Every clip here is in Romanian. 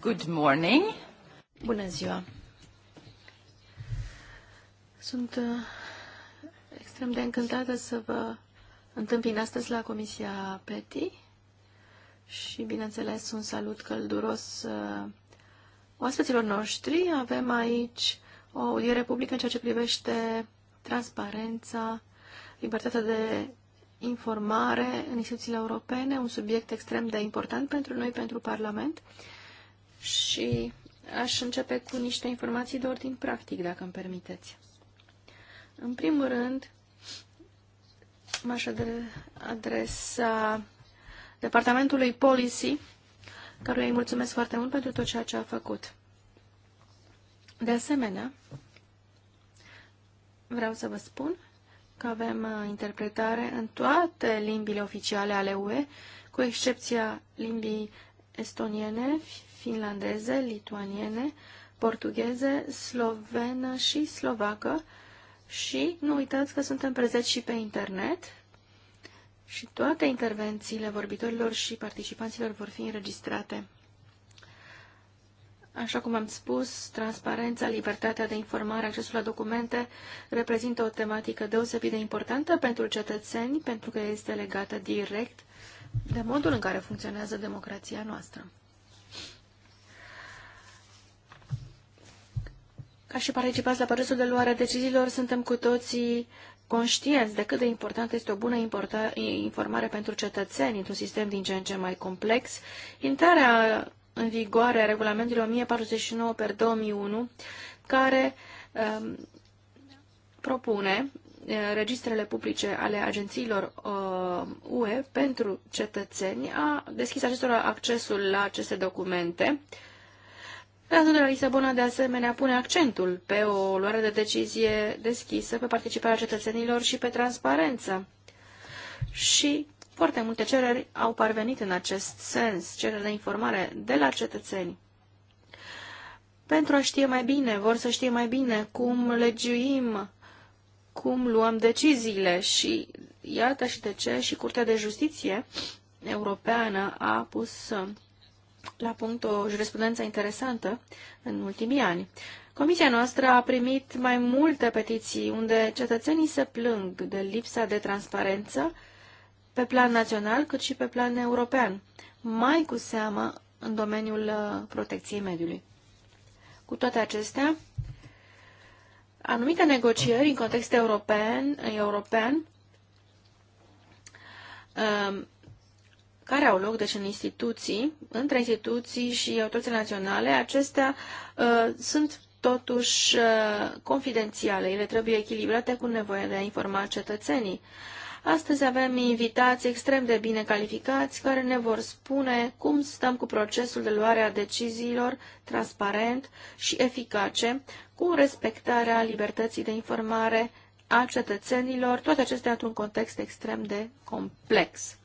Good morning. Bună ziua. Sunt uh, extrem de încântată să vă întâmpin astăzi la Comisia PETI și, bineînțeles, un salut călduros uh, oaspeților noștri. Avem aici o audiere publică în ceea ce privește transparența, libertatea de informare în instituțiile europene, un subiect extrem de important pentru noi, pentru Parlament și aș începe cu niște informații de ordin practic, dacă îmi permiteți. În primul rând, m-aș adresa Departamentului Policy, căruia îi mulțumesc foarte mult pentru tot ceea ce a făcut. De asemenea, vreau să vă spun că avem interpretare în toate limbile oficiale ale UE, cu excepția limbii estoniene, finlandeze, lituaniene, portugheze, slovenă și slovacă. Și nu uitați că suntem prezenți și pe internet și toate intervențiile vorbitorilor și participanților vor fi înregistrate. Așa cum am spus, transparența, libertatea de informare, accesul la documente reprezintă o tematică deosebit de importantă pentru cetățeni, pentru că este legată direct de modul în care funcționează democrația noastră. Ca și participați la procesul de luare a deciziilor, suntem cu toții conștienți de cât de importantă este o bună informare pentru cetățeni într-un sistem din ce în ce mai complex. Intrarea în vigoare a regulamentului 1049 per 2001, care um, propune registrele publice ale agențiilor uh, UE pentru cetățeni a deschis acestora accesul la aceste documente. Tratatul de la Lisabona, de asemenea, pune accentul pe o luare de decizie deschisă, pe participarea cetățenilor și pe transparență. Și foarte multe cereri au parvenit în acest sens, cereri de informare de la cetățeni. Pentru a ști mai bine, vor să știe mai bine cum legiuim cum luăm deciziile și iată și de ce și Curtea de Justiție Europeană a pus uh, la punct o jurisprudență interesantă în ultimii ani. Comisia noastră a primit mai multe petiții unde cetățenii se plâng de lipsa de transparență pe plan național cât și pe plan european, mai cu seamă în domeniul uh, protecției mediului. Cu toate acestea, anumite negocieri în context european, european um, care au loc deci în instituții, între instituții și autoritățile naționale, acestea uh, sunt totuși uh, confidențiale. Ele trebuie echilibrate cu nevoia de a informa cetățenii. Astăzi avem invitați extrem de bine calificați care ne vor spune cum stăm cu procesul de luare a deciziilor transparent și eficace, cu respectarea libertății de informare a cetățenilor, toate acestea într-un context extrem de complex.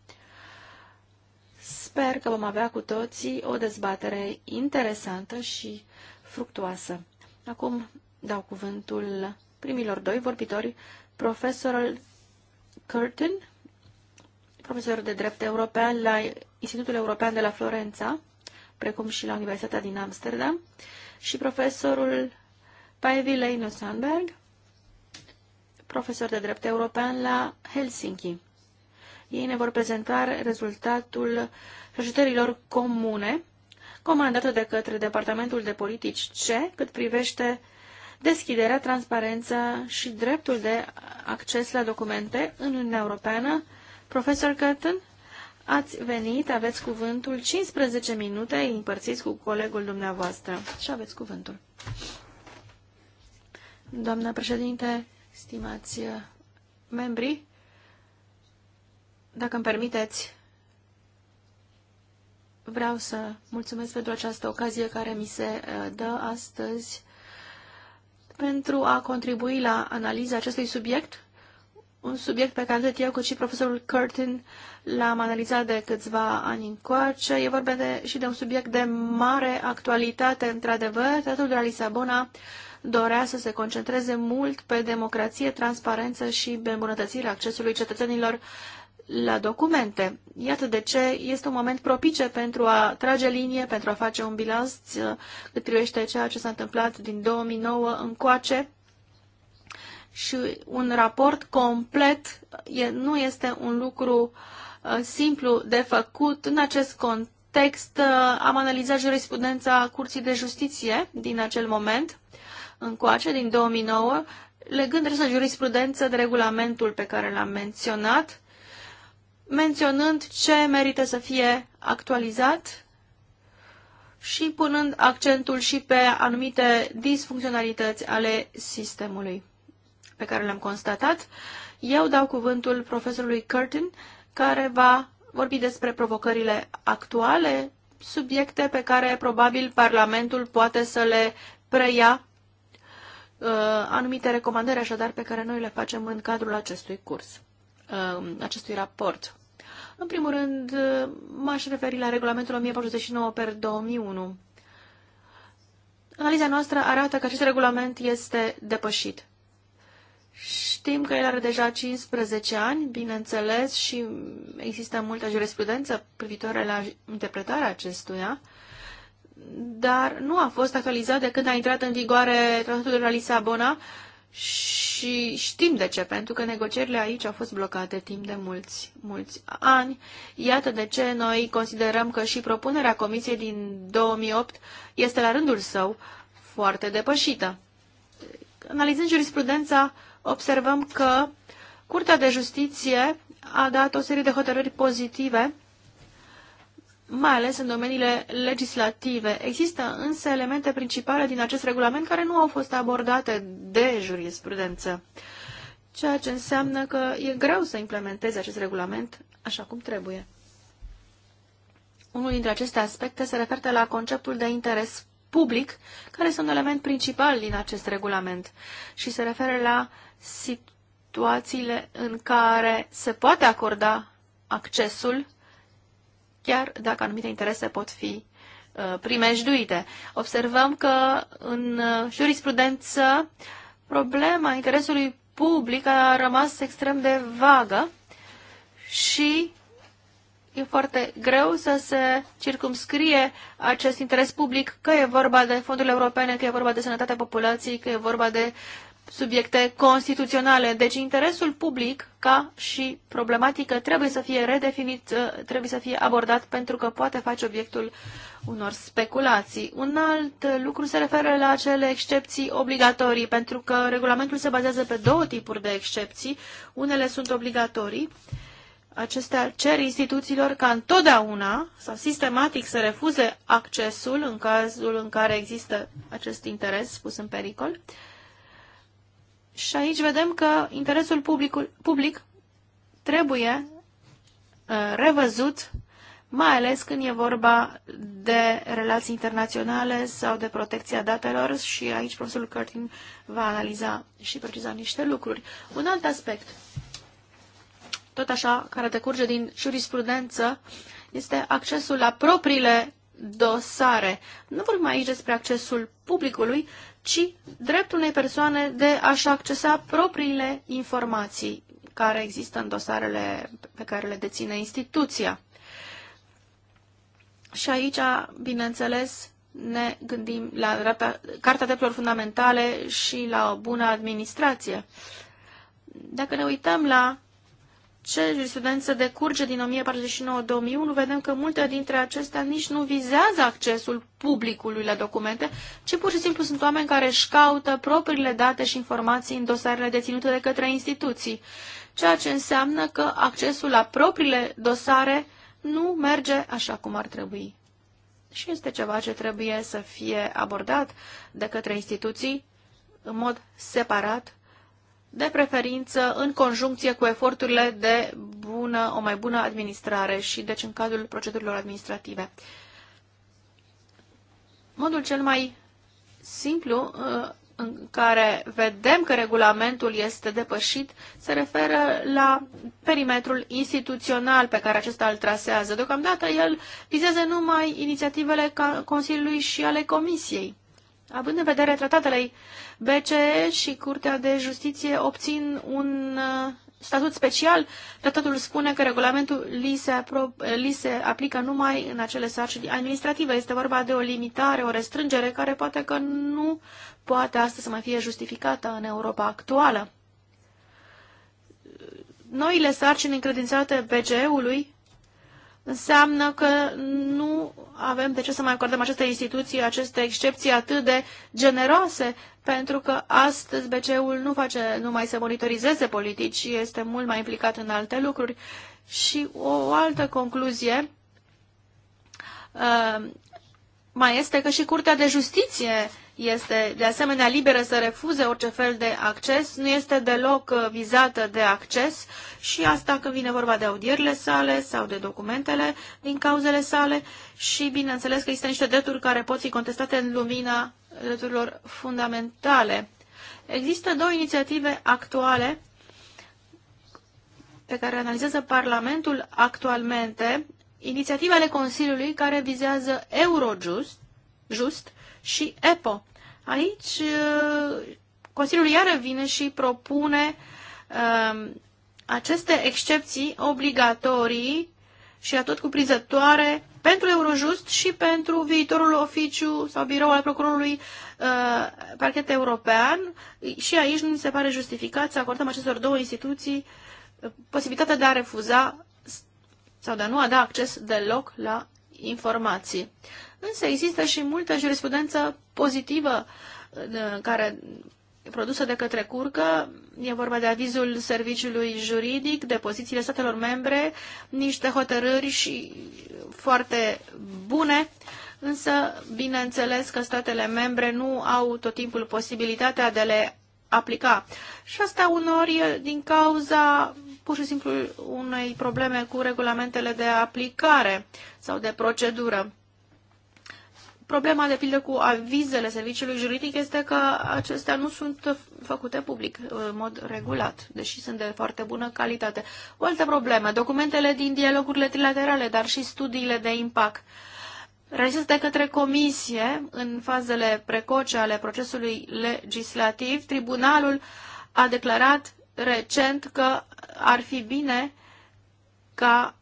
Sper că vom avea cu toții o dezbatere interesantă și fructuoasă. Acum dau cuvântul primilor doi vorbitori, profesorul Curtin, profesor de drept european la Institutul European de la Florența, precum și la Universitatea din Amsterdam, și profesorul Päivi Leino Sandberg, profesor de drept european la Helsinki. Ei ne vor prezenta rezultatul cercetărilor comune comandată de către Departamentul de Politici C, cât privește deschiderea, transparența și dreptul de acces la documente în Uniunea Europeană. Profesor Curtin, ați venit, aveți cuvântul, 15 minute împărțiți cu colegul dumneavoastră și aveți cuvântul. Doamna președinte, stimați uh, membri, dacă îmi permiteți, vreau să mulțumesc pentru această ocazie care mi se uh, dă astăzi pentru a contribui la analiza acestui subiect, un subiect pe care atât eu cât și profesorul Curtin l-am analizat de câțiva ani încoace. E vorba de, și de un subiect de mare actualitate, într-adevăr, Tratatul de la Lisabona, dorea să se concentreze mult pe democrație, transparență și îmbunătățirea accesului cetățenilor la documente. Iată de ce este un moment propice pentru a trage linie, pentru a face un bilanț cât privește ceea ce s-a întâmplat din 2009 încoace și un raport complet e, nu este un lucru uh, simplu de făcut în acest context. Uh, am analizat jurisprudența Curții de Justiție din acel moment încoace, din 2009, legând restul jurisprudență de regulamentul pe care l-am menționat, menționând ce merită să fie actualizat și punând accentul și pe anumite disfuncționalități ale sistemului pe care le-am constatat. Eu dau cuvântul profesorului Curtin, care va vorbi despre provocările actuale, subiecte pe care probabil Parlamentul poate să le preia Uh, anumite recomandări, așadar, pe care noi le facem în cadrul acestui curs, um, acestui raport. În primul rând, uh, m-aș referi la regulamentul 1049 per 2001. Analiza noastră arată că acest regulament este depășit. Știm că el are deja 15 ani, bineînțeles, și există multă jurisprudență privitoare la interpretarea acestuia dar nu a fost actualizat de când a intrat în vigoare tratatul de la Lisabona și știm de ce, pentru că negocierile aici au fost blocate timp de mulți, mulți ani. Iată de ce noi considerăm că și propunerea Comisiei din 2008 este la rândul său foarte depășită. Analizând jurisprudența, observăm că Curtea de Justiție a dat o serie de hotărâri pozitive mai ales în domeniile legislative. Există însă elemente principale din acest regulament care nu au fost abordate de jurisprudență, ceea ce înseamnă că e greu să implementezi acest regulament așa cum trebuie. Unul dintre aceste aspecte se referă la conceptul de interes public, care este un element principal din acest regulament și se referă la situațiile în care se poate acorda accesul chiar dacă anumite interese pot fi uh, primejduite. Observăm că în uh, jurisprudență problema interesului public a rămas extrem de vagă și e foarte greu să se circumscrie acest interes public, că e vorba de fondurile europene, că e vorba de sănătatea populației, că e vorba de subiecte constituționale. Deci interesul public ca și problematică trebuie să fie redefinit, ă, trebuie să fie abordat pentru că poate face obiectul unor speculații. Un alt lucru se referă la acele excepții obligatorii, pentru că regulamentul se bazează pe două tipuri de excepții. Unele sunt obligatorii, acestea cer instituțiilor ca întotdeauna sau sistematic să refuze accesul în cazul în care există acest interes pus în pericol. Uh, și aici vedem că interesul publicul, public trebuie uh, revăzut, mai ales când e vorba de relații internaționale sau de protecția datelor și aici profesorul Curtin va analiza și preciza niște lucruri. Un alt aspect, tot așa, care decurge din jurisprudență, este accesul la propriile dosare. Nu vorbim aici despre accesul publicului, ci dreptul unei persoane de a-și accesa propriile informații care există în dosarele pe care le deține instituția. Și aici, bineînțeles, ne gândim la Carta Drepturilor Fundamentale și la o bună administrație. Dacă ne uităm la ce jurisprudență decurge din 1049-2001, vedem că multe dintre acestea nici nu vizează accesul publicului la documente, ci pur și simplu sunt oameni care își caută propriile date și informații în dosarele deținute de către instituții, ceea ce înseamnă că accesul la propriile dosare nu merge așa cum ar trebui. Și este ceva ce trebuie să fie abordat de către instituții în mod separat de preferință în conjuncție cu eforturile de bună, o mai bună administrare și deci în cadrul procedurilor administrative. Modul cel mai simplu uh, în care vedem că regulamentul este depășit se referă la perimetrul instituțional pe care acesta îl trasează. Deocamdată el vizează numai inițiativele Consiliului și ale Comisiei. Având în vedere tratatele BCE și Curtea de Justiție obțin un uh, statut special. Tratatul spune că regulamentul li se, li se aplică numai în acele sarcini administrative. Este vorba de o limitare, o restrângere care poate că nu poate astăzi să mai fie justificată în Europa actuală. Noile sarcini încredințate BCE-ului înseamnă că nu avem de ce să mai acordăm aceste instituții, aceste excepții atât de generoase, pentru că astăzi BCE-ul nu face numai să monitorizeze politici, este mult mai implicat în alte lucruri. Și o altă concluzie uh, mai este că și Curtea de Justiție este de asemenea liberă să refuze orice fel de acces, nu este deloc uh, vizată de acces și asta când vine vorba de audierile sale sau de documentele din cauzele sale și bineînțeles că există niște drepturi care pot fi contestate în lumina drepturilor fundamentale. Există două inițiative actuale pe care analizează Parlamentul actualmente, inițiativele Consiliului care vizează Eurojust, just, și EPO. Aici uh, Consiliul iară vine și propune um, aceste excepții obligatorii și atot cuprinzătoare pentru Eurojust și pentru viitorul oficiu sau birou al procurorului uh, parchet european. Și aici nu mi se pare justificat să acordăm acestor două instituții uh, posibilitatea de a refuza sau de a nu a da acces deloc la informații. Însă există și multă jurisprudență pozitivă uh, care produsă de către curcă, e vorba de avizul serviciului juridic, de pozițiile statelor membre, niște hotărâri și foarte bune, însă bineînțeles că statele membre nu au tot timpul posibilitatea de a le aplica. Și asta unori din cauza pur și simplu unei probleme cu regulamentele de aplicare sau de procedură. Problema, de pildă, cu avizele serviciului juridic este că acestea nu sunt făcute public în mod regulat, deși sunt de foarte bună calitate. O altă problemă, documentele din dialogurile trilaterale, dar și studiile de impact. de către comisie, în fazele precoce ale procesului legislativ, tribunalul a declarat recent că ar fi bine ca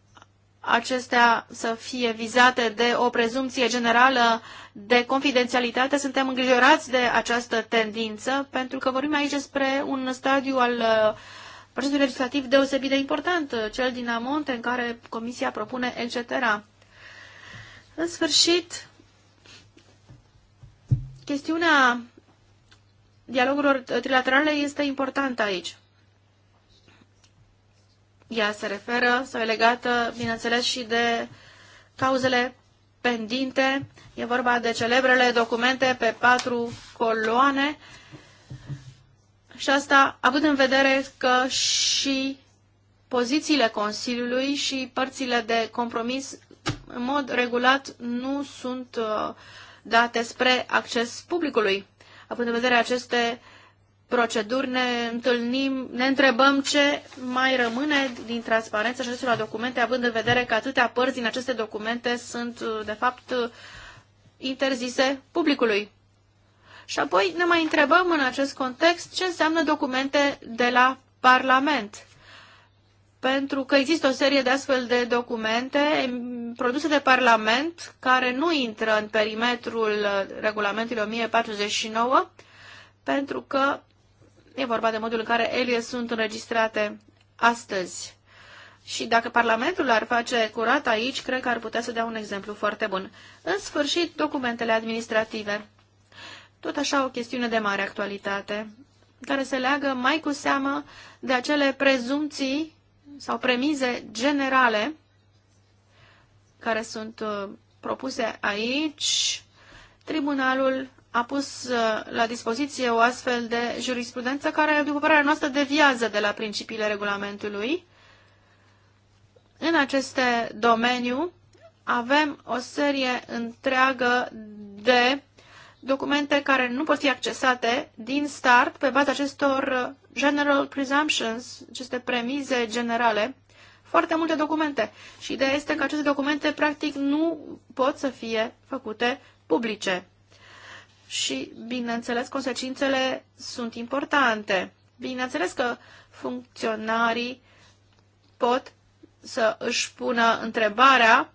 acestea să fie vizate de o prezumție generală de confidențialitate, suntem îngrijorați de această tendință, pentru că vorbim aici despre un stadiu al uh, procesului legislativ deosebit de important, uh, cel din Amonte, în care Comisia propune etc. În sfârșit, chestiunea dialogurilor trilaterale este importantă aici ea se referă sau e legată, bineînțeles, și de cauzele pendinte. E vorba de celebrele documente pe patru coloane și asta având în vedere că și pozițiile Consiliului și părțile de compromis în mod regulat nu sunt uh, date spre acces publicului. Având în vedere aceste proceduri ne întâlnim, ne întrebăm ce mai rămâne din transparența acestor la documente, având în vedere că atâtea părți din aceste documente sunt, de fapt, interzise publicului. Și apoi ne mai întrebăm în acest context ce înseamnă documente de la Parlament. Pentru că există o serie de astfel de documente produse de Parlament care nu intră în perimetrul uh, regulamentului 1049, pentru că E vorba de modul în care ele sunt înregistrate astăzi. Și dacă Parlamentul ar face curat aici, cred că ar putea să dea un exemplu foarte bun. În sfârșit, documentele administrative. Tot așa o chestiune de mare actualitate, care se leagă mai cu seamă de acele prezumții sau premize generale care sunt uh, propuse aici. Tribunalul a pus uh, la dispoziție o astfel de jurisprudență care, după părerea noastră, deviază de la principiile regulamentului. În aceste domeniu avem o serie întreagă de documente care nu pot fi accesate din start pe baza acestor uh, general presumptions, aceste premize generale, foarte multe documente. Și ideea este că aceste documente practic nu pot să fie făcute publice și, bineînțeles, consecințele sunt importante. Bineînțeles că funcționarii pot să își pună întrebarea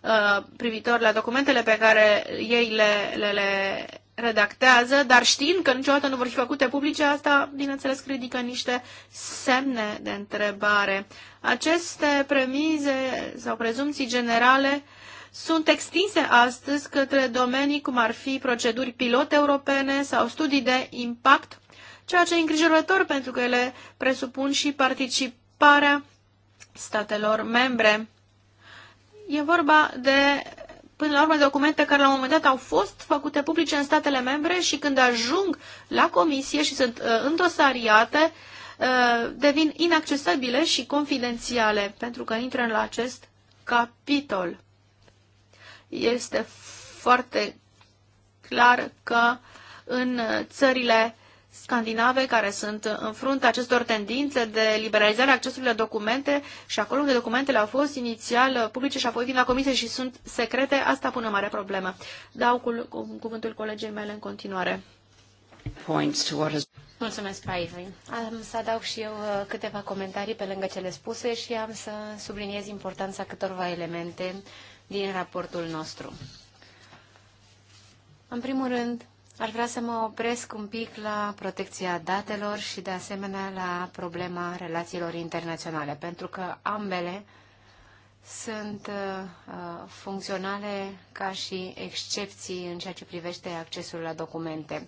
uh, privitor la documentele pe care ei le, le, le redactează, dar știind că niciodată nu vor fi făcute publice, asta, bineînțeles, ridică niște semne de întrebare. Aceste premize sau prezumții generale sunt extinse astăzi către domenii cum ar fi proceduri pilot europene sau studii de impact, ceea ce e îngrijorător pentru că ele presupun și participarea statelor membre. E vorba de, până la urmă, documente care la un moment dat au fost făcute publice în statele membre și când ajung la comisie și sunt uh, îndosariate, uh, devin inaccesibile și confidențiale pentru că intră în la acest capitol este foarte clar că în țările scandinave care sunt în fruntea acestor tendințe de liberalizare a accesului la documente și acolo unde documentele au fost inițial publice și apoi vin la comisie și sunt secrete, asta pune mare problemă. Dau cu, cu, cuvântul colegei mele în continuare. Points to Mulțumesc, Ivy. Am să adaug și eu uh, câteva comentarii pe lângă cele spuse și am să subliniez importanța câtorva elemente uh, din raportul nostru. În primul rând, Aș vrea să mă opresc un pic la protecția datelor și, de asemenea, la problema relațiilor internaționale, pentru că ambele sunt uh, funcționale ca și excepții în ceea ce privește accesul la documente.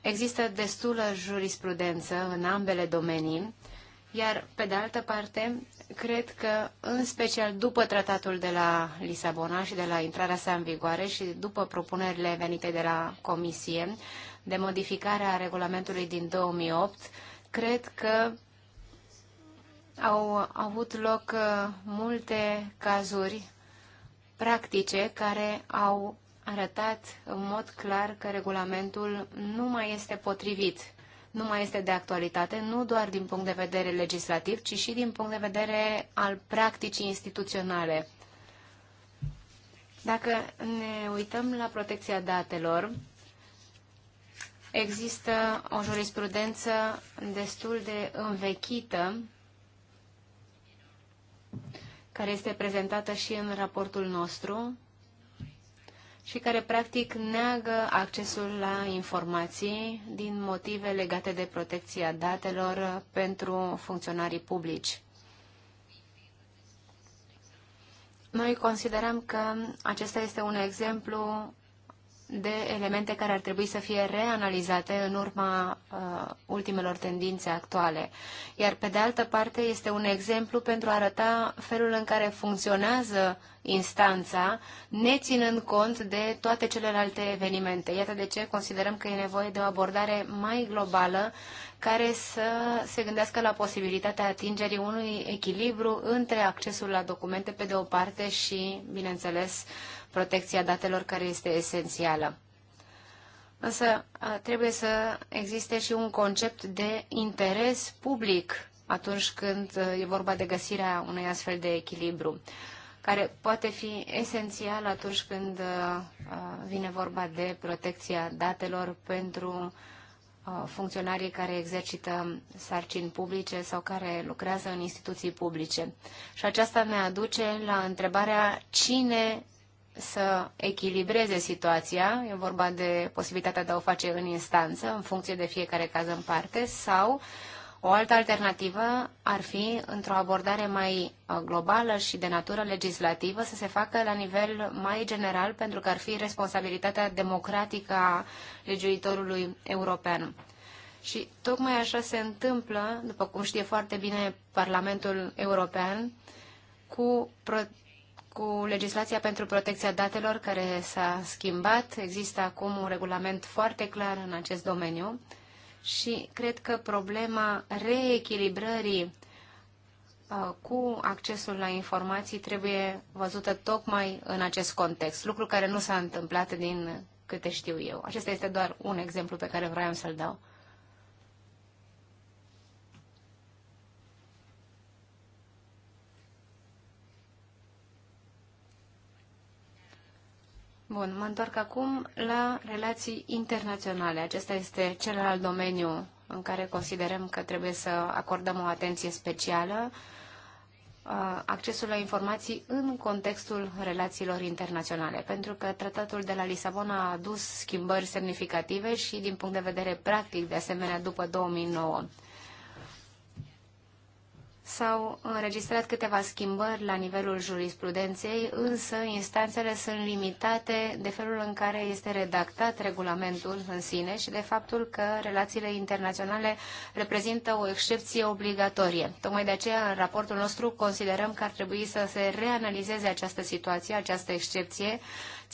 Există destulă jurisprudență în ambele domenii iar, pe de altă parte, cred că, în special după tratatul de la Lisabona și de la intrarea sa în vigoare și după propunerile venite de la Comisie de modificare a regulamentului din 2008, cred că au avut loc uh, multe cazuri practice care au arătat în mod clar că regulamentul nu mai este potrivit nu mai este de actualitate, nu doar din punct de vedere legislativ, ci și din punct de vedere al practicii instituționale. Dacă ne uităm la protecția datelor, există o jurisprudență destul de învechită care este prezentată și în raportul nostru și care practic neagă accesul la informații din motive legate de protecția datelor pentru funcționarii publici. Noi considerăm că acesta este un exemplu de elemente care ar trebui să fie reanalizate în urma uh, ultimelor tendințe actuale. Iar pe de altă parte este un exemplu pentru a arăta felul în care funcționează instanța, neținând cont de toate celelalte evenimente. Iată de ce considerăm că e nevoie de o abordare mai globală care să se gândească la posibilitatea atingerii unui echilibru între accesul la documente pe de o parte și, bineînțeles, uh, protecția datelor care este esențială. Însă trebuie să existe și un concept de interes public atunci când e vorba de găsirea unui astfel de echilibru, care poate fi esențial atunci când vine vorba de protecția datelor pentru funcționarii care exercită sarcini publice sau care lucrează în instituții publice. Și aceasta ne aduce la întrebarea cine să echilibreze situația, e vorba de posibilitatea de a o face în instanță, în funcție de fiecare caz în parte, sau o altă alternativă ar fi, într-o abordare mai uh, globală și de natură legislativă, să se facă la nivel mai general, pentru că ar fi responsabilitatea democratică a legiuitorului european. Și tocmai așa se întâmplă, după cum știe foarte bine Parlamentul European, cu cu legislația pentru protecția datelor care s-a schimbat. Există acum un regulament foarte clar în acest domeniu și cred că problema reechilibrării uh, cu accesul la informații trebuie văzută tocmai în acest context, lucru care nu s-a întâmplat din câte știu eu. Acesta este doar un exemplu pe care vreau să-l dau. Bun, mă întorc acum la relații internaționale. Acesta este celălalt domeniu în care considerăm că trebuie să acordăm o atenție specială accesul la informații în contextul relațiilor internaționale, pentru că tratatul de la Lisabona a adus schimbări semnificative și din punct de vedere practic, de asemenea, după 2009. S-au înregistrat câteva schimbări la nivelul jurisprudenței, însă instanțele sunt limitate de felul în care este redactat regulamentul în sine și de faptul că relațiile internaționale reprezintă o excepție obligatorie. Tocmai de aceea, în raportul nostru, considerăm că ar trebui să se reanalizeze această situație, această excepție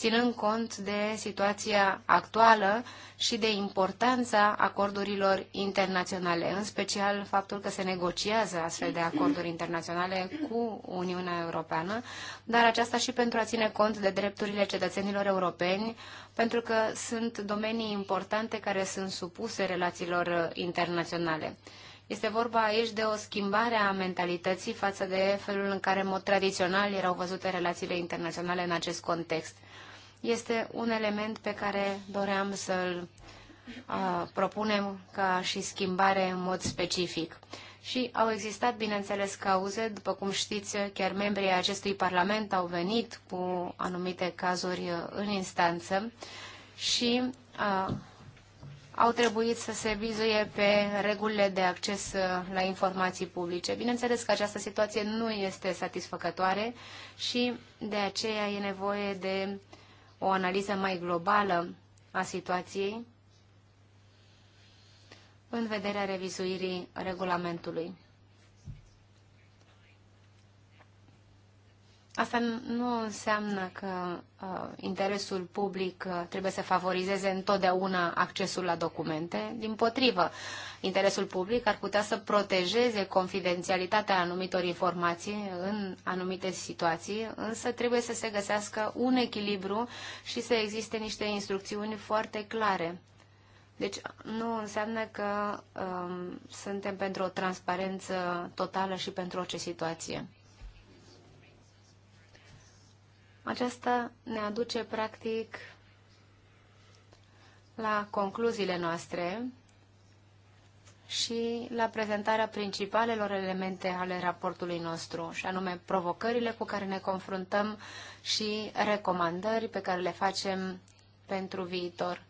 ținând cont de situația actuală și de importanța acordurilor internaționale, în special faptul că se negociază astfel de acorduri internaționale cu Uniunea Europeană, dar aceasta și pentru a ține cont de drepturile cetățenilor europeni, pentru că sunt domenii importante care sunt supuse relațiilor internaționale. Este vorba aici de o schimbare a mentalității față de felul în care, în mod tradițional, erau văzute relațiile internaționale în acest context este un element pe care doream să-l propunem ca și schimbare în mod specific. Și au existat, bineînțeles, cauze, după cum știți, chiar membrii acestui Parlament au venit cu anumite cazuri în instanță și uh, au trebuit să se vizuie pe regulile de acces la informații publice. Bineînțeles că această situație nu este satisfăcătoare și de aceea e nevoie de o analiză mai globală a situației în vederea revizuirii regulamentului. Asta nu înseamnă că uh, interesul public uh, trebuie să favorizeze întotdeauna accesul la documente. Din potrivă, uh, interesul public ar putea să protejeze confidențialitatea anumitor informații în anumite situații, însă trebuie să se găsească un echilibru și să existe niște instrucțiuni foarte clare. Deci nu înseamnă că um, suntem pentru o transparență totală și pentru orice situație. Aceasta ne aduce practic la concluziile noastre și la prezentarea principalelor elemente ale raportului nostru, și anume provocările cu care ne confruntăm și recomandări pe care le facem pentru viitor.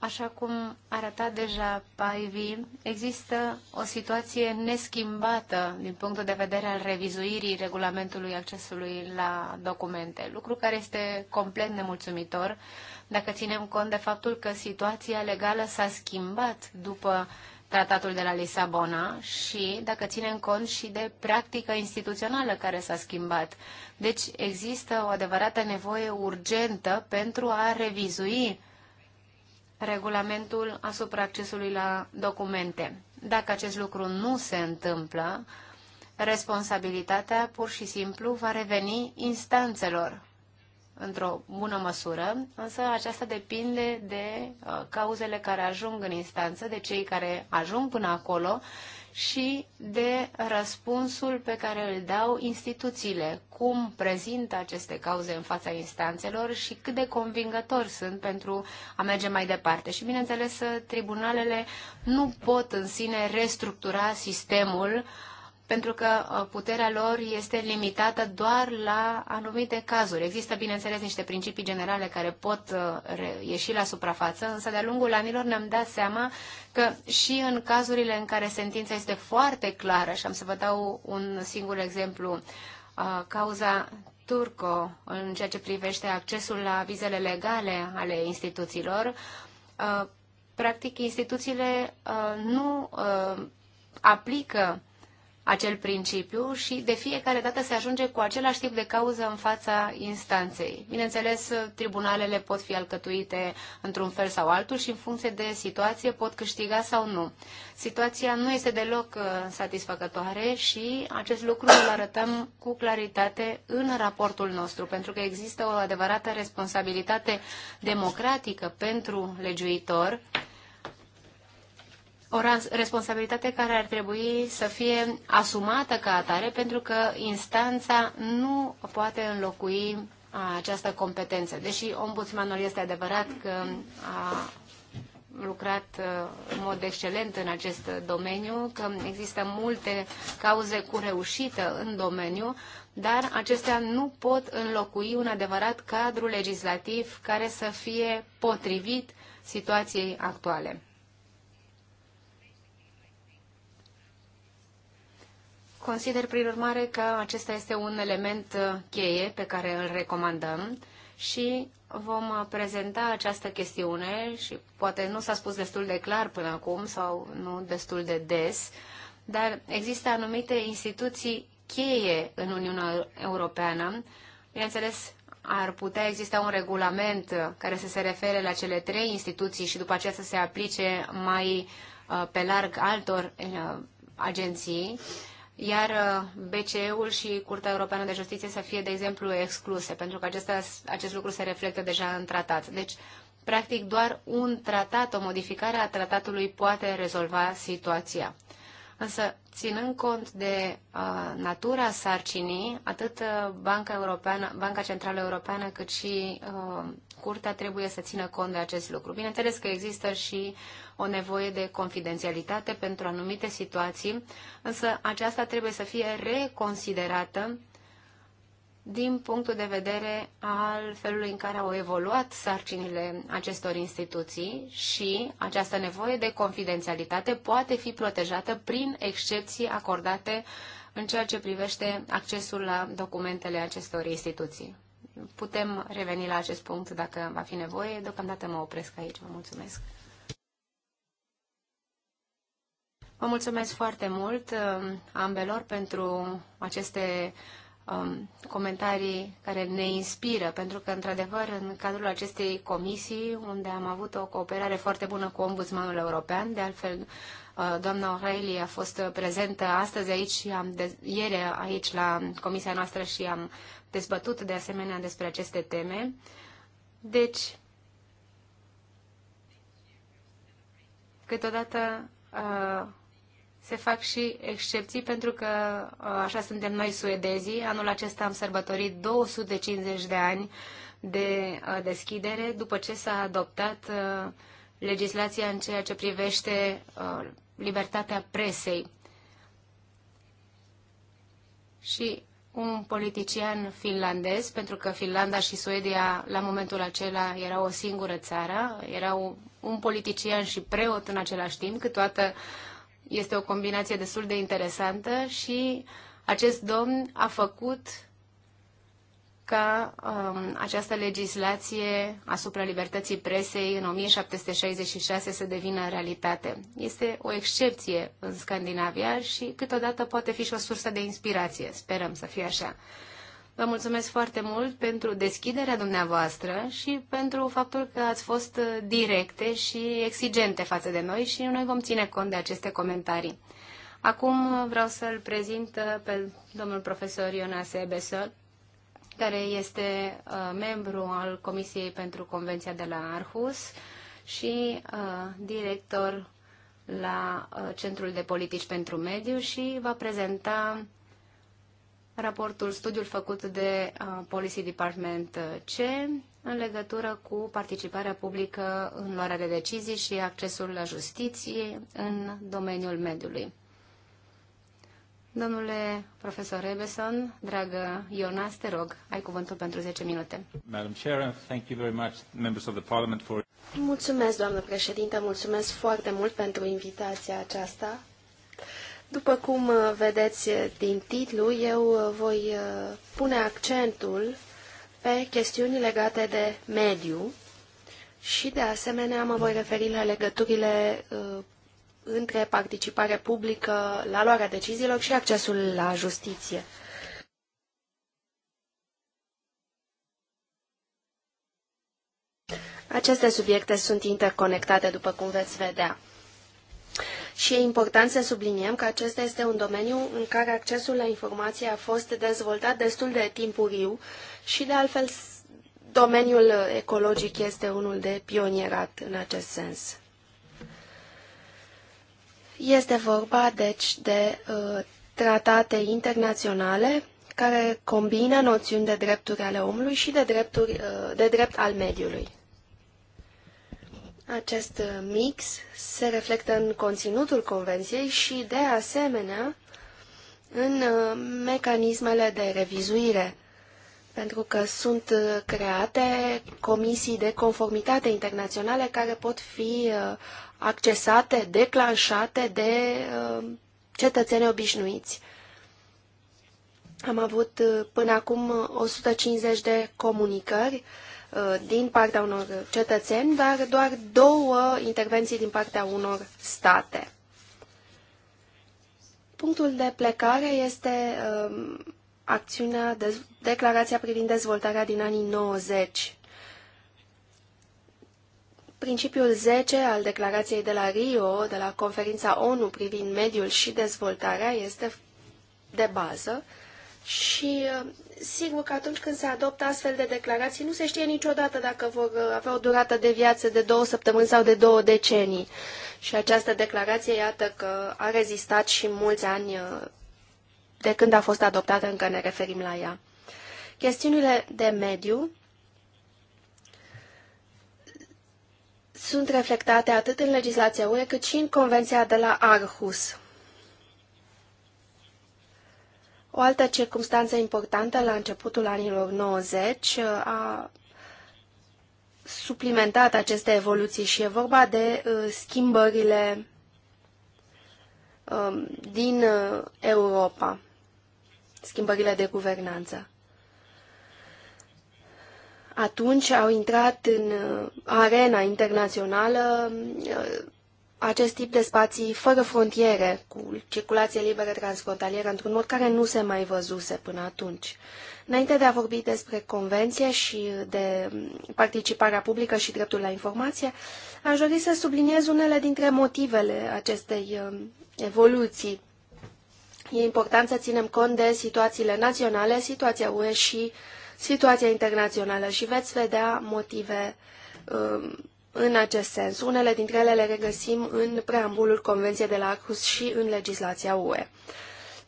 așa cum arăta deja Paivi, există o situație neschimbată din punctul de vedere al revizuirii regulamentului accesului la documente, lucru care este complet nemulțumitor dacă ținem cont de faptul că situația legală s-a schimbat după tratatul de la Lisabona și dacă ținem cont și de practica instituțională care s-a schimbat. Deci există o adevărată nevoie urgentă pentru a revizui regulamentul asupra accesului la documente. Dacă acest lucru nu se întâmplă, responsabilitatea pur și simplu va reveni instanțelor într-o bună măsură, însă aceasta depinde de uh, cauzele care ajung în instanță, de cei care ajung până acolo și de răspunsul pe care îl dau instituțiile, cum prezintă aceste cauze în fața instanțelor și cât de convingători sunt pentru a merge mai departe. Și, bineînțeles, tribunalele nu pot în sine restructura sistemul uh, pentru că uh, puterea lor este limitată doar la anumite cazuri. Există, bineînțeles, niște principii generale care pot uh, ieși la suprafață, însă de-a lungul anilor ne-am dat seama că și în cazurile în care sentința este foarte clară, și am să vă dau un singur exemplu, uh, cauza Turco în ceea ce privește accesul la vizele legale ale instituțiilor, practic instituțiile nu aplică acel principiu și de fiecare dată se ajunge cu același tip de cauză în fața instanței. Bineînțeles, tribunalele pot fi alcătuite într-un fel sau altul și în funcție de situație pot câștiga sau nu. Situația nu este deloc uh, satisfăcătoare și acest lucru îl arătăm cu claritate în raportul nostru, pentru că există o adevărată responsabilitate democratică pentru legiuitor o responsabilitate care ar trebui să fie asumată ca atare, pentru că instanța nu poate înlocui uh, această competență. Deși ombudsmanul este adevărat că a lucrat uh, în mod excelent în acest domeniu, că există multe cauze cu reușită în domeniu, dar acestea nu pot înlocui un adevărat cadru legislativ care să fie potrivit situației actuale. Consider, prin urmare, că acesta este un element uh, cheie pe care îl recomandăm și vom uh, prezenta această chestiune și poate nu s-a spus destul de clar până acum sau nu destul de des, dar există anumite instituții cheie în Uniunea Europeană. Bineînțeles, ar putea exista un regulament uh, care să se refere la cele trei instituții și după aceea să se aplice mai pe larg altor agenții, iar uh, BCE-ul și Curtea Europeană de Justiție să fie, de exemplu, excluse, pentru că acesta, acest lucru se reflectă deja în tratat. Deci, practic, doar un tratat, o modificare a tratatului poate rezolva situația. Însă, ținând cont de uh, natura sarcinii, atât uh, Banca, Europeană, Banca Centrală Europeană cât și uh, curtea trebuie să țină cont de acest lucru. Bineînțeles că există și o nevoie de confidențialitate pentru anumite situații, însă aceasta trebuie să fie reconsiderată din punctul de vedere al felului în care au evoluat sarcinile acestor instituții și această nevoie de confidențialitate poate fi protejată prin excepții acordate în ceea ce privește accesul la documentele acestor instituții putem reveni la acest punct dacă va fi nevoie. Deocamdată mă opresc aici. Vă mulțumesc. Vă mulțumesc foarte mult um, ambelor pentru aceste um, comentarii care ne inspiră, pentru că, într-adevăr, în cadrul acestei comisii, unde am avut o cooperare foarte bună cu Ombudsmanul European, de altfel Uh, doamna O'Reilly a fost uh, prezentă astăzi aici și am ieri aici la comisia noastră și am dezbătut de asemenea despre aceste teme. Deci, câteodată uh, se fac și excepții pentru că așa suntem noi suedezii. Anul acesta am sărbătorit 250 de ani de deschidere după ce s-a adoptat legislația în ceea ce privește libertatea presei. Și un politician finlandez, pentru că Finlanda și Suedia la momentul acela erau o singură țară, erau un politician și preot în același timp, că toată este o combinație destul de interesantă și acest domn a făcut ca um, această legislație asupra libertății presei în 1766 să devină realitate. Este o excepție în Scandinavia și câteodată poate fi și o sursă de inspirație. Sperăm să fie așa. Vă mulțumesc foarte mult pentru deschiderea dumneavoastră și pentru faptul că ați fost directe și exigente față de noi și noi vom ține cont de aceste comentarii. Acum vreau să-l prezint pe domnul profesor Ionase Besol care este uh, membru al Comisiei pentru Convenția de la Arhus și uh, director la uh, Centrul de Politici pentru Mediu și va prezenta raportul, studiul făcut de Policy Department C în legătură cu participarea publică în luarea de decizii și accesul la justiție în domeniul mediului. Domnule profesor Rebeson, dragă Ionas, te rog, ai cuvântul pentru 10 minute. Madam Chair, thank you very much, members of the Parliament, for... Mulțumesc, doamnă președinte, mulțumesc foarte mult pentru invitația aceasta. După cum uh, vedeți uh, din titlu, eu uh, voi pune accentul pe chestiuni legate de mediu și, de asemenea, mă voi referi la legăturile între participare publică la luarea deciziilor și accesul la justiție. Aceste subiecte sunt interconectate, după cum veți vedea. Și e important să subliniem că acesta este un domeniu în care accesul la informație a fost dezvoltat destul de timpuriu și, de altfel, domeniul ecologic este unul de pionierat în acest sens. Este vorba, deci, de uh, tratate internaționale care combină noțiuni de drepturi ale omului și de, drepturi, uh, de drept al mediului. Acest uh, mix se reflectă în conținutul convenției și, de asemenea, în uh, mecanismele de revizuire pentru că sunt uh, create comisii de conformitate internaționale care pot fi uh, accesate, declanșate de uh, cetățeni obișnuiți. Am avut până acum 150 de comunicări din partea unor cetățeni, dar doar două intervenții din partea unor state. Punctul de plecare este acțiunea, de, declarația privind dezvoltarea din anii 90. Principiul 10 al declarației de la Rio, de la conferința ONU privind mediul și dezvoltarea, este de bază și uh, sigur că atunci când se adoptă astfel de declarații, nu se știe niciodată dacă vor uh, avea o durată de viață de două săptămâni sau de două decenii. Și această declarație, iată că a rezistat și mulți ani uh, de când a fost adoptată încă ne referim la ea. Chestiunile de mediu sunt reflectate atât în legislația UE cât și în Convenția de la Aarhus. O altă circunstanță importantă la începutul anilor 90 uh, a suplimentat aceste evoluții și e vorba de uh, schimbările um, din uh, Europa schimbările de guvernanță. Atunci au intrat în uh, arena internațională uh, acest tip de spații fără frontiere, cu circulație liberă transfrontalieră, într-un mod care nu se mai văzuse până atunci. Înainte de a vorbi despre convenție și de participarea publică și dreptul la informație, aș dori să subliniez unele dintre motivele acestei uh, evoluții. E important să ținem cont de situațiile naționale, situația UE și situația internațională și veți vedea motive um, în acest sens. Unele dintre ele le regăsim în preambulul Convenției de la Acus și în legislația UE.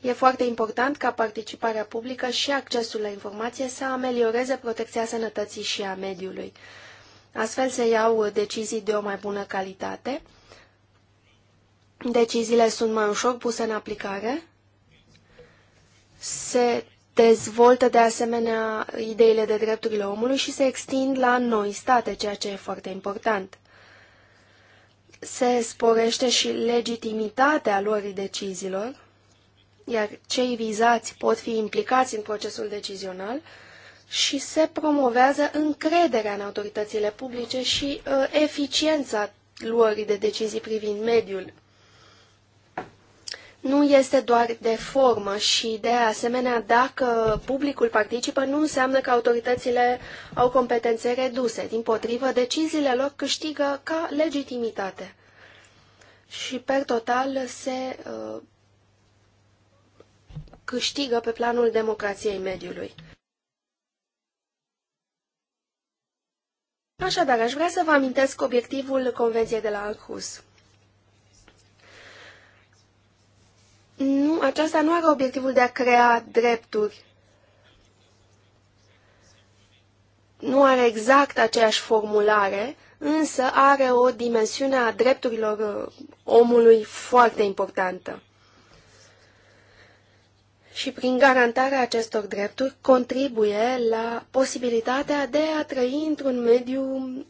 E foarte important ca participarea publică și accesul la informație să amelioreze protecția sănătății și a mediului. Astfel se iau decizii de o mai bună calitate. Deciziile sunt mai ușor puse în aplicare se dezvoltă de asemenea ideile de drepturile omului și se extind la noi state, ceea ce e foarte important. Se sporește și legitimitatea luării deciziilor, iar cei vizați pot fi implicați în procesul decizional și se promovează încrederea în autoritățile publice și uh, eficiența luării de decizii privind mediul nu este doar de formă și, de asemenea, dacă publicul participă, nu înseamnă că autoritățile au competențe reduse. Din potrivă, deciziile lor câștigă ca legitimitate. Și, per total, se uh, câștigă pe planul democrației mediului. Așadar, aș vrea să vă amintesc obiectivul Convenției de la Aarhus. Nu, aceasta nu are obiectivul de a crea drepturi. Nu are exact aceeași formulare, însă are o dimensiune a drepturilor uh, omului foarte importantă. Și prin garantarea acestor drepturi contribuie la posibilitatea de a trăi într-un mediu uh,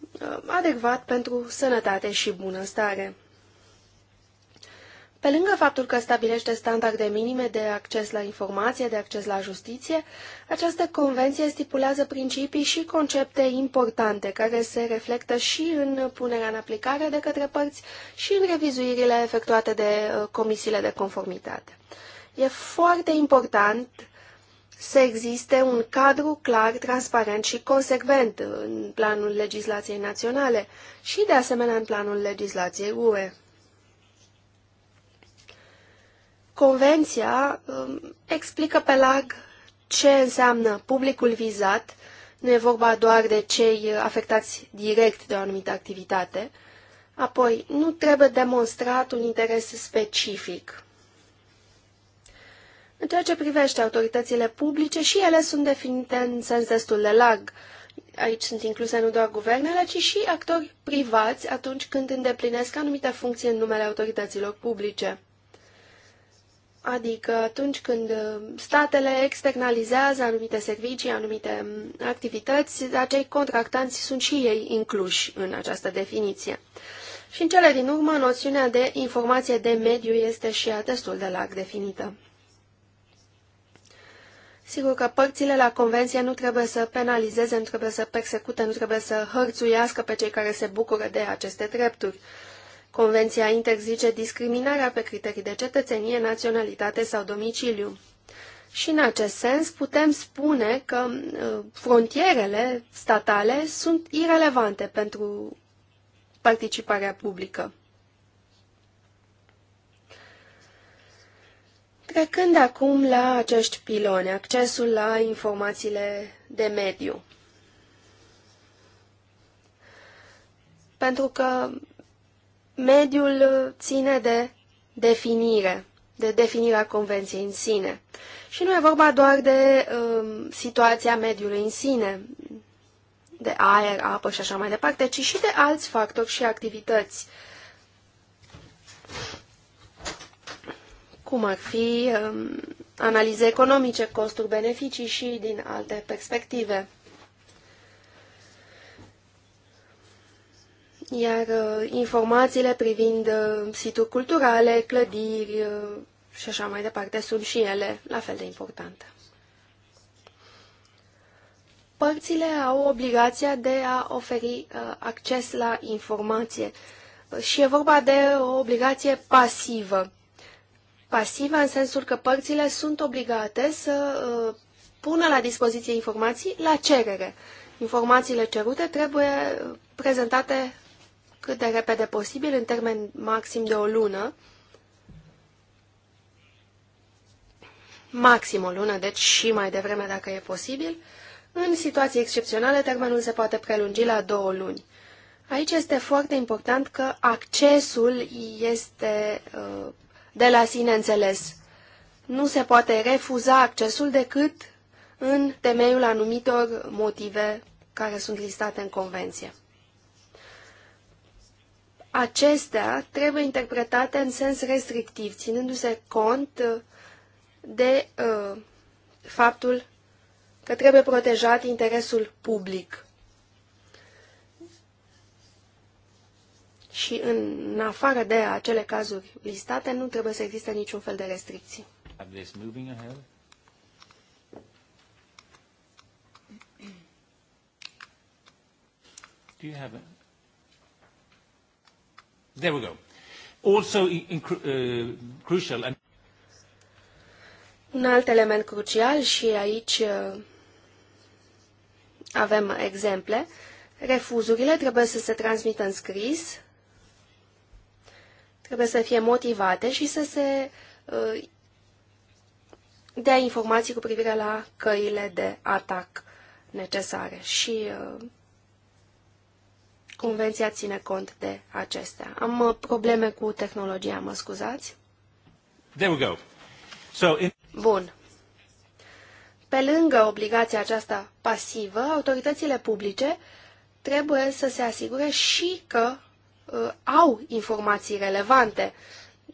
adecvat pentru sănătate și bunăstare. Pe lângă faptul că stabilește standarde minime de acces la informație, de acces la justiție, această convenție stipulează principii și concepte importante care se reflectă și în punerea în aplicare de către părți și în revizuirile efectuate de uh, comisiile de conformitate. E foarte important să existe un cadru clar, transparent și consecvent în planul legislației naționale și, de asemenea, în planul legislației UE. Convenția um, explică pe larg ce înseamnă publicul vizat, nu e vorba doar de cei afectați direct de o anumită activitate, apoi nu trebuie demonstrat un interes specific. În ceea ce privește autoritățile publice, și ele sunt definite în sens destul de larg. Aici sunt incluse nu doar guvernele, ci și actori privați atunci când îndeplinesc anumite funcții în numele autorităților publice. Adică atunci când uh, statele externalizează anumite servicii, anumite mm, activități, acei contractanți sunt și ei incluși în această definiție. Și în cele din urmă, noțiunea de informație de mediu este și ea destul de larg definită. Sigur că părțile la convenție nu trebuie să penalizeze, nu trebuie să persecute, nu trebuie să hărțuiască pe cei care se bucură de aceste drepturi. Convenția interzice discriminarea pe criterii de cetățenie, naționalitate sau domiciliu. Și în acest sens putem spune că uh, frontierele statale sunt irelevante pentru participarea publică. Trecând acum la acești piloni, accesul la informațiile de mediu. Pentru că Mediul ține de definire, de definirea convenției în sine. Și nu e vorba doar de um, situația mediului în sine, de aer, apă și așa mai departe, ci și de alți factori și activități, cum ar fi um, analize economice, costuri-beneficii și din alte perspective. Iar uh, informațiile privind uh, situri culturale, clădiri uh, și așa mai departe sunt și ele la fel de importante. Părțile au obligația de a oferi acces la informație și e vorba de o obligație pasivă. Pasivă în sensul că părțile sunt obligate să pună la dispoziție informații la cerere. Informațiile cerute trebuie prezentate cât de repede posibil, în termen maxim de o lună, maxim o lună, deci și mai devreme dacă e posibil, în situații excepționale termenul se poate prelungi la două luni. Aici este foarte important că accesul este uh, de la sine înțeles. Nu se poate refuza accesul decât în temeiul anumitor motive care sunt listate în convenție acestea trebuie interpretate în sens restrictiv, ținându-se cont uh, de uh, faptul că trebuie protejat interesul public. Și în afară de acele cazuri listate, nu trebuie să existe niciun fel de restricții. Do you have a There we go. Also in, uh, crucial and un alt element crucial și aici uh, avem exemple. Refuzurile trebuie să se transmită în scris, trebuie să fie motivate și să se uh, dea informații cu privire la căile de atac necesare. Și uh, Convenția ține cont de acestea. Am uh, probleme cu tehnologia, mă scuzați. There we go. So in... Bun. Pe lângă obligația aceasta pasivă, autoritățile publice trebuie să se asigure și că uh, au informații relevante,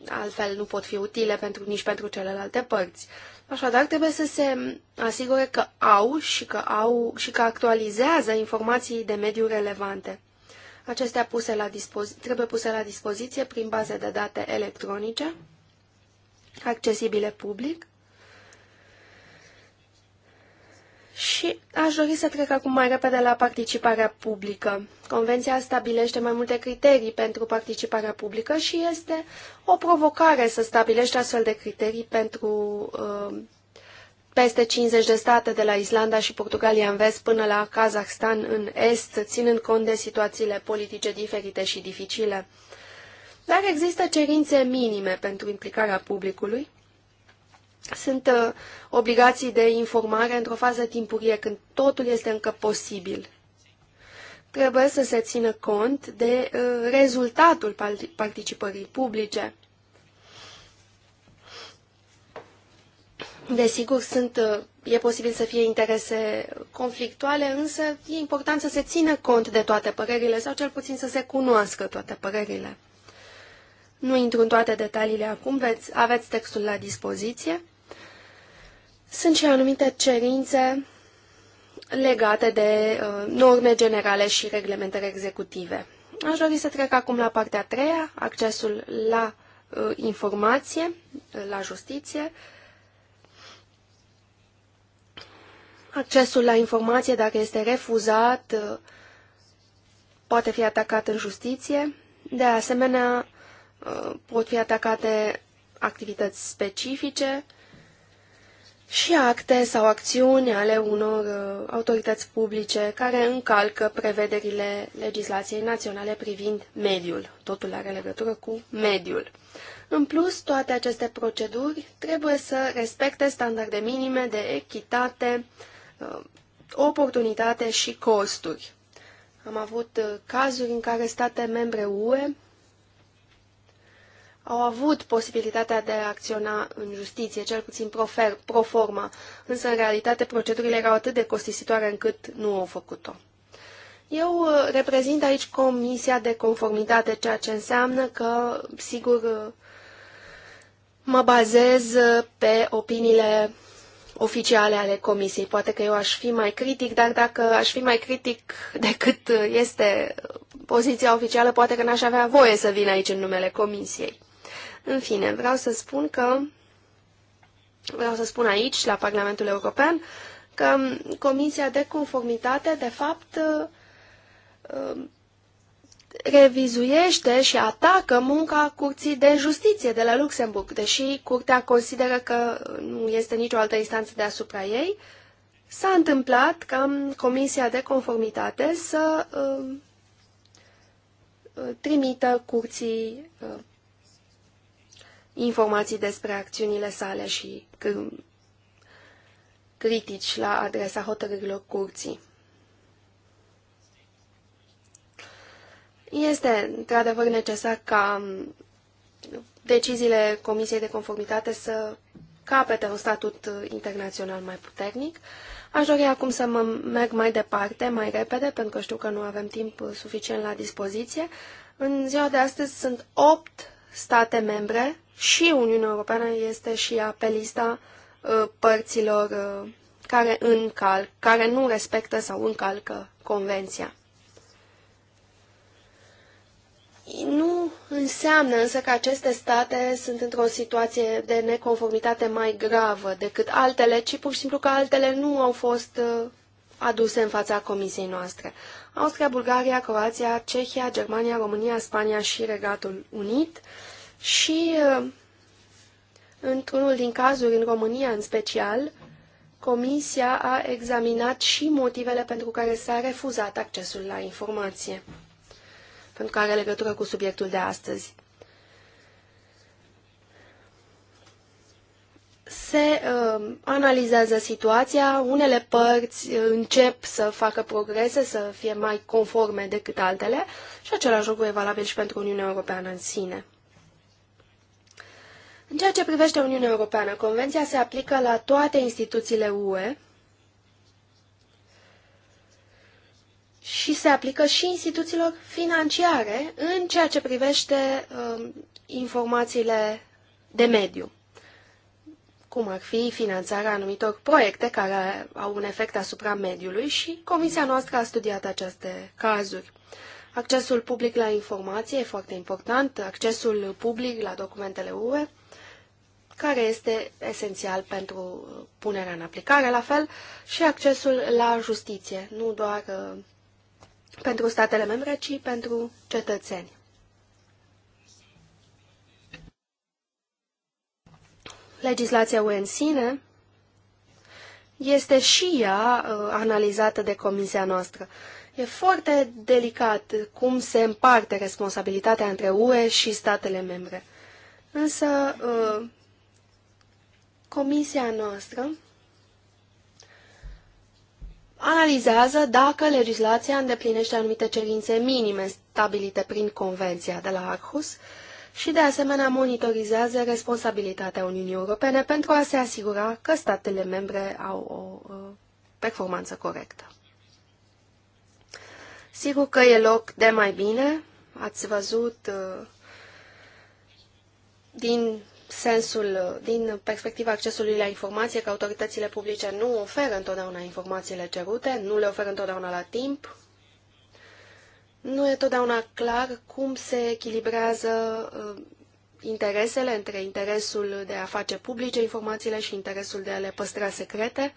altfel nu pot fi utile pentru, nici pentru celelalte părți. Așadar, trebuie să se asigure că au și că, au, și că actualizează informații de mediu relevante. Acestea puse la trebuie puse la dispoziție prin baze de date electronice, accesibile public. Și aș dori să trec acum mai repede la participarea publică. Convenția stabilește mai multe criterii pentru participarea publică și este o provocare să stabilești astfel de criterii pentru uh, peste 50 de state de la Islanda și Portugalia în vest până la Kazahstan în est, ținând cont de situațiile politice diferite și dificile. Dar există cerințe minime pentru implicarea publicului. Sunt uh, obligații de informare într-o fază timpurie, când totul este încă posibil. Trebuie să se țină cont de uh, rezultatul participării publice. Desigur, sunt, uh, e posibil să fie interese conflictuale, însă e important să se țină cont de toate părerile sau cel puțin să se cunoască toate părerile. Nu intru în toate detaliile acum, veți, aveți textul la dispoziție. Sunt și anumite cerințe legate de uh, norme generale și reglementări executive. Aș dori să trec acum la partea a treia, accesul la uh, informație, la justiție. Uh, Accesul la informație, dacă este refuzat, uh, poate fi atacat în justiție. De asemenea, uh, pot fi atacate activități specifice și acte sau acțiuni ale unor uh, autorități publice care încalcă prevederile legislației naționale privind mediul. Totul are legătură cu mediul. În plus, toate aceste proceduri trebuie să respecte standarde minime de echitate, Uh, oportunitate și costuri. Am avut uh, cazuri în care state membre UE au avut posibilitatea de a acționa în justiție, cel puțin profer, pro forma, însă în realitate procedurile erau atât de costisitoare încât nu au făcut-o. Eu uh, reprezint aici Comisia de Conformitate, ceea ce înseamnă că, sigur, mă bazez pe opiniile oficiale ale comisiei. Poate că eu aș fi mai critic, dar dacă aș fi mai critic decât este poziția oficială, poate că n-aș avea voie să vin aici în numele comisiei. În fine, vreau să spun că vreau să spun aici, la Parlamentul European, că Comisia de Conformitate, de fapt, revizuiește și atacă munca Curții de Justiție de la Luxemburg, deși Curtea consideră că nu este nicio altă instanță deasupra ei, s-a întâmplat ca Comisia de Conformitate să um, trimită Curții um, informații despre acțiunile sale și um, critici la adresa hotărârilor Curții. Este într-adevăr necesar ca deciziile Comisiei de Conformitate să capete un statut internațional mai puternic. Aș dori acum să mă merg mai departe, mai repede, pentru că știu că nu avem timp suficient la dispoziție. În ziua de astăzi sunt 8 state membre și Uniunea Europeană este și ea pe lista uh, părților uh, care, încalc, care nu respectă sau încalcă convenția. Nu înseamnă însă că aceste state sunt într-o situație de neconformitate mai gravă decât altele, ci pur și simplu că altele nu au fost uh, aduse în fața comisiei noastre. Austria, Bulgaria, Croația, Cehia, Germania, România, Spania și Regatul Unit și uh, într-unul din cazuri, în România în special, Comisia a examinat și motivele pentru care s-a refuzat accesul la informație pentru că are legătură cu subiectul de astăzi. se uh, analizează situația, unele părți uh, încep să facă progrese, să fie mai conforme decât altele și același lucru e valabil și pentru Uniunea Europeană în sine. În ceea ce privește Uniunea Europeană, Convenția se aplică la toate instituțiile UE și se aplică și instituțiilor financiare în ceea ce privește uh, informațiile de mediu, cum ar fi finanțarea anumitor proiecte care au un efect asupra mediului și comisia noastră a studiat aceste cazuri. Accesul public la informație e foarte important, accesul public la documentele UE, care este esențial pentru punerea în aplicare, la fel și accesul la justiție, nu doar uh, pentru statele membre, ci pentru cetățeni. Legislația UE în sine este și ea uh, analizată de comisia noastră. E foarte delicat cum se împarte responsabilitatea între UE și statele membre. Însă, uh, comisia noastră analizează dacă legislația îndeplinește anumite cerințe minime stabilite prin Convenția de la Arhus și, de asemenea, monitorizează responsabilitatea Uniunii Europene pentru a se asigura că statele membre au o uh, performanță corectă. Sigur că e loc de mai bine. Ați văzut uh, din sensul, din perspectiva accesului la informație, că autoritățile publice nu oferă întotdeauna informațiile cerute, nu le oferă întotdeauna la timp. Nu e totdeauna clar cum se echilibrează uh, interesele între interesul de a face publice informațiile și interesul de a le păstra secrete.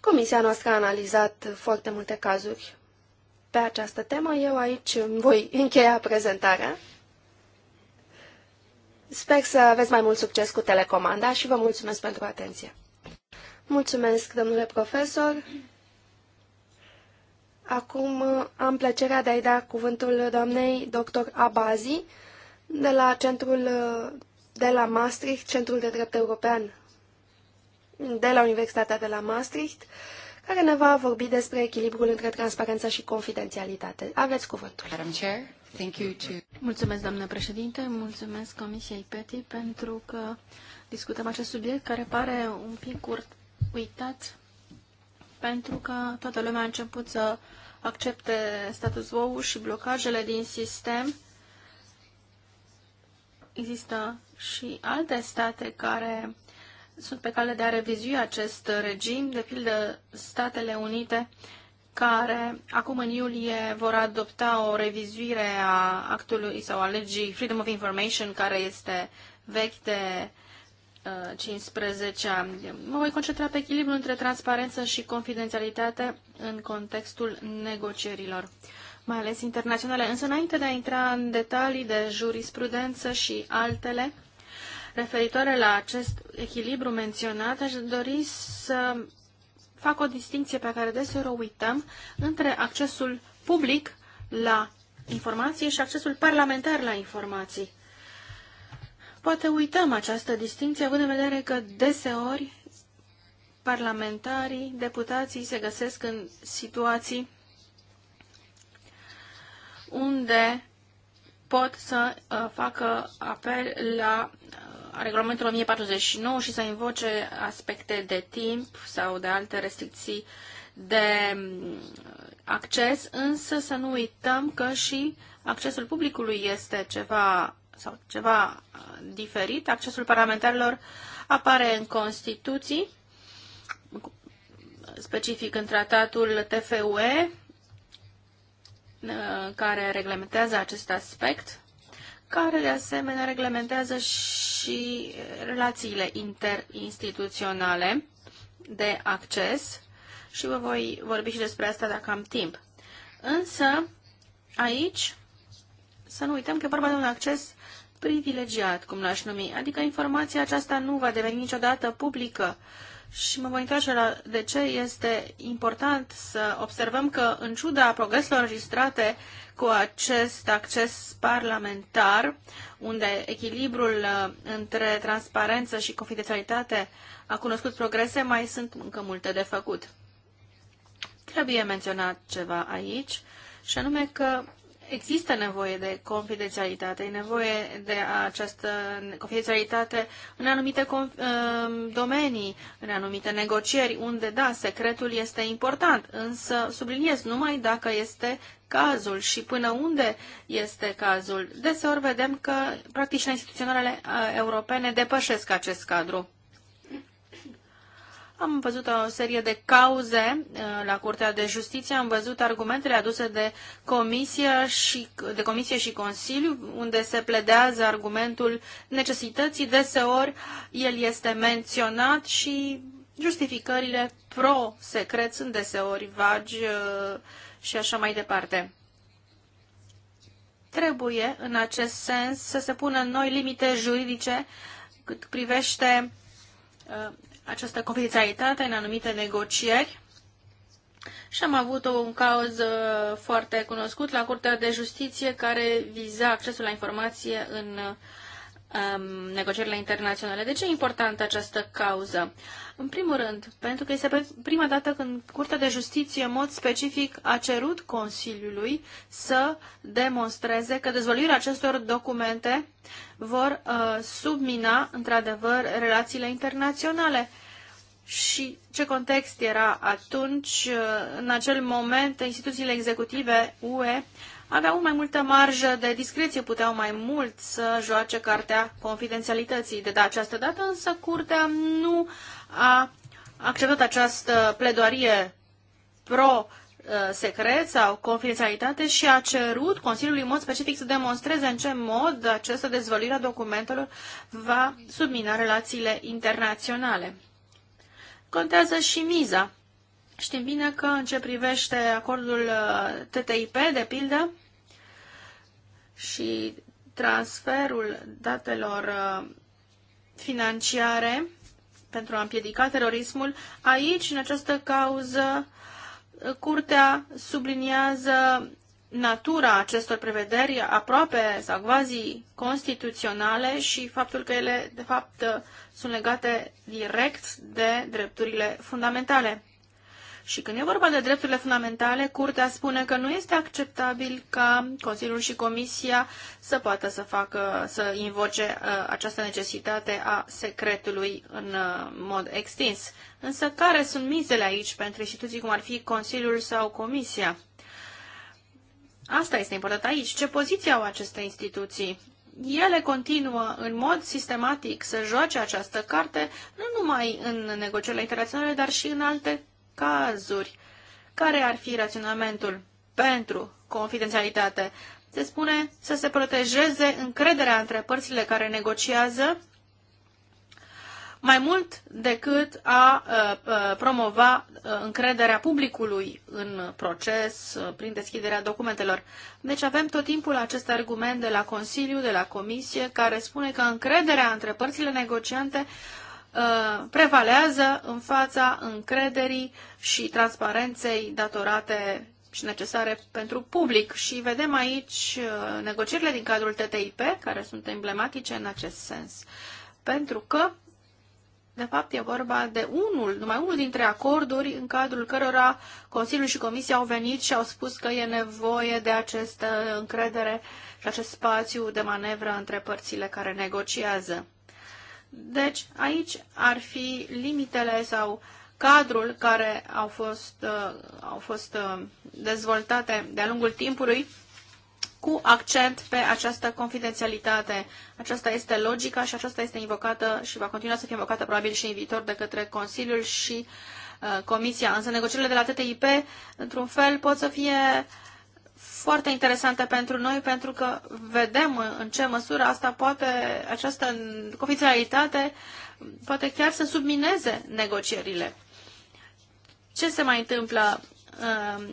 comisia noastră a analizat foarte multe cazuri pe această temă. Eu aici voi încheia prezentarea. Sper să aveți mai mult succes cu telecomanda și vă mulțumesc pentru atenție. Mulțumesc, domnule profesor. Acum am plăcerea de a-i da cuvântul doamnei dr. Abazi de la centrul de la Maastricht, Centrul de Drept European de la Universitatea de la Maastricht care ne va vorbi despre echilibrul între transparență și confidențialitate. Aveți cuvântul. Madam Chair, thank you to... Mulțumesc, doamnă președinte, mulțumesc Comisiei PETI pentru că discutăm acest subiect care pare un pic curt uitat pentru că toată lumea a început să accepte status quo și blocajele din sistem. Există și alte state care sunt pe cale de a revizui acest regim, de pildă Statele Unite, care acum în iulie vor adopta o revizuire a actului sau a legii Freedom of Information, care este vechi de 15 uh, ani. Mă voi concentra pe echilibru între transparență și confidențialitate în contextul negocierilor, mai ales internaționale. Însă, înainte de a intra în detalii de jurisprudență și altele, referitoare la acest echilibru menționat, aș dori să fac o distinție pe care deseori o uităm între accesul public la informații și accesul parlamentar la informații. Poate uităm această distinție, având în vedere că deseori parlamentarii, deputații se găsesc în situații unde pot să uh, facă apel la regulamentul 1049 și să invoce aspecte de timp sau de alte restricții de mm, acces, însă să nu uităm că și accesul publicului este ceva sau ceva uh, diferit. Accesul parlamentarilor apare în Constituții, specific în tratatul TFUE, uh, care reglementează acest aspect care de asemenea reglementează și relațiile interinstituționale de acces și vă voi vorbi și despre asta dacă am timp. Însă, aici, să nu uităm că e vorba de un acces privilegiat, cum l-aș numi, adică informația aceasta nu va deveni niciodată publică. Uh, și mă voi întoarce la de ce este important să observăm că, în ciuda progreselor înregistrate cu acest acces parlamentar, unde echilibrul uh, între transparență și confidențialitate a cunoscut progrese, mai sunt încă multe de făcut. Trebuie menționat ceva aici, și anume că există nevoie de confidențialitate, e nevoie de această confidențialitate în anumite um, domenii, în anumite negocieri, unde, da, secretul este important, însă subliniez numai dacă este cazul și până unde este cazul. Deseori vedem că practicile instituționale uh, europene depășesc acest cadru. Am văzut o serie de cauze uh, la Curtea de Justiție, am văzut argumentele aduse de Comisie și, de comisie și Consiliu, unde se pledează argumentul necesității. Deseori el este menționat și justificările pro-secret sunt deseori vagi uh, și așa mai departe. Trebuie, în acest sens, să se pună noi limite juridice cât privește uh, această confidențialitate în anumite negocieri și am avut un caz uh, foarte cunoscut la Curtea de Justiție care viza accesul la informație în uh, um, negocierile internaționale. De ce e importantă această cauză? În primul rând, pentru că este prima dată când Curtea de Justiție, în mod specific, a cerut Consiliului să demonstreze că dezvăluirea acestor documente vor uh, submina, într-adevăr, relațiile internaționale. Și ce context era atunci? Uh, în acel moment, instituțiile executive UE aveau mai multă marjă de discreție, puteau mai mult să joace cartea confidențialității. De data această dată însă curtea nu a acceptat această pledoarie pro secret sau confidențialitate și a cerut Consiliului în mod specific să demonstreze în ce mod această dezvăluire a documentelor va submina relațiile internaționale. Contează și miza. Știm bine că în ce privește acordul uh, TTIP, de pildă, și transferul datelor uh, financiare pentru a împiedica terorismul. Aici, în această cauză, uh, Curtea subliniază natura acestor prevederi aproape sau quasi constituționale și faptul că ele, de fapt, uh, sunt legate direct de drepturile fundamentale. Și când e vorba de drepturile fundamentale, Curtea spune că nu este acceptabil ca Consiliul și Comisia să poată să facă, să invoce uh, această necesitate a secretului în uh, mod extins. Însă care sunt mizele aici pentru instituții cum ar fi Consiliul sau Comisia? Asta este important aici. Ce poziție au aceste instituții? Ele continuă în mod sistematic să joace această carte, nu numai în negocierile internaționale, dar și în alte cazuri. Care ar fi raționamentul pentru confidențialitate? Se spune să se protejeze încrederea între părțile care negociază mai mult decât a promova încrederea publicului în proces prin deschiderea documentelor. Deci avem tot timpul acest argument de la Consiliu, de la Comisie, care spune că încrederea între părțile negociante Uh, prevalează în fața încrederii și transparenței datorate și necesare pentru public. Și vedem aici uh, negocierile din cadrul TTIP, care sunt emblematice în acest sens. Pentru că, de fapt, e vorba de unul, numai unul dintre acorduri în cadrul cărora Consiliul și Comisia au venit și au spus că e nevoie de această încredere și acest spațiu de manevră între părțile care negociază. Deci aici ar fi limitele sau cadrul care au fost, uh, au fost uh, dezvoltate de-a lungul timpului cu accent pe această confidențialitate. Aceasta este logica și aceasta este invocată și va continua să fie invocată probabil și în viitor de către Consiliul și uh, Comisia. Însă negocierile de la TTIP, într-un fel, pot să fie foarte interesante pentru noi, pentru că vedem în ce măsură asta poate, această confidențialitate poate chiar să submineze negocierile. Ce se mai întâmplă uh,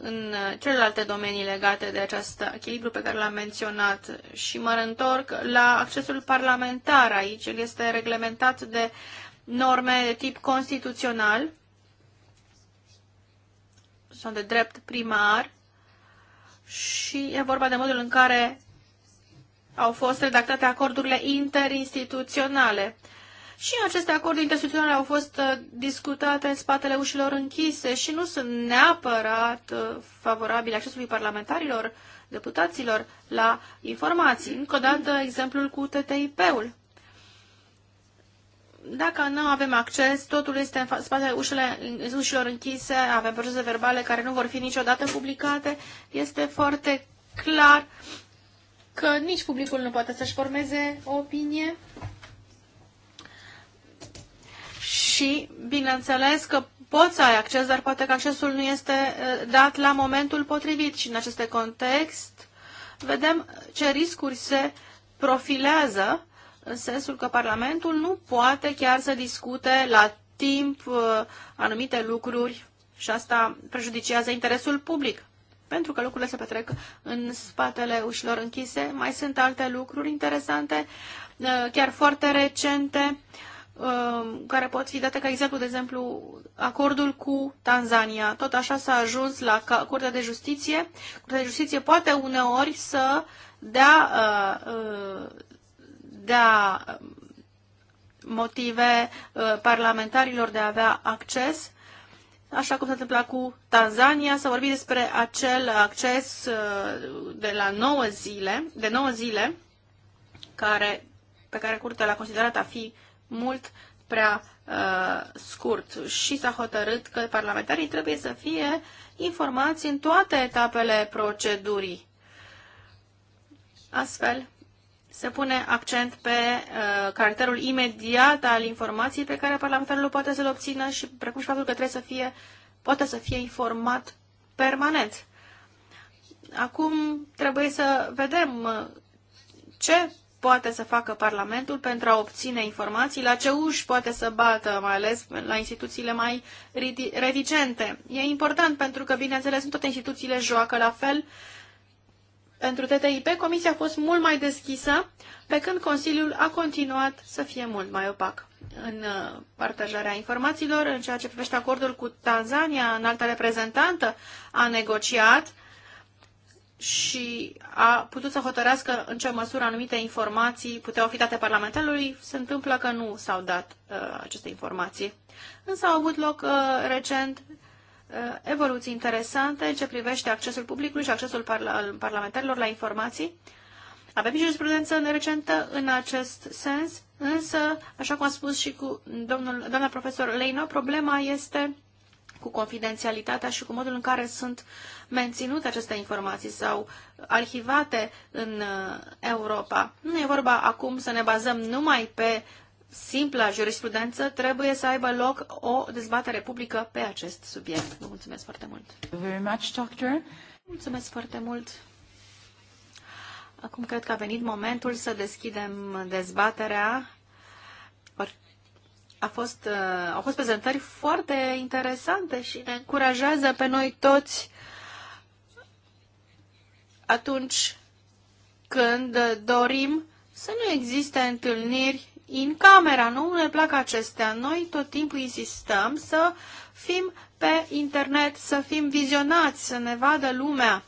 în celelalte domenii legate de acest echilibru pe care l-am menționat și mă întorc la accesul parlamentar aici. El este reglementat de norme de tip constituțional sau de drept primar și e vorba de modul în care au fost redactate acordurile interinstituționale. Și aceste acorduri interinstituționale au fost uh, discutate în spatele ușilor închise și nu sunt neapărat uh, favorabile accesului parlamentarilor, deputaților, la informații. Încă o dată, exemplul cu TTIP-ul dacă nu avem acces, totul este în spatele ușile, ușilor închise, avem procese verbale care nu vor fi niciodată publicate, este foarte clar că nici publicul nu poate să-și formeze o opinie. Și, bineînțeles, că poți să ai acces, dar poate că accesul nu este eh, dat la momentul potrivit. Și în acest context vedem ce riscuri se profilează în sensul că Parlamentul nu poate chiar să discute la timp uh, anumite lucruri și asta prejudiciază interesul public. Pentru că lucrurile se petrec în spatele ușilor închise. Mai sunt alte lucruri interesante, uh, chiar foarte recente, uh, care pot fi date ca exemplu, de exemplu, acordul cu Tanzania. Tot așa s-a ajuns la Curtea de Justiție. Curtea de Justiție poate uneori să dea da motive uh, parlamentarilor de a avea acces, așa cum s-a întâmplat cu Tanzania, s-a vorbit despre acel acces uh, de la 9 zile, de 9 zile, care, pe care curtea l-a considerat a fi mult prea uh, scurt și s-a hotărât că parlamentarii trebuie să fie informați în toate etapele procedurii. Astfel, se pune accent pe uh, caracterul imediat al informației pe care parlamentarul poate să-l obțină și precum și faptul că trebuie să fie, poate să fie informat permanent. Acum trebuie să vedem uh, ce poate să facă Parlamentul pentru a obține informații, la ce uși poate să bată, mai ales la instituțiile mai reticente. E important pentru că, bineînțeles, toate instituțiile joacă la fel uh, pentru TTIP, Comisia a fost mult mai deschisă, pe când Consiliul a continuat să fie mult mai opac în uh, partajarea informațiilor. În ceea ce privește acordul cu Tanzania, alta reprezentantă a negociat și a putut să hotărească în ce măsură anumite informații puteau fi date parlamentarului. Se întâmplă că nu s-au dat uh, aceste informații. Însă au avut loc uh, recent Uh, evoluții interesante în ce privește accesul publicului și accesul parla parlamentarilor la informații. Avem jurisprudență recentă în acest sens, însă, așa cum a spus și cu domnul, doamna profesor Leino, problema este cu confidențialitatea și cu modul în care sunt menținute aceste informații sau arhivate în uh, Europa. Nu e vorba acum să ne bazăm numai pe simpla jurisprudență, trebuie să aibă loc o dezbatere publică pe acest subiect. Vă mulțumesc foarte mult. Very much, doctor. Mulțumesc foarte mult. Acum cred că a venit momentul să deschidem dezbaterea. A fost, uh, au fost prezentări foarte interesante și ne încurajează pe noi toți atunci când dorim să nu existe întâlniri în camera. Nu ne plac acestea. Noi tot timpul insistăm să fim pe internet, să fim vizionați, să ne vadă lumea.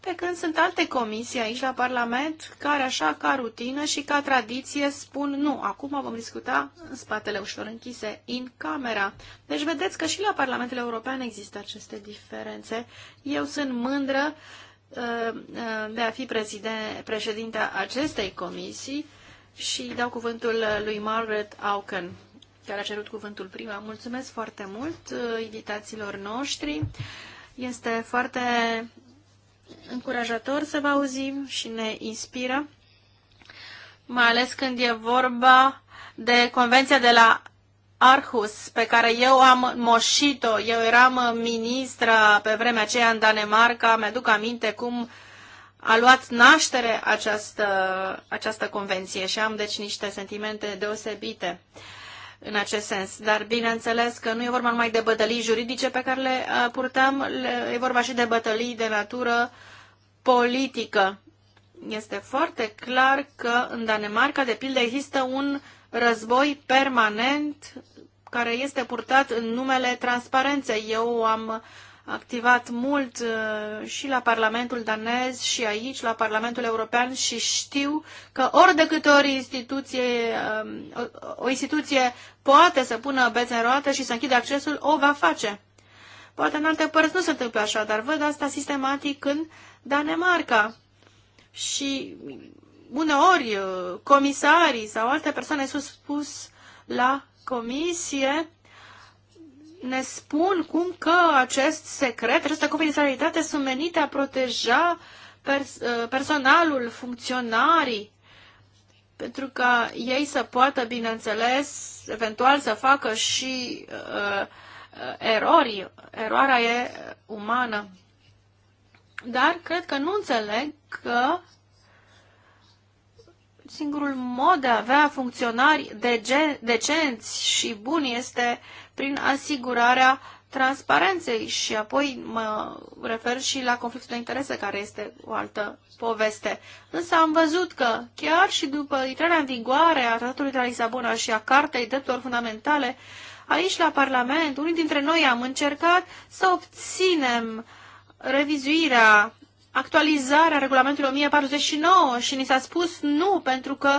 Pe când sunt alte comisii aici la Parlament care așa ca rutină și ca tradiție spun nu, acum vom discuta în spatele ușor închise, în camera. Deci vedeți că și la Parlamentul European există aceste diferențe. Eu sunt mândră uh, uh de a fi președinte acestei comisii și dau cuvântul uh, lui Margaret Auken, care a cerut cuvântul prima. Mulțumesc foarte mult uh, invitațiilor noștri. Este foarte încurajator să vă auzim și ne inspiră, mai ales când e vorba de convenția de la Arhus, pe care eu am moșit-o. Eu eram ministră pe vremea aceea în Danemarca, mi-aduc aminte cum a luat naștere această, această convenție și am deci niște sentimente deosebite în acest sens. Dar bineînțeles că nu e vorba numai de bătălii juridice pe care le uh, purtăm, e vorba și de bătălii de natură politică. Este foarte clar că în Danemarca, de pildă, există un război permanent care este purtat în numele transparenței. Eu am activat mult uh, și la Parlamentul danez și aici, la Parlamentul European și știu că ori de câte ori instituție, um, o instituție poate să pună bețe în roată și să închide accesul, o va face. Poate în alte părți nu se întâmplă așa, dar văd asta sistematic în Danemarca. Și uneori uh, comisarii sau alte persoane sunt spus la comisie ne spun cum că acest secret, această confidențialitate sunt menite a proteja pers- uh, personalul, funcționarii, pentru ca ei să poată, bineînțeles, eventual să facă și uh, uh, erori. Eroarea e umană. Dar cred că nu înțeleg că singurul mod de a avea funcționari dege- decenți și buni este prin asigurarea transparenței și apoi mă refer și la conflictul de interese, care este o altă poveste. Însă am văzut că chiar și după intrarea în vigoare a Tratatului de la Lisabona și a Cartei Drepturilor Fundamentale, aici la Parlament, unii dintre noi am încercat să obținem revizuirea actualizarea regulamentului 1049 și ni s-a spus nu, pentru că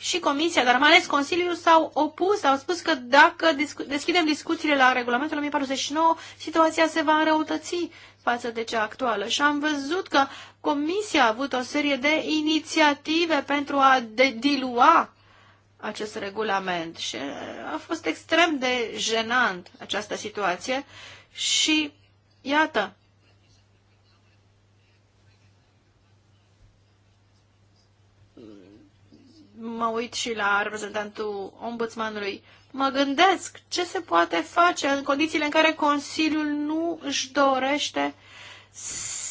și Comisia, dar mai ales Consiliul s-au opus, au spus că dacă deschidem discuțiile la regulamentul 1049, situația se va înrăutăți față de cea actuală. Și am văzut că Comisia a avut o serie de inițiative pentru a dilua acest regulament și uh, a fost extrem de jenant această situație și iată, mă uit și la reprezentantul ombudsmanului, mă gândesc ce se poate face în condițiile în care Consiliul nu își dorește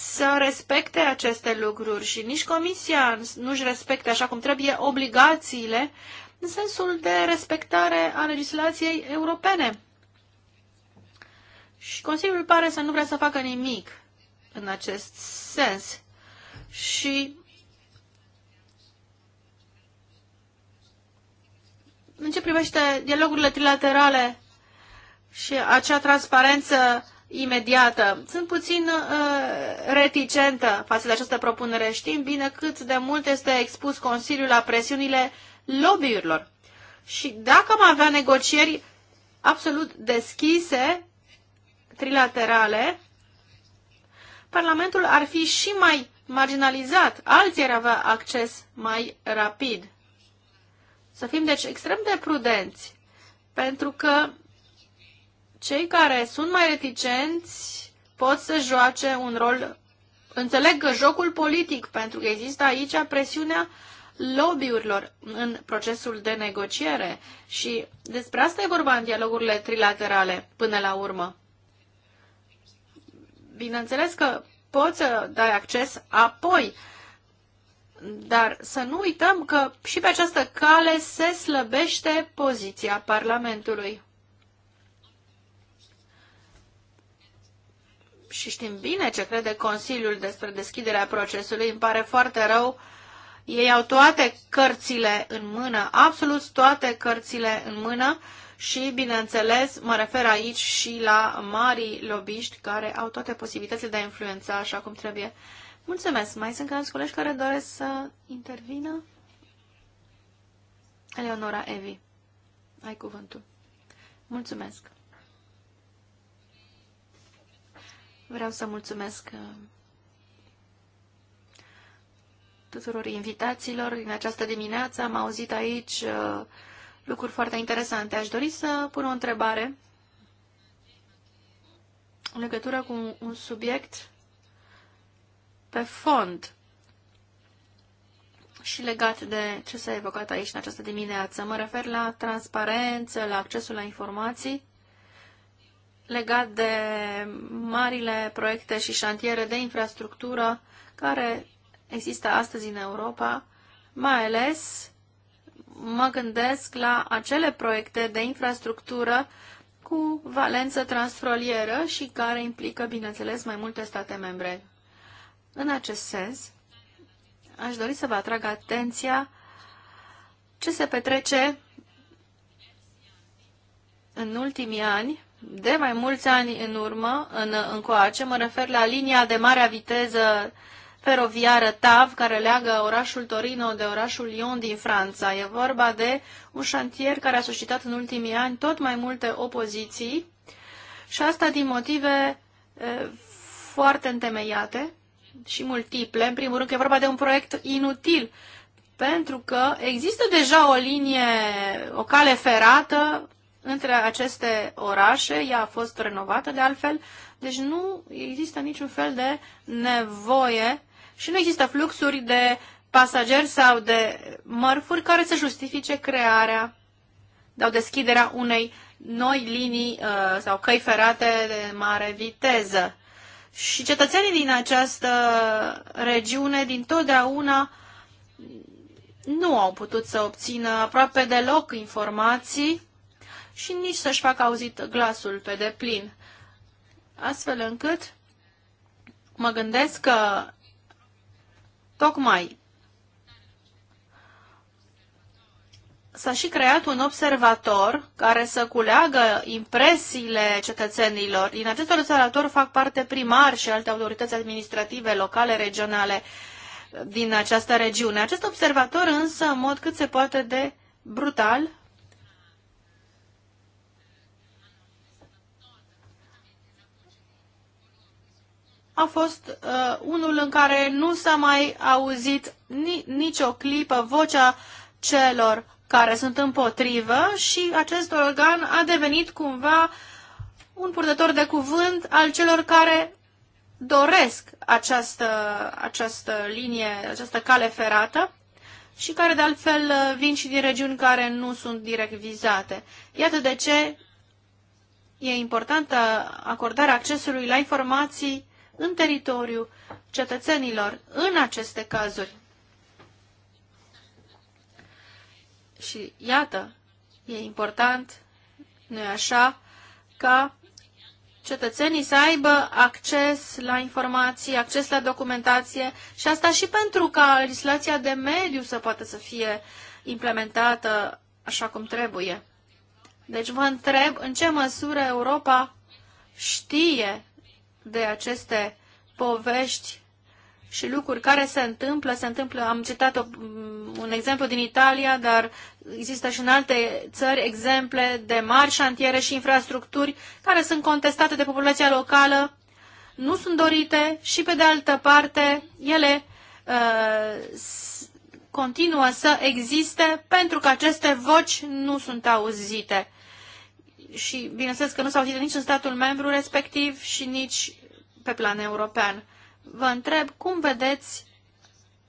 să respecte aceste lucruri și nici Comisia nu își respecte așa cum trebuie obligațiile în sensul de respectare a legislației europene. Și Consiliul pare să nu vrea să facă nimic în acest sens. Și În ce privește dialogurile trilaterale și acea transparență imediată. Sunt puțin uh, reticentă față de această propunere. Știm bine cât de mult este expus Consiliul la presiunile lobbyurilor. Și dacă am avea negocieri absolut deschise, trilaterale, Parlamentul ar fi și mai marginalizat, alții ar avea acces mai rapid. Să fim, deci, extrem de prudenți, pentru că cei care sunt mai reticenți pot să joace un rol. Înțeleg jocul politic, pentru că există aici presiunea lobbyurilor în procesul de negociere și despre asta e vorba în dialogurile trilaterale până la urmă. Bineînțeles că poți să dai acces apoi dar să nu uităm că și pe această cale se slăbește poziția Parlamentului. Și știm bine ce crede Consiliul despre deschiderea procesului. Îmi pare foarte rău. Ei au toate cărțile în mână, absolut toate cărțile în mână și, bineînțeles, mă refer aici și la marii lobiști care au toate posibilitățile de a influența așa cum trebuie. Mulțumesc. Mai sunt alți colegi care doresc să intervină? Eleonora Evi, ai cuvântul. Mulțumesc. Vreau să mulțumesc uh, tuturor invitațiilor din această dimineață. Am auzit aici uh, lucruri foarte interesante. Aș dori să pun o întrebare în legătură cu un subiect pe fond și legat de ce s-a evocat aici în această dimineață. Mă refer la transparență, la accesul la informații legat de marile proiecte și șantiere de infrastructură care există astăzi în Europa, mai ales mă gândesc la acele proiecte de infrastructură cu valență transfrontalieră și care implică, bineînțeles, mai multe state membre. În acest sens, aș dori să vă atrag atenția ce se petrece în ultimii ani, de mai mulți ani în urmă, în, coace, mă refer la linia de mare viteză feroviară TAV, care leagă orașul Torino de orașul Lyon din Franța. E vorba de un șantier care a suscitat în ultimii ani tot mai multe opoziții și asta din motive e, foarte întemeiate și multiple. În primul rând că e vorba de un proiect inutil, pentru că există deja o linie, o cale ferată între aceste orașe, ea a fost renovată de altfel, deci nu există niciun fel de nevoie și nu există fluxuri de pasageri sau de mărfuri care să justifice crearea sau deschiderea unei noi linii uh, sau căi ferate de mare viteză. Și cetățenii din această regiune din totdeauna nu au putut să obțină aproape deloc informații și nici să-și facă auzit glasul pe deplin. Astfel încât mă gândesc că tocmai s-a și creat un observator care să culeagă impresiile cetățenilor. Din acest observator fac parte primari și alte autorități administrative, locale, regionale din această regiune. Acest observator însă, în mod cât se poate de brutal, a fost uh, unul în care nu s-a mai auzit ni- nicio clipă vocea celor care sunt împotrivă și acest organ a devenit cumva un purtător de cuvânt al celor care doresc această, această linie, această cale ferată și care de altfel vin și din regiuni care nu sunt direct vizate. Iată de ce e importantă acordarea accesului la informații în teritoriu cetățenilor în aceste cazuri. Și iată, e important, nu e așa, ca cetățenii să aibă acces la informații, acces la documentație și asta și pentru ca legislația de mediu să poată să fie implementată așa cum trebuie. Deci vă întreb în ce măsură Europa știe de aceste povești și lucruri care se întâmplă. Se întâmplă, am citat mm, un exemplu din Italia, dar există și în alte țări exemple de mari șantiere și infrastructuri care sunt contestate de populația locală, nu sunt dorite și, pe de altă parte, ele uh, continuă să existe pentru că aceste voci nu sunt auzite. Și bineînțeles că nu s-au auzit nici în statul membru respectiv și nici pe plan european vă întreb cum vedeți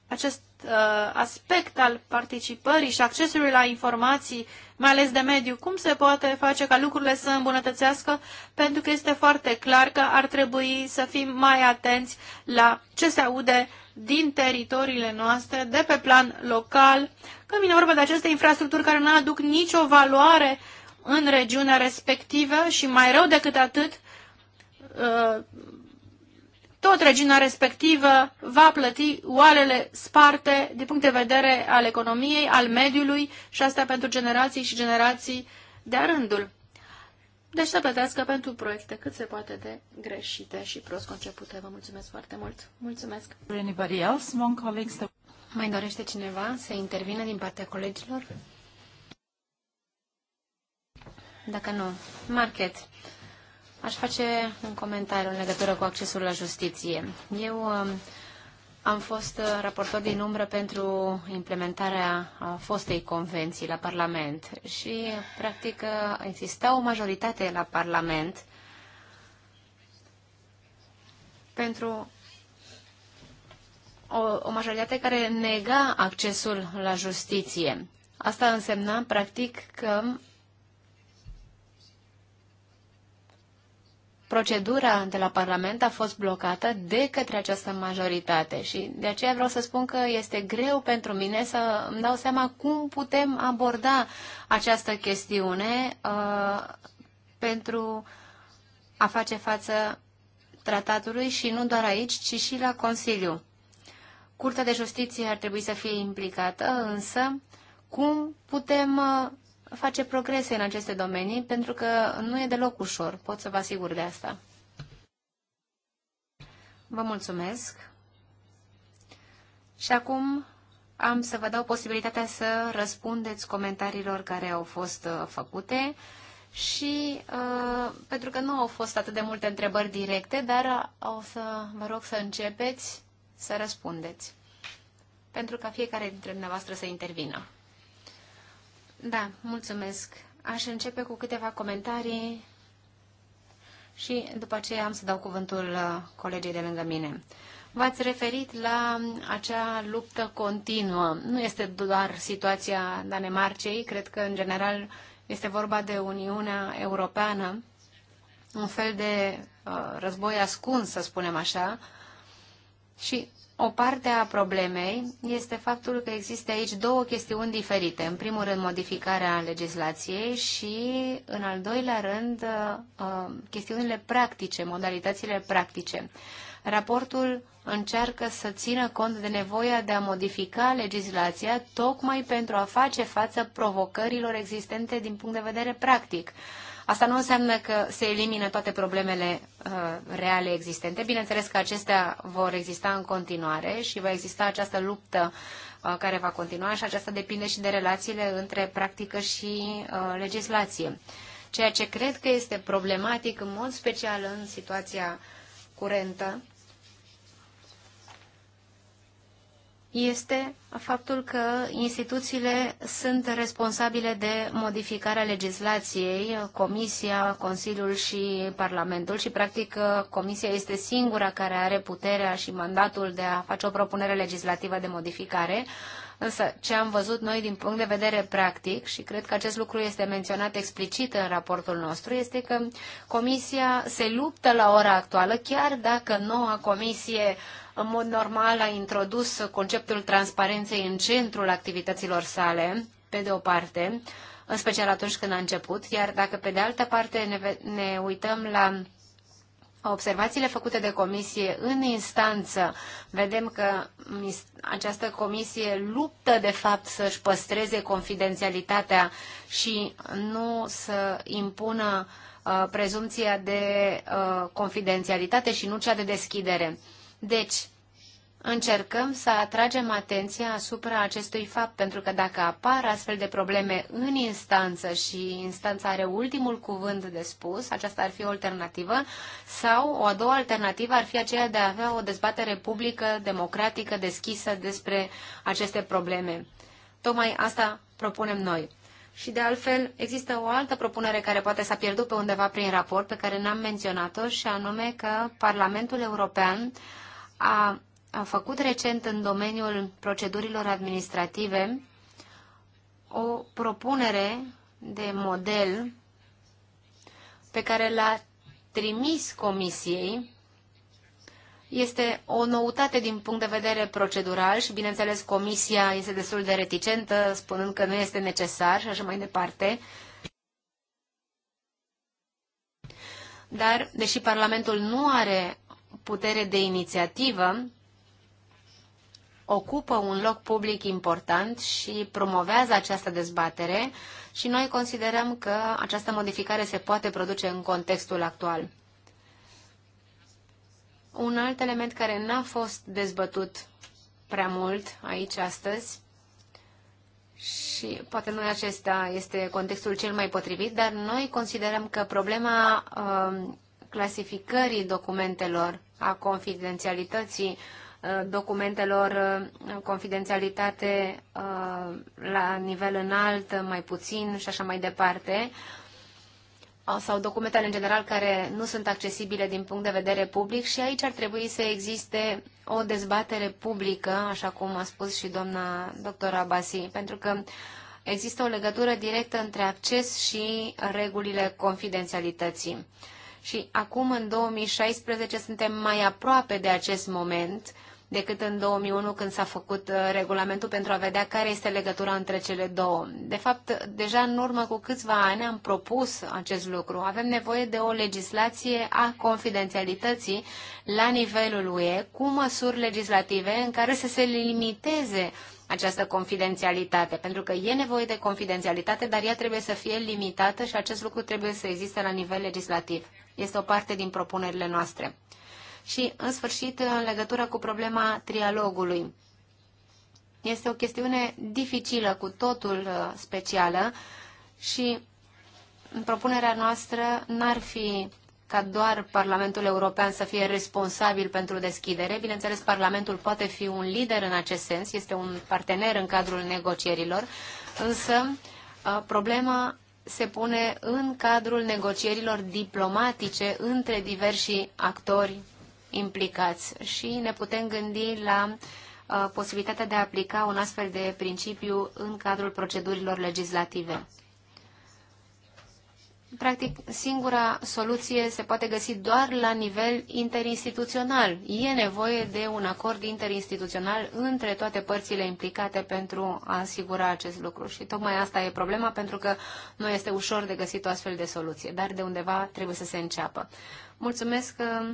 acest uh, aspect al participării și accesului la informații, mai ales de mediu, cum se poate face ca lucrurile să îmbunătățească, pentru că este foarte clar că ar trebui să fim mai atenți la ce se aude din teritoriile noastre, de pe plan local, când vine vorba de aceste infrastructuri care nu aduc nicio valoare în regiunea respectivă și mai rău decât atât, uh, tot regina respectivă va plăti oalele sparte din punct de vedere al economiei, al mediului și asta pentru generații și generații de-a rândul. Deci să plătească pentru proiecte cât se poate de greșite și prost concepute. Vă mulțumesc foarte mult. Mulțumesc. Anybody else? One colleagues Mai dorește cineva să intervină din partea colegilor? Dacă nu, market. Aș face un comentariu în legătură cu accesul la justiție. Eu um, am fost uh, raportor din umbră pentru implementarea fostei convenții la Parlament și, practic, uh, exista o majoritate la Parlament pentru o, o majoritate care nega accesul la justiție. Asta însemna, practic, că procedura de la Parlament a fost blocată de către această majoritate și de aceea vreau să spun că este greu pentru mine să îmi dau seama cum putem aborda această chestiune uh, pentru a face față tratatului și nu doar aici, ci și la Consiliu. Curtea de Justiție ar trebui să fie implicată, însă cum putem uh, face progrese în aceste domenii, pentru că nu e deloc ușor, pot să vă asigur de asta. Vă mulțumesc. Și acum am să vă dau posibilitatea să răspundeți comentariilor care au fost uh, făcute și uh, pentru că nu au fost atât de multe întrebări directe, dar o să vă rog să începeți să răspundeți, pentru ca fiecare dintre dumneavoastră să intervină. Da, mulțumesc. Aș începe cu câteva comentarii și după aceea am să dau cuvântul uh, colegii de lângă mine. V-ați referit la acea luptă continuă. Nu este doar situația Danemarcei, cred că în general este vorba de Uniunea Europeană, un fel de uh, război ascuns, să spunem așa, și o parte a problemei este faptul că există aici două chestiuni diferite. În primul rând, modificarea legislației și, în al doilea rând, uh, uh, chestiunile practice, modalitățile practice. Raportul încearcă să țină cont de nevoia de a modifica legislația tocmai pentru a face față provocărilor existente din punct de vedere practic. Asta nu înseamnă că se elimină toate problemele uh, reale existente. Bineînțeles că acestea vor exista în continuare și va exista această luptă uh, care va continua și aceasta depinde și de relațiile între practică și uh, legislație. Ceea ce cred că este problematic în mod special în situația curentă este faptul că instituțiile sunt responsabile de modificarea legislației, Comisia, Consiliul și Parlamentul și, practic, Comisia este singura care are puterea și mandatul de a face o propunere legislativă de modificare. Însă, ce am văzut noi din punct de vedere practic, și cred că acest lucru este menționat explicit în raportul nostru, este că Comisia se luptă la ora actuală, chiar dacă noua Comisie uh, în mod normal a introdus conceptul transparenței în centrul activităților sale, pe de o parte, în special atunci când a început, iar dacă pe de altă parte ne, ne uităm la observațiile făcute de comisie în instanță, vedem că această comisie luptă de fapt să-și păstreze confidențialitatea și nu să impună uh, prezumția de uh, confidențialitate și nu cea de deschidere. Deci, încercăm să atragem atenția asupra acestui fapt, pentru că dacă apar astfel de probleme în instanță și instanța are ultimul cuvânt de spus, aceasta ar fi o alternativă, sau o a doua alternativă ar fi aceea de a avea o dezbatere publică, democratică, deschisă despre aceste probleme. Tocmai asta propunem noi. Și de altfel, există o altă propunere care poate s-a pierdut pe undeva prin raport, pe care n-am menționat-o, și anume că Parlamentul European uh, a, a făcut recent în domeniul procedurilor administrative o propunere de model pe care l-a trimis Comisiei este o noutate din punct de vedere procedural și, bineînțeles, Comisia este destul de reticentă, spunând că nu este necesar și așa mai departe. Dar, deși Parlamentul nu are putere de inițiativă, ocupă un loc public important și promovează această dezbatere și noi considerăm că această modificare se poate produce în contextul actual. Un alt element care n-a fost dezbătut prea mult aici astăzi și poate nu acesta este contextul cel mai potrivit, dar noi considerăm că problema uh, clasificării documentelor a confidențialității uh, documentelor, uh, confidențialitate uh, la nivel înalt, mai puțin și așa mai departe, sau documentele în general care nu sunt accesibile din punct de vedere public și aici ar trebui să existe o dezbatere publică, așa cum a spus și doamna doctora Abasi, pentru că există o legătură directă între acces și regulile confidențialității. Și acum, în 2016, suntem mai aproape de acest moment decât în 2001 când s-a făcut uh, regulamentul pentru a vedea care este legătura între cele două. De fapt, deja în urmă cu câțiva ani am propus acest lucru. Avem nevoie de o legislație a confidențialității la nivelul UE cu măsuri legislative în care să se limiteze această confidențialitate, pentru că e nevoie de confidențialitate, dar ea trebuie să fie limitată și acest lucru trebuie să existe la nivel legislativ. Este o parte din propunerile noastre. Și, în sfârșit, în legătură cu problema trialogului. Este o chestiune dificilă, cu totul uh, specială și propunerea noastră n-ar fi ca doar Parlamentul European să fie responsabil pentru deschidere. Bineînțeles, Parlamentul poate fi un lider în acest sens, este un partener în cadrul negocierilor, însă uh, problema se pune în cadrul negocierilor diplomatice între diversi actori implicați și ne putem gândi la uh, posibilitatea de a aplica un astfel de principiu în cadrul procedurilor legislative practic, singura soluție se poate găsi doar la nivel interinstituțional. E nevoie de un acord interinstituțional între toate părțile implicate pentru a asigura acest lucru. Și tocmai asta e problema, pentru că nu este ușor de găsit o astfel de soluție, dar de undeva trebuie să se înceapă. Mulțumesc uh,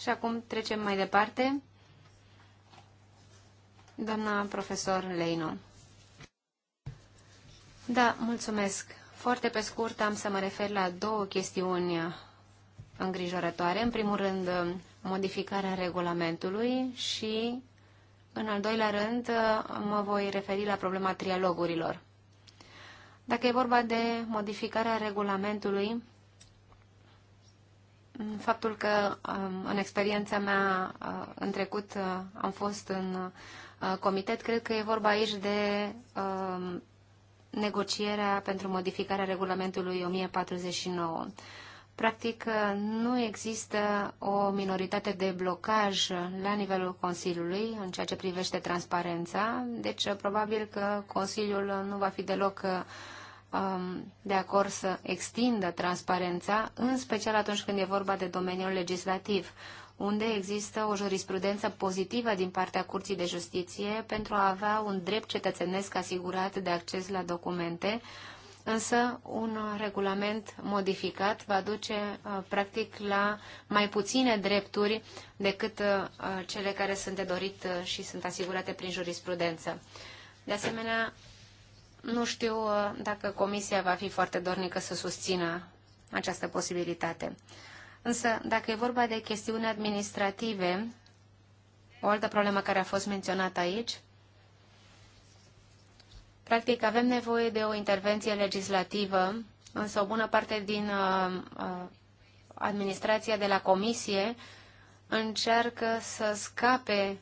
și acum trecem mai departe. Doamna profesor Leino. Da, mulțumesc. Foarte pe scurt am să mă refer la două chestiuni îngrijorătoare. În primul rând, modificarea regulamentului și, în al doilea rând, mă voi referi la problema trialogurilor. Dacă e vorba de modificarea regulamentului, faptul că um, în experiența mea uh, în trecut uh, am fost în uh, comitet, cred că e vorba aici de um, negocierea pentru modificarea regulamentului 1049. Practic, nu există o minoritate de blocaj la nivelul Consiliului în ceea ce privește transparența, deci probabil că Consiliul nu va fi deloc um, de acord să extindă transparența, în special atunci când e vorba de domeniul legislativ unde există o jurisprudență pozitivă din partea Curții de Justiție pentru a avea un drept cetățenesc asigurat de acces la documente, însă un regulament modificat va duce uh, practic la mai puține drepturi decât uh, cele care sunt de dorit uh, și sunt asigurate prin jurisprudență. De asemenea, nu știu dacă Comisia va fi foarte dornică să susțină această posibilitate. Însă, dacă e vorba de chestiuni administrative, o altă problemă care a fost menționată aici, practic avem nevoie de o intervenție legislativă, însă o bună parte din uh, uh administrația de la comisie încearcă să scape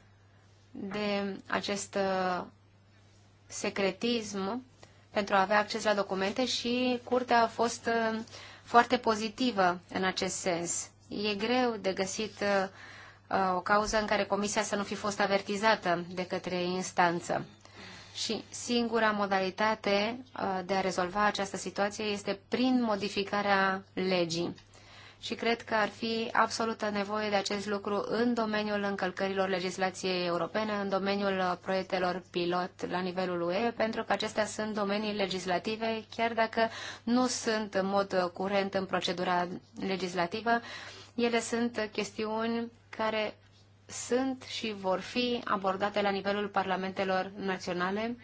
de acest uh, secretism pentru a avea acces la documente și curtea a fost uh, foarte pozitivă în acest sens. E greu de găsit uh, o cauză în care comisia să nu fi fost avertizată de către instanță. Și singura modalitate uh, de a rezolva această situație este prin modificarea legii și cred că ar fi absolută nevoie de acest lucru în domeniul încălcărilor legislației europene, în domeniul uh, proiectelor pilot la nivelul UE, pentru că acestea sunt domenii legislative, chiar dacă nu sunt în mod uh, curent în procedura legislativă, ele sunt chestiuni care sunt și vor fi abordate la nivelul parlamentelor naționale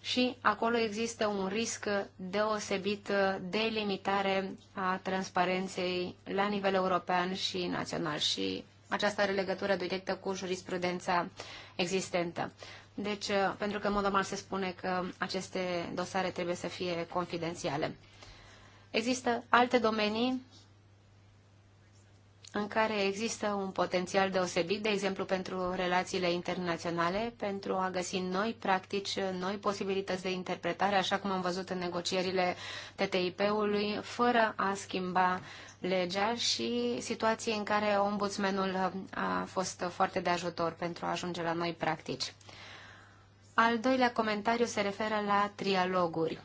și acolo există un risc deosebit de limitare a transparenței la nivel european și național și aceasta are legătură directă cu jurisprudența existentă. Deci, pentru că în mod normal se spune că aceste dosare trebuie să fie confidențiale. Există alte domenii în care există un potențial deosebit, de exemplu pentru relațiile internaționale, pentru a găsi noi practici, noi posibilități de interpretare, așa cum am văzut în negocierile TTIP-ului, fără a schimba legea și situații în care ombudsmenul a fost foarte de ajutor pentru a ajunge la noi practici. Al doilea comentariu se referă la trialoguri.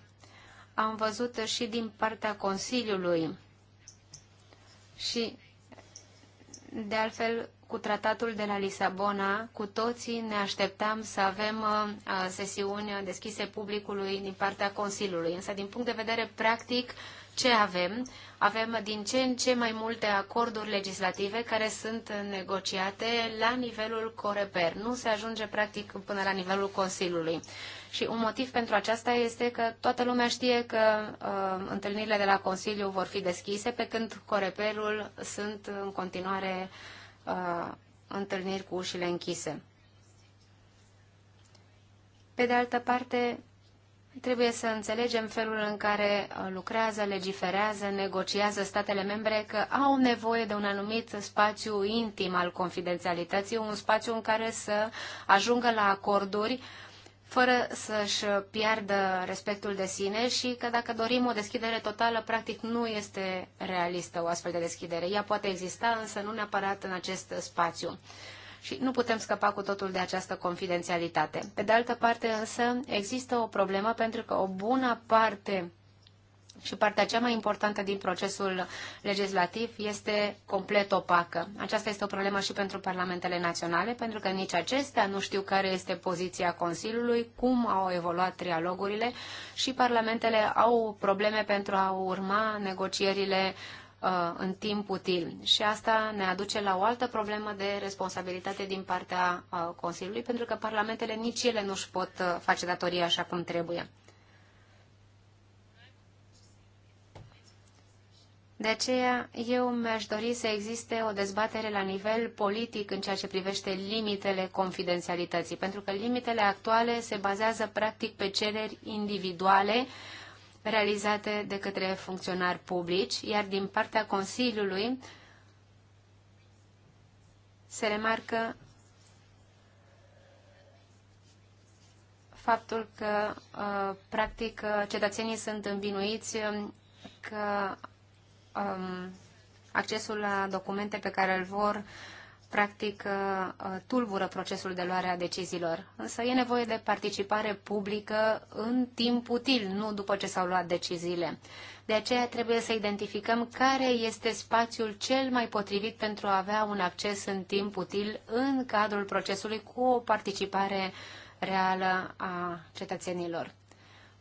Am văzut și din partea Consiliului și de altfel, cu tratatul de la Lisabona, cu toții ne așteptam să avem uh, uh, sesiuni deschise publicului din partea Consiliului. Însă, din punct de vedere practic, ce avem? Avem din ce în ce mai multe acorduri legislative care sunt negociate la nivelul Coreper. Nu se ajunge practic până la nivelul Consiliului. Și un motiv pentru aceasta este că toată lumea știe că uh, întâlnirile de la Consiliu vor fi deschise, pe când Coreperul sunt în continuare uh, întâlniri cu ușile închise. Pe de altă parte, trebuie să înțelegem felul în care uh, lucrează, legiferează, negociază statele membre, că au nevoie de un anumit spațiu intim al confidențialității, un spațiu în care să ajungă la acorduri uh, fără să-și piardă respectul de sine și că dacă dorim o deschidere totală, practic nu este realistă o astfel de deschidere. Ea poate exista, însă nu neapărat în acest spațiu. Și nu putem scăpa cu totul de această confidențialitate. Pe de altă parte, însă, există o problemă pentru că o bună parte și partea cea mai importantă din procesul legislativ este complet opacă. Aceasta este o problemă și pentru parlamentele naționale, pentru că nici acestea nu știu care este poziția Consiliului, cum au evoluat trialogurile și parlamentele au probleme pentru a urma negocierile uh, în timp util. Și asta ne aduce la o altă problemă de responsabilitate din partea uh, Consiliului, pentru că parlamentele nici ele nu își pot uh, face datoria așa cum trebuie. De aceea, eu mi-aș dori să existe o dezbatere la nivel politic în ceea ce privește limitele confidențialității, pentru că limitele actuale se bazează practic pe cereri individuale realizate de către funcționari publici, iar din partea Consiliului se remarcă faptul că, uh, practic, uh, cetățenii sunt învinuiți um, că um, accesul la documente pe care îl vor, practic, uh, tulbură procesul de luare a deciziilor. Însă e nevoie de participare publică în timp util, nu după ce s-au luat deciziile. De aceea trebuie să identificăm care este spațiul cel mai potrivit pentru a avea un acces în timp util în cadrul procesului cu o participare reală a cetățenilor.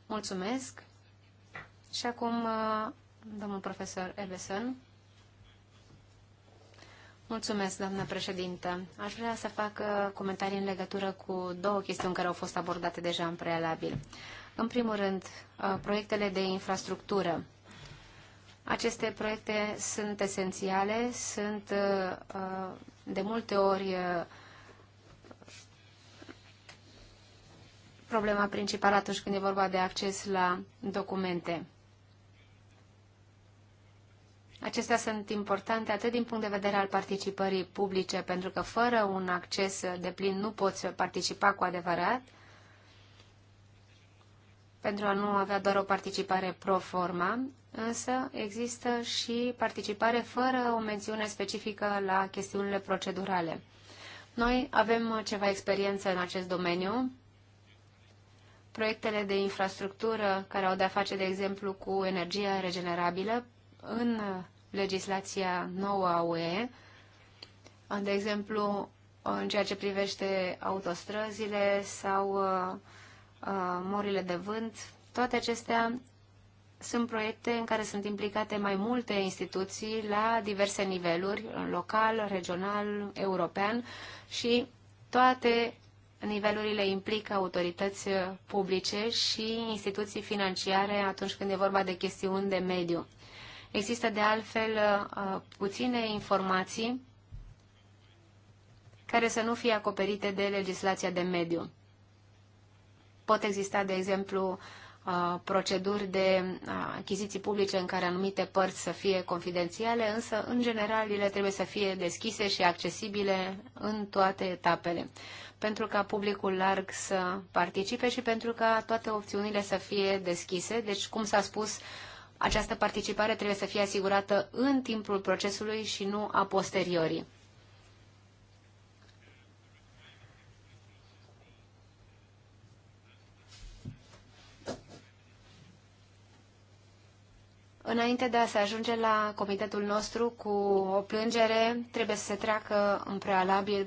Mulțumesc! Și acum uh, domnul profesor Ebeson. Mulțumesc, doamnă președintă. Aș vrea să fac uh, comentarii în legătură cu două chestiuni care au fost abordate deja în prealabil. În primul rând, uh, proiectele de infrastructură. Aceste proiecte sunt esențiale, sunt uh, de multe ori problema principală atunci când e vorba de acces la documente. Acestea sunt importante atât din punct de vedere al participării publice, pentru că fără un acces de plin nu poți participa cu adevărat, pentru a nu avea doar o participare pro forma, însă există și participare fără o mențiune specifică la chestiunile procedurale. Noi avem ceva experiență în acest domeniu. Proiectele de infrastructură care au de-a face, de exemplu, cu energia regenerabilă în legislația nouă a UE, de exemplu, în ceea ce privește autostrăzile sau uh, uh, morile de vânt, toate acestea sunt proiecte în care sunt implicate mai multe instituții la diverse niveluri, local, regional, european și toate nivelurile implică autorități publice și instituții financiare atunci când e vorba de chestiuni de mediu. Există de altfel uh, puține informații care să nu fie acoperite de legislația de mediu. Pot exista, de exemplu, uh, proceduri de uh, achiziții publice în care anumite părți să fie confidențiale, însă, în general, ele trebuie să fie deschise și accesibile în toate etapele, pentru ca publicul larg să participe și pentru ca toate opțiunile să fie deschise. Deci, cum s-a spus, uh, această participare trebuie să fie asigurată în timpul procesului și nu a posteriori. Înainte de a se ajunge la comitetul nostru cu o plângere, trebuie să se treacă în prealabil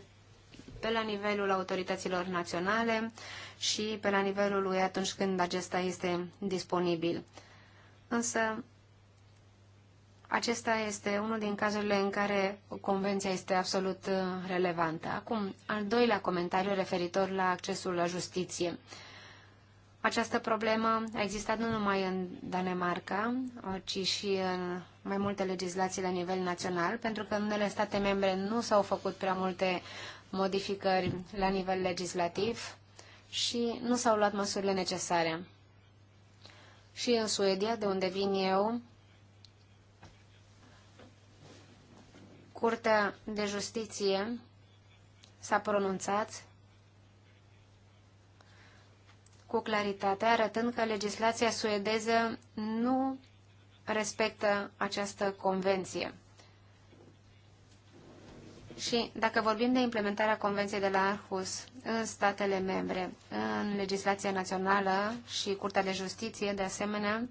pe la nivelul autorităților naționale și pe la nivelul lui atunci când acesta este disponibil însă acesta este unul din cazurile în care convenția este absolut uh, relevantă. Acum, al doilea comentariu referitor la accesul la justiție. Această problemă a existat nu numai în Danemarca, uh, ci și în mai multe legislații la nivel național, pentru că în unele state membre nu s-au făcut prea multe modificări la nivel legislativ și nu s-au luat măsurile necesare. Și în Suedia, de unde vin eu, Curtea de Justiție s-a pronunțat cu claritate, arătând că legislația suedeză nu respectă această convenție. Și dacă vorbim de implementarea Convenției de la Arhus în statele membre, în legislația națională și Curtea de Justiție, de asemenea,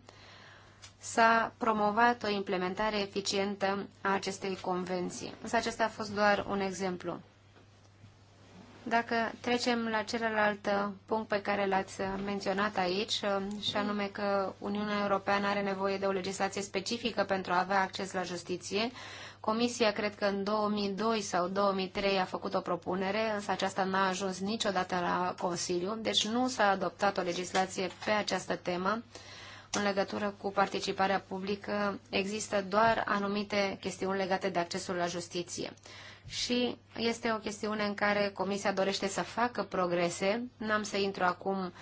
s-a promovat o implementare eficientă a acestei convenții. Însă acesta a fost doar un exemplu. Dacă trecem la celălalt uh, punct pe care l-ați uh, menționat aici, uh, și anume că Uniunea Europeană are nevoie de o legislație specifică pentru a avea acces la justiție, Comisia, cred că în 2002 sau 2003 a făcut o propunere, însă aceasta n-a ajuns niciodată la Consiliu, deci nu s-a adoptat o legislație pe această temă în legătură cu participarea publică, există doar anumite chestiuni legate de accesul la justiție și este o chestiune în care Comisia dorește să facă progrese. N-am să intru acum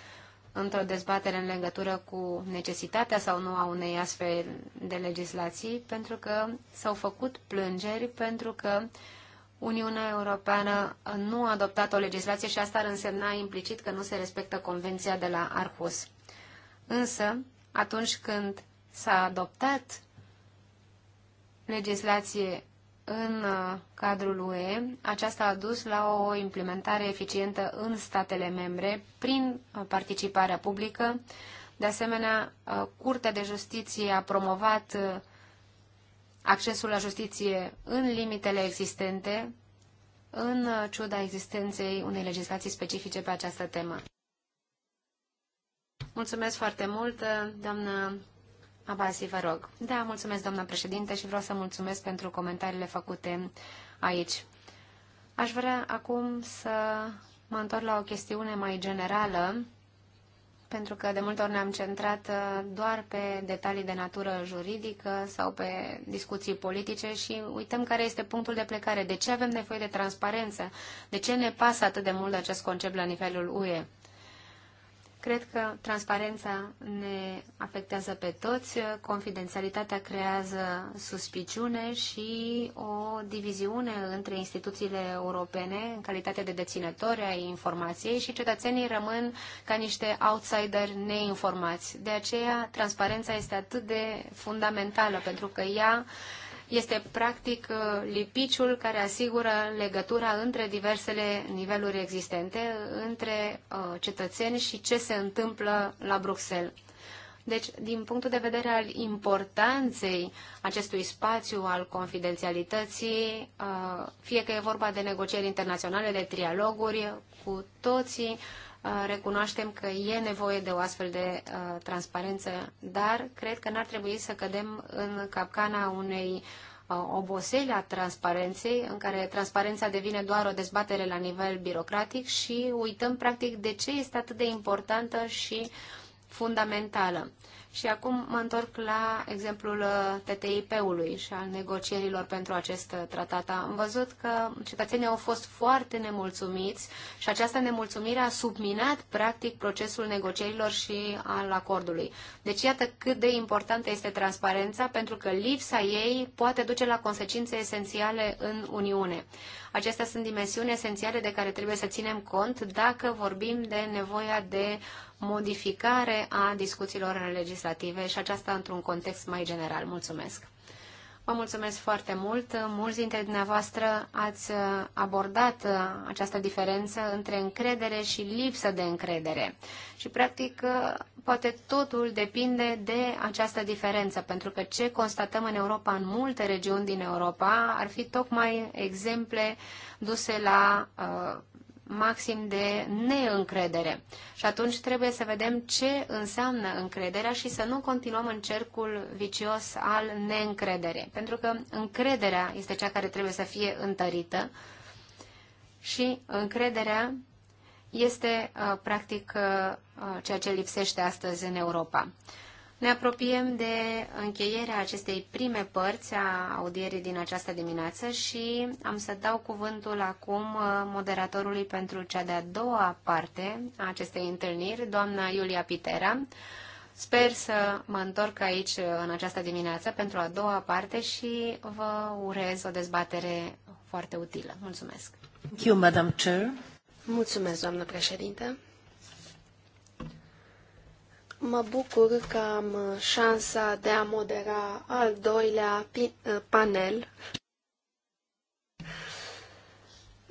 într-o dezbatere în legătură cu necesitatea sau nu a unei astfel de legislații, pentru că s-au făcut plângeri, pentru că Uniunea Europeană nu a adoptat o legislație și asta ar însemna implicit că nu se respectă Convenția de la Arhus. Însă, atunci când s-a adoptat legislație în uh, cadrul UE. Aceasta a dus la o implementare eficientă în statele membre prin uh, participarea publică. De asemenea, uh, Curtea de Justiție a promovat accesul la justiție în limitele existente, în ciuda existenței unei legislații specifice pe această temă. Mulțumesc foarte mult, doamnă Abasi, vă rog. Da, mulțumesc, doamna președinte, și vreau să mulțumesc pentru comentariile făcute aici. Aș vrea acum să mă întorc la o chestiune mai generală, pentru că de multe ori ne-am centrat uh, doar pe detalii de natură juridică sau pe discuții politice și uităm care este punctul de plecare. De ce avem nevoie de transparență? De ce ne pasă atât de mult acest concept la nivelul UE? Cred că transparența ne afectează pe toți, confidențialitatea creează suspiciune și o diviziune între instituțiile europene în calitate de deținători ai informației și cetățenii rămân ca niște outsider neinformați. De aceea, transparența este atât de fundamentală, pentru că ea uh, este practic uh, lipiciul care asigură legătura între diversele niveluri existente, între uh, cetățeni și ce se întâmplă la Bruxelles. Deci, din punctul de vedere al importanței acestui spațiu al confidențialității, uh, fie că e vorba de negocieri internaționale, de trialoguri, cu toții Uh, recunoaștem că e nevoie de o astfel de uh, transparență, dar cred că n-ar trebui să cădem în capcana unei uh, oboseli a transparenței, în care transparența devine doar o dezbatere la nivel birocratic și uităm practic de ce este atât de importantă și fundamentală. Și acum mă întorc la exemplul uh, TTIP-ului și al negocierilor pentru acest uh, tratat. Am văzut că cetățenii au fost foarte nemulțumiți și această nemulțumire a subminat practic procesul negocierilor și al acordului. Deci iată cât de importantă este transparența, pentru că lipsa ei poate duce la consecințe esențiale în Uniune. Acestea sunt dimensiuni esențiale de care trebuie să ținem cont dacă vorbim de nevoia de modificare a discuțiilor legislative și aceasta într-un context mai general. Mulțumesc! Vă mulțumesc foarte mult. Mulți dintre dumneavoastră ați abordat această diferență între încredere și lipsă de încredere. Și, practic, poate totul depinde de această diferență, pentru că ce constatăm în Europa, în multe regiuni din Europa, ar fi tocmai exemple duse la uh, maxim de neîncredere. Și atunci trebuie să vedem ce înseamnă încrederea și să nu continuăm în cercul vicios al neîncredere. Pentru că încrederea este cea care trebuie să fie întărită și încrederea este, uh, practic, uh, uh, ceea ce lipsește astăzi în Europa. Ne apropiem de încheierea acestei prime părți a audierii din această dimineață și am să dau cuvântul acum uh, moderatorului pentru cea de-a doua parte a acestei întâlniri, doamna Iulia Pitera. Sper să mă întorc aici uh, în această dimineață pentru a doua parte și vă urez o dezbatere foarte utilă. Mulțumesc! Thank you, Madam Chair. Mulțumesc, doamnă președinte. Mă bucur că am uh, șansa de a modera al doilea uh, panel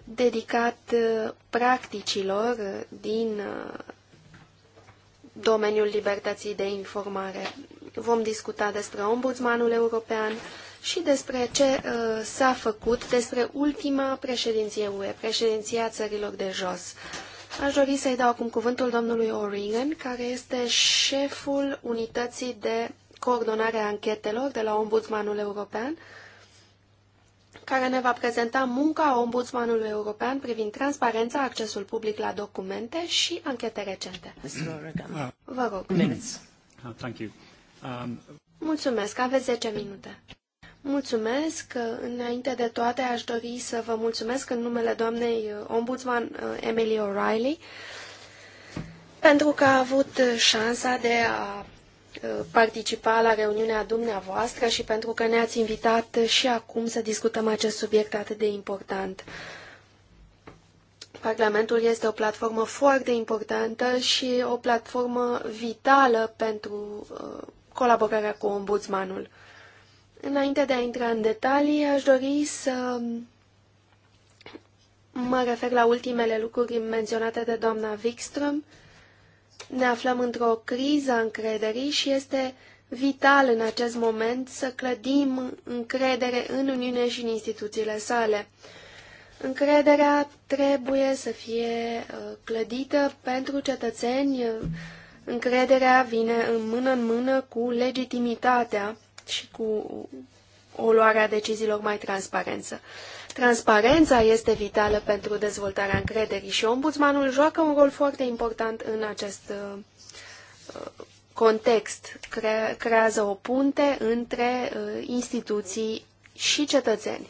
dedicat uh, practicilor din domeniul libertății de informare. Vom discuta despre ombudsmanul european și despre ce s-a făcut despre ultima președinție UE, președinția țărilor de jos. Aș dori să-i dau acum cuvântul domnului O'Regan, care este șeful unității de coordonare a anchetelor de la Ombudsmanul European, care ne va prezenta munca Ombudsmanului European privind transparența, accesul public la documente și anchete recente. Vă rog. Uh, um, Mulțumesc. Aveți 10 minute. Mulțumesc. Înainte de toate, aș dori să vă mulțumesc în numele doamnei ombudsman uh, Emily O'Reilly pentru că a avut șansa de a uh, participa la reuniunea dumneavoastră și pentru că ne-ați invitat și acum să discutăm acest subiect atât de important. Parlamentul este o platformă foarte importantă și o platformă vitală pentru uh, colaborarea cu ombudsmanul. Înainte de a intra în detalii, aș dori să mă refer la ultimele lucruri menționate de doamna Wikström. Ne aflăm într-o criză a încrederii și este vital în acest moment să clădim încredere în Uniune și în instituțiile sale. Încrederea trebuie să fie uh, clădită pentru cetățeni. Încrederea vine în mână în mână cu legitimitatea și cu o luare a deciziilor mai transparență. Transparența este vitală pentru dezvoltarea încrederii și ombudsmanul joacă un rol foarte important în acest uh, uh, context. Cre creează o punte între uh, instituții și cetățeni.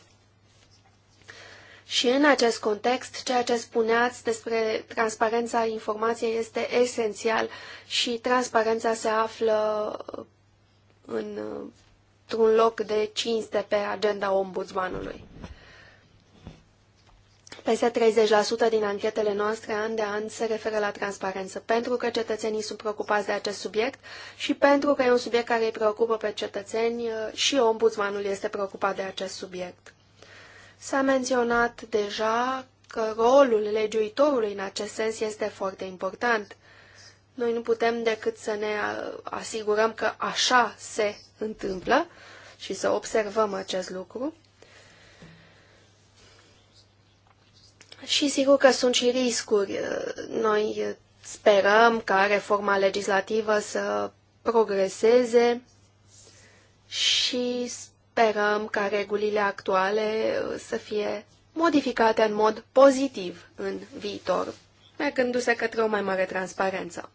Și în acest context, ceea ce spuneați despre transparența informației este esențial și transparența se află în într-un loc de cinste pe agenda ombudsmanului. Peste 30% din anchetele noastre an de an se referă la transparență, pentru că cetățenii sunt preocupați de acest subiect și pentru că e un subiect care îi preocupă pe cetățeni uh, și ombudsmanul este preocupat de acest subiect. S-a menționat deja că rolul legiuitorului în acest sens este foarte important. Noi nu putem decât să ne asigurăm că așa se întâmplă și să observăm acest lucru. Și sigur că sunt și riscuri. Noi sperăm ca reforma legislativă să progreseze și sperăm ca regulile actuale să fie modificate în mod pozitiv în viitor, mergându-se către o mai mare transparență.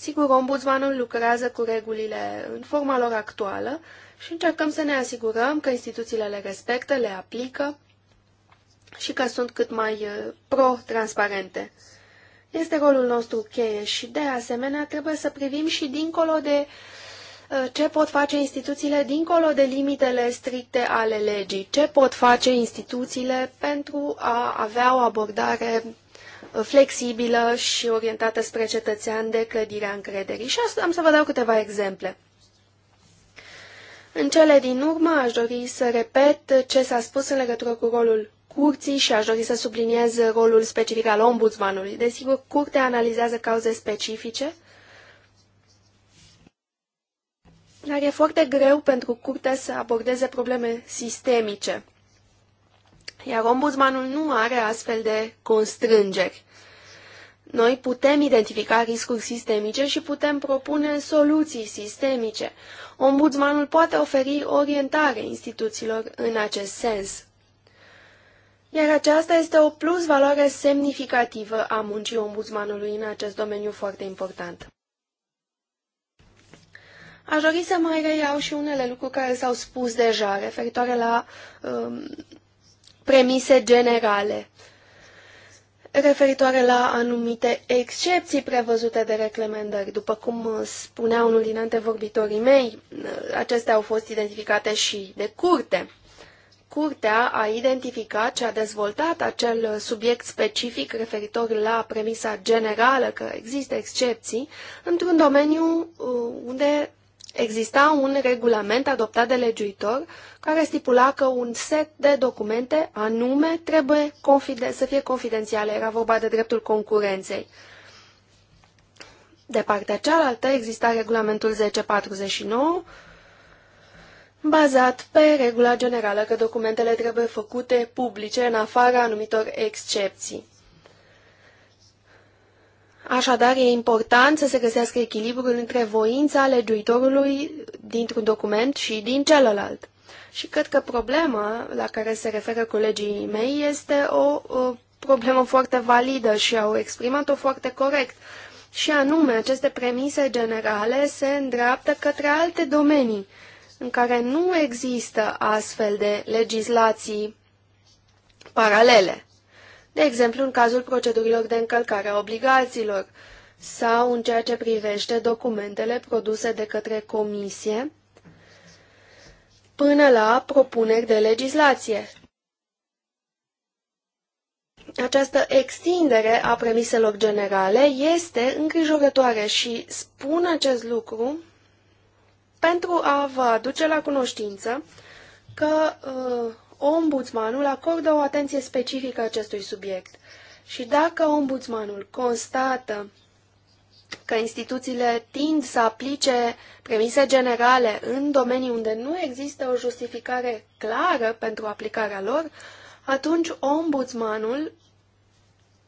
Sigur, ombudsmanul lucrează cu regulile în forma lor actuală și încercăm să ne asigurăm că instituțiile le respectă, le aplică și că sunt cât mai uh, pro-transparente. Este rolul nostru cheie și, de asemenea, trebuie să privim și dincolo de uh, ce pot face instituțiile dincolo de limitele stricte ale legii, ce pot face instituțiile pentru a avea o abordare flexibilă și orientată spre cetățean de clădirea încrederii. Și asta am să vă dau câteva exemple. În cele din urmă aș dori să repet ce s-a spus în legătură cu rolul curții și aș dori să subliniez rolul specific al ombudsmanului. Desigur, curtea analizează cauze specifice, dar e foarte greu pentru curte să abordeze probleme sistemice. Iar ombudsmanul nu are astfel de constrângeri. Noi putem identifica riscuri sistemice și putem propune soluții sistemice. Ombudsmanul poate oferi orientare instituțiilor în acest sens. Iar aceasta este o plus valoare semnificativă a muncii ombudsmanului în acest domeniu foarte important. Aș dori să mai reiau și unele lucruri care s-au spus deja referitoare la um, premise generale referitoare la anumite excepții prevăzute de recomandări. După cum spunea unul din antevorbitorii mei, acestea au fost identificate și de curte. Curtea a identificat și a dezvoltat acel subiect specific referitor la premisa generală că există excepții într-un domeniu uh, unde Exista un regulament adoptat de legiuitor care stipula că un set de documente anume trebuie să fie confidențiale. Era vorba de dreptul concurenței. De partea cealaltă exista regulamentul 1049, bazat pe regula generală că documentele trebuie făcute publice în afara anumitor excepții. Așadar, e important să se găsească echilibrul între voința legiuitorului dintr-un document și din celălalt. Și cred că problema la care se referă colegii mei este o, o problemă foarte validă și au exprimat-o foarte corect. Și anume, aceste premise generale se îndreaptă către alte domenii în care nu există astfel de legislații paralele de exemplu în cazul procedurilor de încălcare a obligațiilor sau în ceea ce privește documentele produse de către comisie până la propuneri de legislație. Această extindere a premiselor generale este îngrijorătoare și spun acest lucru pentru a vă aduce la cunoștință că uh, ombudsmanul acordă o atenție specifică acestui subiect. Și dacă ombudsmanul constată că instituțiile tind să aplice premise generale în domenii unde nu există o justificare clară pentru aplicarea lor, atunci ombudsmanul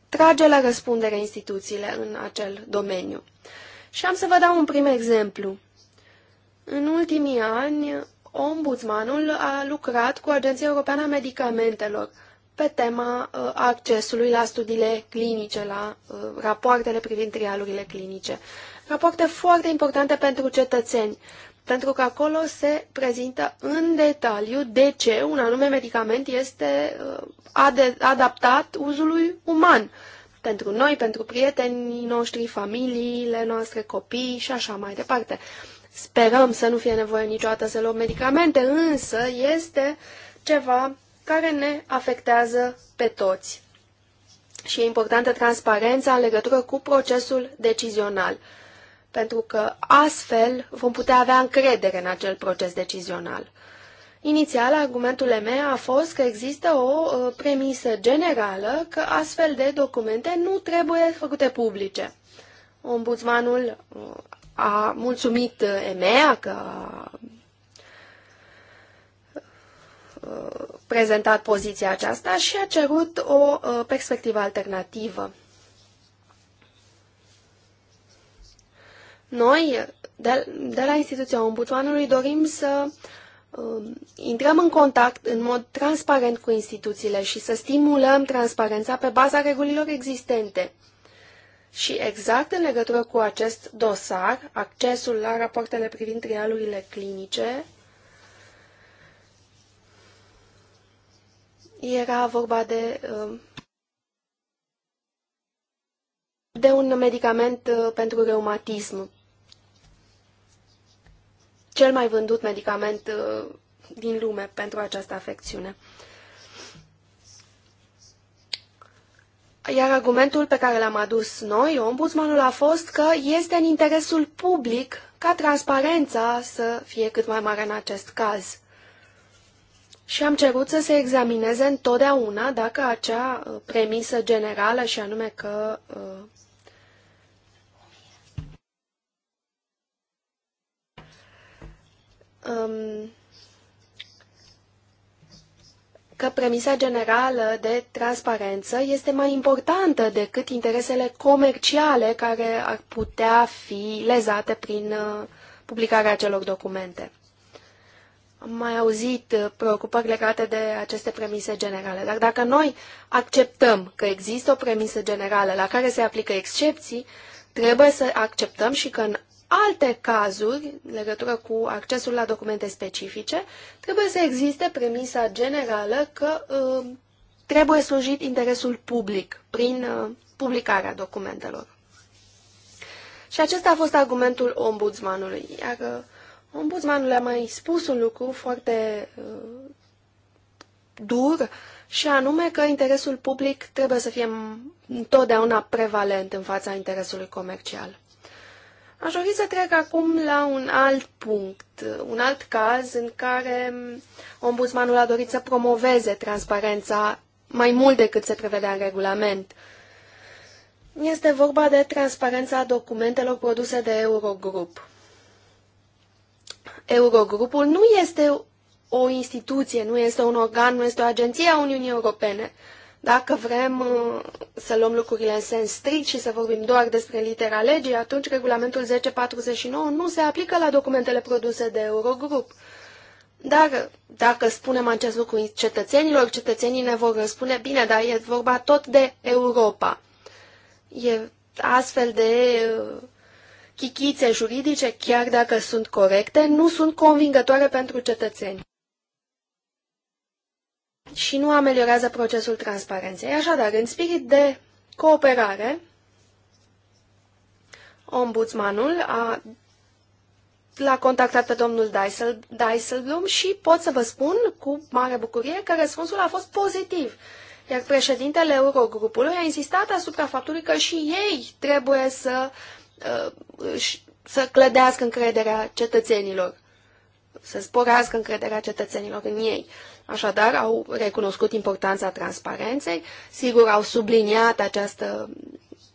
trage la răspundere instituțiile în acel domeniu. Și am să vă dau un prim exemplu. În ultimii ani, ombudsmanul a lucrat cu Agenția Europeană a Medicamentelor pe tema uh, accesului la studiile clinice, la uh, rapoartele privind trialurile clinice. Rapoarte foarte importante pentru cetățeni, pentru că acolo se prezintă în detaliu de ce un anume medicament este uh, ad adaptat uzului uman pentru noi, pentru prietenii noștri, familiile noastre, copii și așa mai departe. Sperăm să nu fie nevoie niciodată să luăm medicamente, însă este ceva care ne afectează pe toți. Și e importantă transparența în legătură cu procesul decizional, pentru că astfel vom putea avea încredere în acel proces decizional. Inițial, argumentul meu a fost că există o uh, premisă generală că astfel de documente nu trebuie făcute publice. Ombudsmanul uh, a mulțumit EMEA că a prezentat poziția aceasta și a cerut o perspectivă alternativă. Noi, de, de la instituția ombudsmanului, dorim să uh, intrăm în contact în mod transparent cu instituțiile și să stimulăm transparența pe baza regulilor existente. Și exact în legătură cu acest dosar, accesul la rapoartele privind trialurile clinice, era vorba de, um, de un medicament uh, pentru reumatism. Cel mai vândut medicament uh, din lume pentru această afecțiune. Iar argumentul pe care l-am adus noi, ombudsmanul, a fost că este în interesul public ca transparența să fie cât mai mare în acest caz. Și am cerut să se examineze întotdeauna dacă acea uh, premisă generală, și anume că uh, um, că premisa generală de transparență este mai importantă decât interesele comerciale care ar putea fi lezate prin uh, publicarea acelor documente. Am mai auzit uh, preocupări legate de aceste premise generale, dar dacă noi acceptăm că există o premisă generală la care se aplică excepții, trebuie să acceptăm și că în alte cazuri, în legătură cu accesul la documente specifice, trebuie să existe premisa generală că um, trebuie slujit interesul public prin uh, publicarea documentelor. Și acesta a fost argumentul ombudsmanului. Iar uh, ombudsmanul a mai spus un lucru foarte uh, dur, și anume că interesul public trebuie să fie întotdeauna prevalent în fața interesului comercial. Aș dori să trec acum la un alt punct, un alt caz în care ombudsmanul a dorit să promoveze transparența mai mult decât se prevedea în regulament. Este vorba de transparența documentelor produse de Eurogrup. Eurogrupul nu este o instituție, nu este un organ, nu este o agenție a Uniunii Europene. Dacă vrem uh, să luăm lucrurile în sens strict și să vorbim doar despre litera legii, atunci regulamentul 1049 nu se aplică la documentele produse de Eurogrup. Dar dacă spunem acest lucru cetățenilor, cetățenii ne vor răspunde bine, dar e vorba tot de Europa. E astfel de uh, chichițe juridice, chiar dacă sunt corecte, nu sunt convingătoare pentru cetățeni și nu ameliorează procesul transparenței. Așadar, în spirit de cooperare, ombudsmanul a, l-a contactat pe domnul Dijssel, Dijsselbloem și pot să vă spun cu mare bucurie că răspunsul a fost pozitiv. Iar președintele Eurogrupului a insistat asupra faptului că și ei trebuie să, uh, să clădească încrederea cetățenilor, să sporească încrederea cetățenilor în ei. Așadar, au recunoscut importanța transparenței, sigur, au subliniat această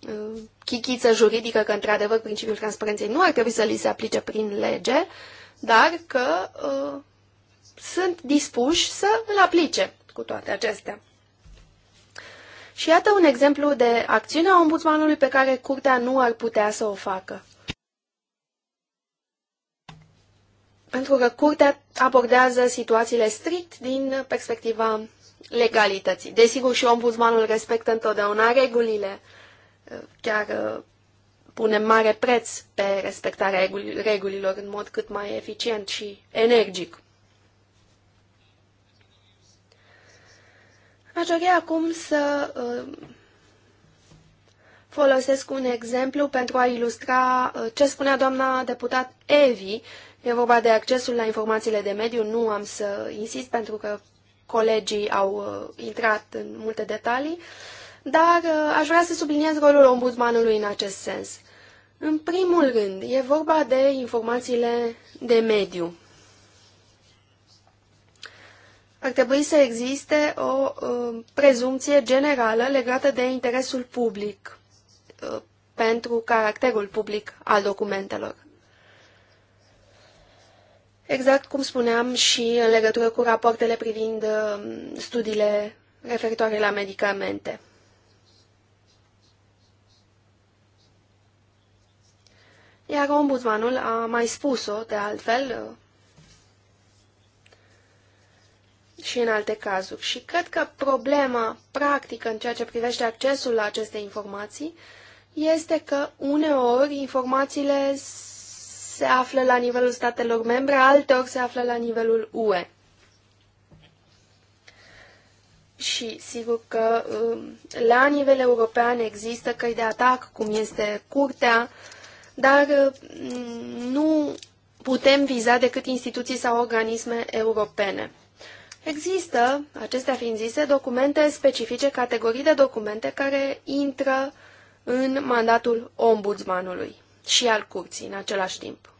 uh, chichiță juridică că, într-adevăr, principiul transparenței nu ar trebui să li se aplice prin lege, dar că uh, sunt dispuși să îl aplice cu toate acestea. Și iată un exemplu de acțiune a ombudsmanului pe care curtea nu ar putea să o facă. pentru că curtea abordează situațiile strict din perspectiva legalității. Desigur, și ombudsmanul respectă întotdeauna regulile, chiar uh, pune mare preț pe respectarea regulilor în mod cât mai eficient și energic. Aș dori acum să uh, folosesc un exemplu pentru a ilustra uh, ce spunea doamna deputat Evi E vorba de accesul la informațiile de mediu, nu am să insist pentru că colegii au uh, intrat în multe detalii, dar uh, aș vrea să subliniez rolul ombudsmanului în acest sens. În primul rând, e vorba de informațiile de mediu. Ar trebui să existe o uh, prezumție generală legată de interesul public uh, pentru caracterul public al documentelor. Exact cum spuneam și în legătură cu rapoartele privind uh, studiile referitoare la medicamente. Iar ombudsmanul a mai spus-o, de altfel, uh, și în alte cazuri. Și cred că problema practică în ceea ce privește accesul la aceste informații este că uneori informațiile se află la nivelul statelor membre, alteori se află la nivelul UE. Și sigur că um, la nivel european există căi de atac, cum este curtea, dar um, nu putem viza decât instituții sau organisme europene. Există, acestea fiind zise, documente specifice, categorii de documente care intră în mandatul ombudsmanului și al curții în același timp.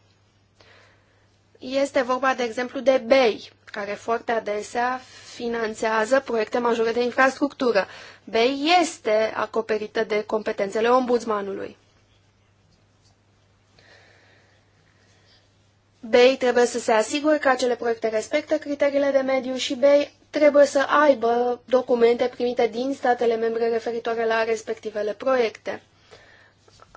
Este vorba, de exemplu, de BEI, care foarte adesea finanțează proiecte majore de infrastructură. BEI este acoperită de competențele ombudsmanului. BEI trebuie să se asigure că acele proiecte respectă criteriile de mediu și BEI trebuie să aibă documente primite din statele membre referitoare la respectivele proiecte.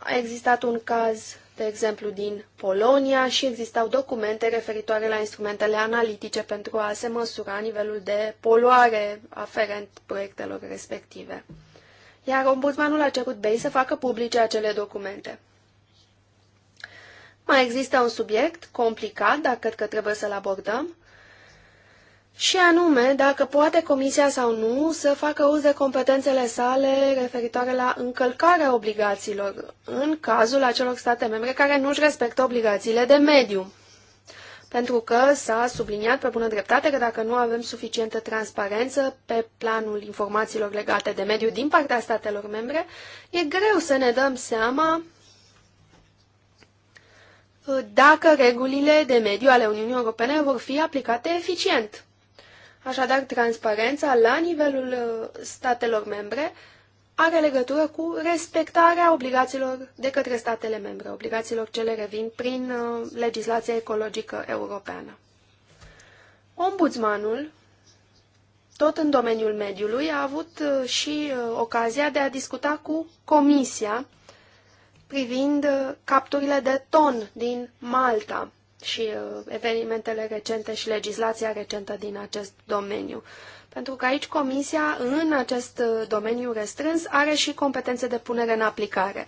A existat un caz, de exemplu, din Polonia și existau documente referitoare la instrumentele analitice pentru a se măsura nivelul de poluare aferent proiectelor respective. Iar ombudsmanul a cerut BEI să facă publice acele documente. Mai există un subiect complicat, dar cred că trebuie să-l abordăm, și anume dacă poate Comisia sau nu să facă uz de competențele sale referitoare la încălcarea obligațiilor în cazul acelor state membre care nu își respectă obligațiile de mediu. Pentru că s-a subliniat pe bună dreptate că dacă nu avem suficientă transparență pe planul informațiilor legate de mediu din partea statelor membre, e greu să ne dăm seama uh, dacă regulile de mediu ale Uniunii Europene vor fi aplicate eficient. Așadar, transparența la nivelul uh, statelor membre are legătură cu respectarea obligațiilor de către statele membre, obligațiilor ce le revin prin uh, legislația ecologică europeană. Ombudsmanul, tot în domeniul mediului, a avut uh, și ocazia de a discuta cu Comisia privind capturile de ton din Malta și uh, evenimentele recente și legislația recentă din acest domeniu. Pentru că aici Comisia, în acest uh, domeniu restrâns, are și competențe de punere în aplicare.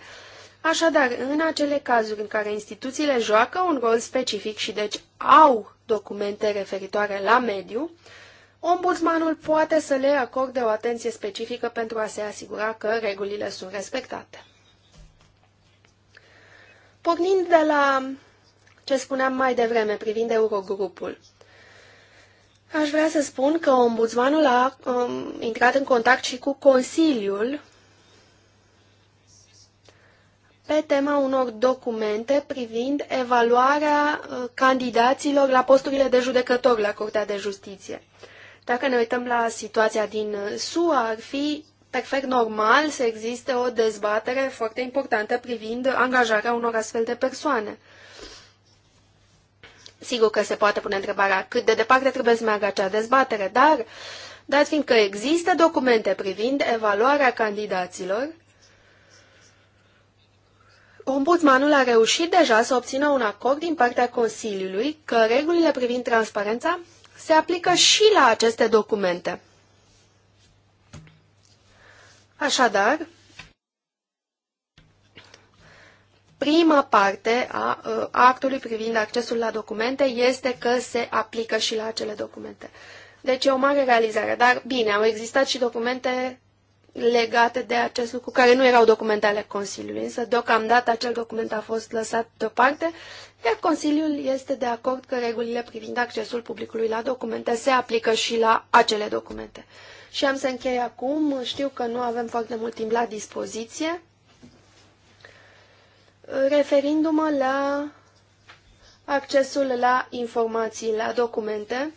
Așadar, în acele cazuri în care instituțiile joacă un rol specific și deci au documente referitoare la mediu, ombudsmanul poate să le acorde o atenție specifică pentru a se asigura că regulile sunt respectate. Pornind de la ce spuneam mai devreme privind Eurogrupul. Aș vrea să spun că ombudsmanul a um, intrat în contact și cu Consiliul pe tema unor documente privind evaluarea uh, candidaților la posturile de judecători la Curtea de Justiție. Dacă ne uităm la situația din uh, SUA, ar fi perfect normal să existe o dezbatere foarte importantă privind angajarea unor astfel de persoane. Sigur că se poate pune întrebarea cât de departe trebuie să meargă acea dezbatere, dar, dat fiindcă există documente privind evaluarea candidaților, Ombudsmanul a reușit deja să obțină un acord din partea Consiliului că regulile privind transparența se aplică și la aceste documente. Așadar, prima parte a uh, actului privind accesul la documente este că se aplică și la acele documente. Deci e o mare realizare. Dar bine, au existat și documente legate de acest lucru, care nu erau documente ale Consiliului, însă deocamdată acel document a fost lăsat deoparte, iar Consiliul este de acord că regulile privind accesul publicului la documente se aplică și la acele documente. Și am să închei acum, știu că nu avem foarte mult timp la dispoziție referindu-mă la accesul la informații, la documente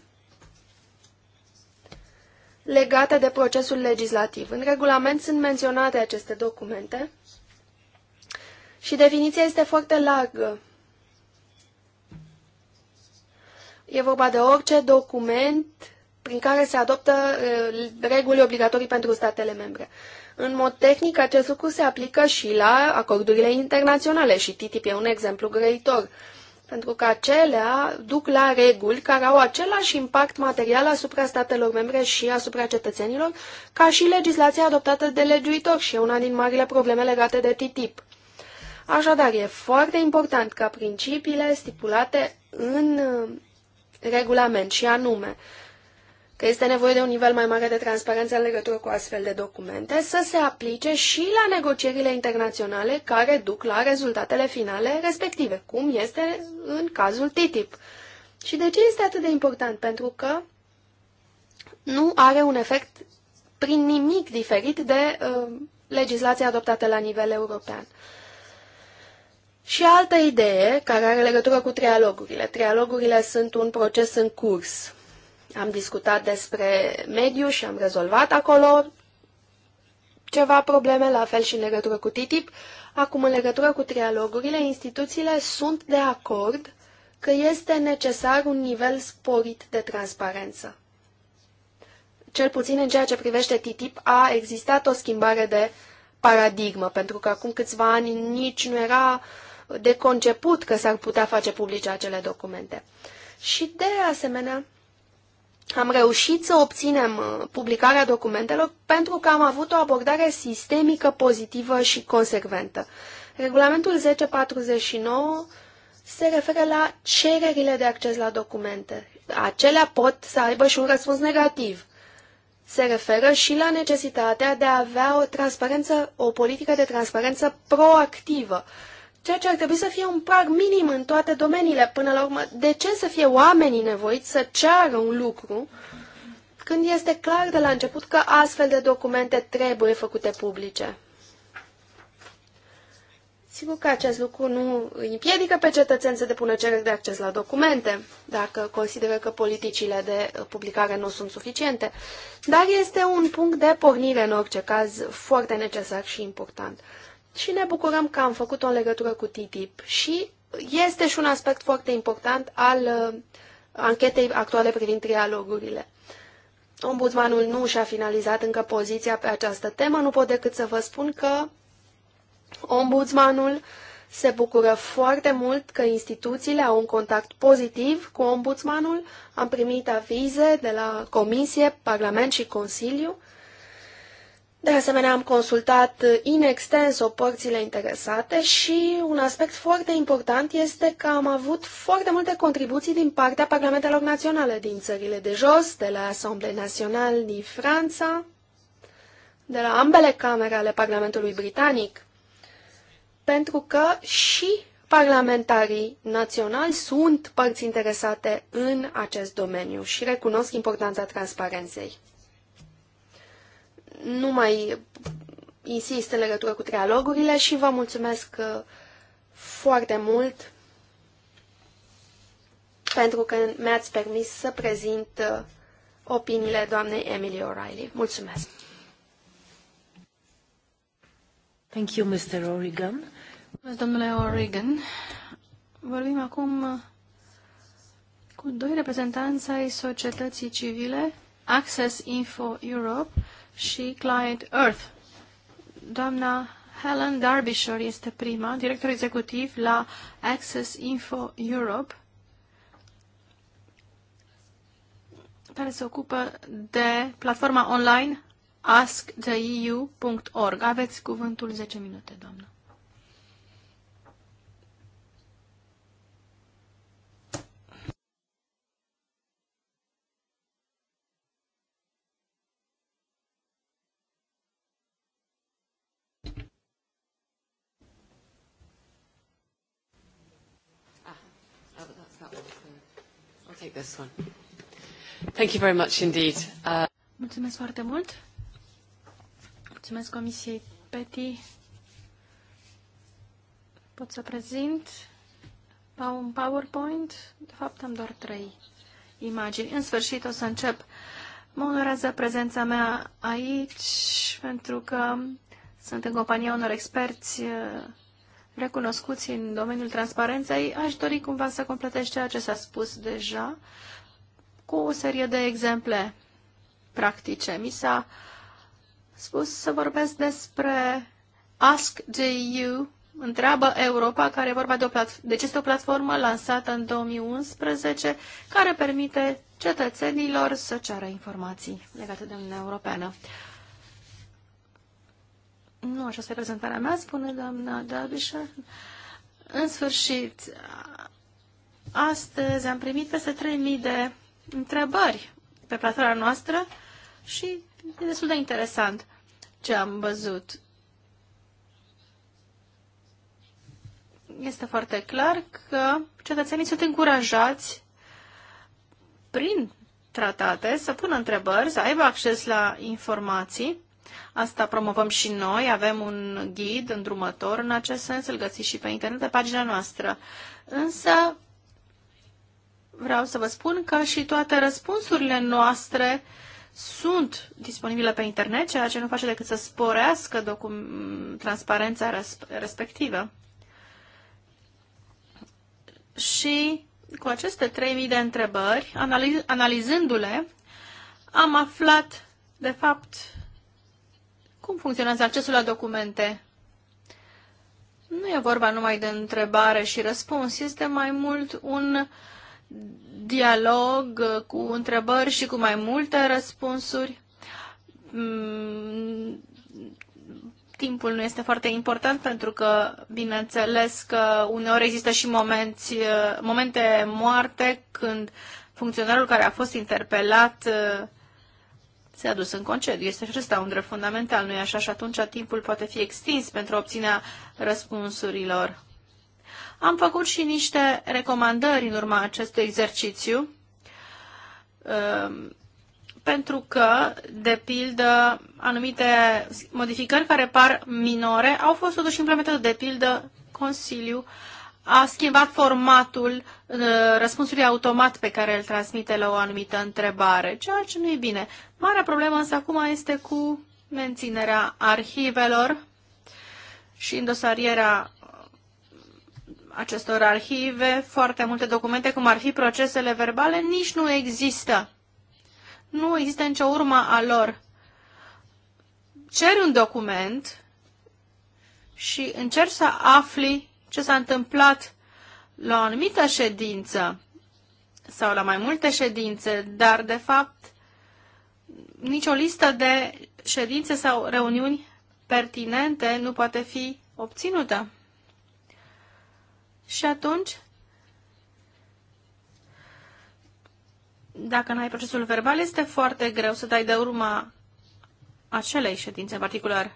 legate de procesul legislativ. În regulament sunt menționate aceste documente și definiția este foarte largă. E vorba de orice document prin care se adoptă uh, reguli obligatorii pentru statele membre. În mod tehnic, acest lucru se aplică și la acordurile internaționale și TTIP e un exemplu grăitor, pentru că acelea duc la reguli care au același impact material asupra statelor membre și asupra cetățenilor, ca și legislația adoptată de legiuitor și e una din marile probleme legate de TTIP. Așadar, e foarte important ca principiile stipulate în regulament și anume că este nevoie de un nivel mai mare de transparență în legătură cu astfel de documente, să se aplice și la negocierile internaționale care duc la rezultatele finale respective, cum este în cazul TTIP. Și de ce este atât de important? Pentru că nu are un efect prin nimic diferit de uh, legislația adoptată la nivel european. Și altă idee care are legătură cu trialogurile. Trialogurile sunt un proces în curs am discutat despre mediu și am rezolvat acolo ceva probleme, la fel și în legătură cu TTIP. Acum, în legătură cu trialogurile, instituțiile sunt de acord că este necesar un nivel sporit de transparență. Cel puțin în ceea ce privește TTIP a existat o schimbare de paradigmă, pentru că acum câțiva ani nici nu era de conceput că s-ar putea face publice acele documente. Și de asemenea, am reușit să obținem uh, publicarea documentelor pentru că am avut o abordare sistemică, pozitivă și consecventă. Regulamentul 1049 se referă la cererile de acces la documente. Acelea pot să aibă și un răspuns negativ. Se referă și la necesitatea de a avea o transparență, o politică de transparență proactivă. Uh, ceea ce ar trebui să fie un prag minim în toate domeniile. Până la urmă, de ce să fie oamenii nevoiți să ceară un lucru când este clar de la început că astfel de documente trebuie făcute publice? Sigur că acest lucru nu îi împiedică pe cetățeni să depună cereri de acces la documente, dacă consideră că politicile de publicare nu sunt suficiente, dar este un punct de pornire în orice caz foarte necesar și important și ne bucurăm că am făcut-o legătură cu TTIP. Și este și un aspect foarte important al uh, anchetei actuale privind trialogurile. Ombudsmanul nu și-a finalizat încă poziția pe această temă, nu pot decât să vă spun că ombudsmanul se bucură foarte mult că instituțiile au un contact pozitiv cu ombudsmanul. Am primit avize de la Comisie, Parlament și Consiliu de asemenea, am consultat uh, in extenso părțile interesate și un aspect foarte important este că am avut foarte multe contribuții din partea parlamentelor naționale din țările de jos, de la Assemblée Națională din Franța, de la ambele camere ale Parlamentului Britanic, pentru că și parlamentarii naționali sunt părți interesate în acest domeniu și recunosc importanța transparenței nu mai insist în legătură cu trialogurile și vă mulțumesc uh, foarte mult pentru că mi-ați permis să prezint uh, opiniile doamnei Emily O'Reilly. Mulțumesc! Thank you, Mr. O'Regan. Mulțumesc, domnule O'Regan. Vorbim acum uh, cu doi reprezentanți ai societății civile, Access Info Europe și Client Earth. Doamna Helen Derbyshire este prima, director executiv la Access Info Europe, care se ocupă de platforma online asktheeu.org. Aveți cuvântul 10 minute, doamnă. take this one. Thank you very much indeed. Uh, Mulțumesc foarte mult. Mulțumesc Comisiei PETI. Pot să prezint un PowerPoint. De fapt, am doar trei imagini. În sfârșit o să încep. Mă onorează prezența mea aici pentru că sunt în compania unor experți uh, recunoscuți în domeniul transparenței, aș dori cumva să completez ceea ce s-a spus deja cu o serie de exemple practice. Mi s-a spus să vorbesc despre Ask JU, întreabă Europa, care e vorba de o platformă, deci este o platformă lansată în 2011 care permite cetățenilor să ceară informații legate de Uniunea Europeană. Uh, nu, aceasta e prezentarea mea, spune doamna Derbyshire. În sfârșit, astăzi am primit peste 3.000 de întrebări pe platforma noastră și e destul de interesant ce am văzut. Este foarte clar că cetățenii sunt încurajați prin tratate să pună întrebări, să aibă acces la informații Asta promovăm și noi, avem un ghid îndrumător în acest sens, îl găsiți și pe internet, pe pagina noastră. Însă vreau să vă spun că și toate răspunsurile noastre sunt disponibile pe internet, ceea ce nu face decât să sporească transparența respectivă. Și cu aceste 3.000 de întrebări, analiz analizându-le, am aflat, de fapt, cum funcționează accesul la documente? Nu e vorba numai de întrebare și răspuns, este mai mult un dialog cu întrebări și cu mai multe răspunsuri. Mm, timpul nu este foarte important pentru că, bineînțeles, că uneori există și momenți, momente moarte când funcționarul care a fost interpelat se a dus în concediu. Este și acesta un drept fundamental, nu-i așa? Și atunci timpul poate fi extins pentru obținerea răspunsurilor. Am făcut și niște recomandări în urma acestui exercițiu, um, pentru că, de pildă, anumite modificări care par minore au fost totuși implementate, de pildă, Consiliu a schimbat formatul uh, răspunsului automat pe care îl transmite la o anumită întrebare, ceea ce nu e bine. Marea problemă însă acum este cu menținerea arhivelor și îndosarierea acestor arhive. Foarte multe documente, cum ar fi procesele verbale, nici nu există. Nu există nicio urma a lor. Ceri un document și încerci să afli ce s-a întâmplat la o anumită ședință sau la mai multe ședințe, dar de fapt nicio listă de ședințe sau reuniuni pertinente nu poate fi obținută. Și atunci, dacă n-ai procesul verbal, este foarte greu să dai de urma acelei ședințe în particular.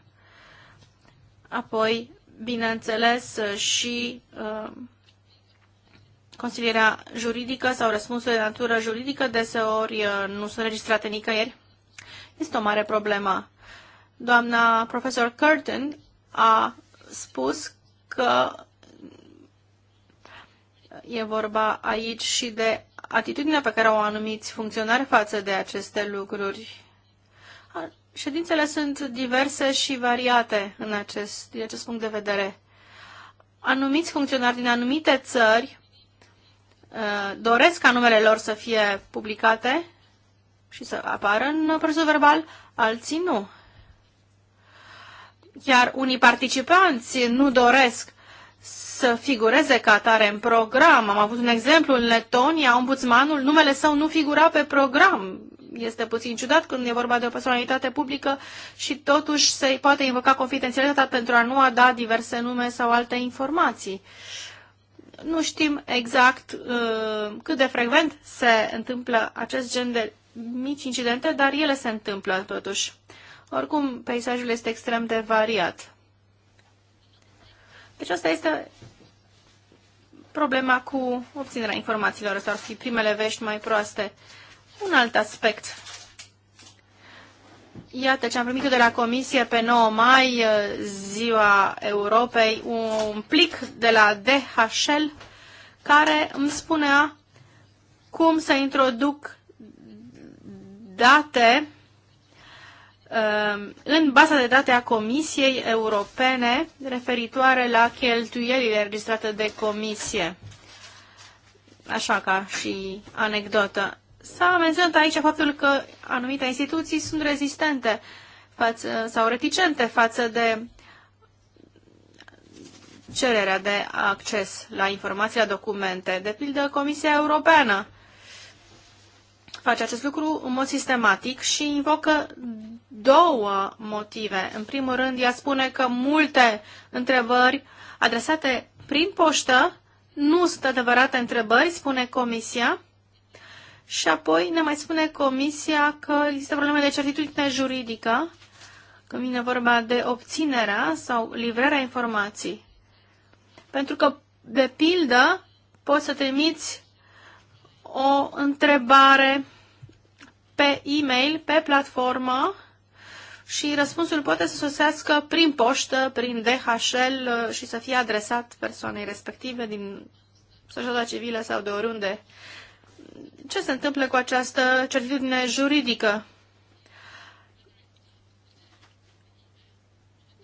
Apoi, bineînțeles, și uh, consilierea juridică sau răspunsul de natură juridică deseori uh, nu sunt registrate nicăieri. Este o mare problemă. Doamna profesor Curtin a spus că e vorba aici și de atitudinea pe care o anumiți funcționari față de aceste lucruri Ședințele sunt diverse și variate în acest, din acest punct de vedere. Anumiți funcționari din anumite țări uh, doresc ca numele lor să fie publicate și să apară în procesul verbal, alții nu. Iar unii participanți nu doresc să figureze ca atare în program. Am avut un exemplu în Letonia, ombudsmanul, numele său nu figura pe program este puțin ciudat când e vorba de o personalitate publică și totuși se poate invoca confidențialitatea pentru a nu a da diverse nume sau alte informații. Nu știm exact uh, cât de frecvent se întâmplă acest gen de mici incidente, dar ele se întâmplă totuși. Oricum, peisajul este extrem de variat. Deci asta este problema cu obținerea informațiilor. sau ar fi primele vești mai proaste. Uh, un alt aspect. Iată ce am primit eu de la Comisie pe 9 mai, uh, ziua Europei, un plic de la DHL care îmi spunea cum să introduc date uh, în baza de date a Comisiei Europene referitoare la cheltuielile înregistrate de Comisie. Așa ca și anecdotă. S-a menționat aici faptul că anumite instituții sunt rezistente față, sau reticente față de cererea de acces la informații, la documente. De pildă, Comisia Europeană face acest lucru în mod sistematic și invocă două motive. În primul rând, ea spune că multe întrebări adresate prin poștă nu sunt adevărate întrebări, spune Comisia, și apoi ne mai spune Comisia că există probleme de certitudine juridică când vine vorba de obținerea sau livrarea informații. Pentru că, de pildă, poți să trimiți o întrebare pe e-mail, pe platformă și răspunsul poate să sosească prin poștă, prin DHL și să fie adresat persoanei respective din societatea civilă sau de oriunde ce se întâmplă cu această certitudine juridică?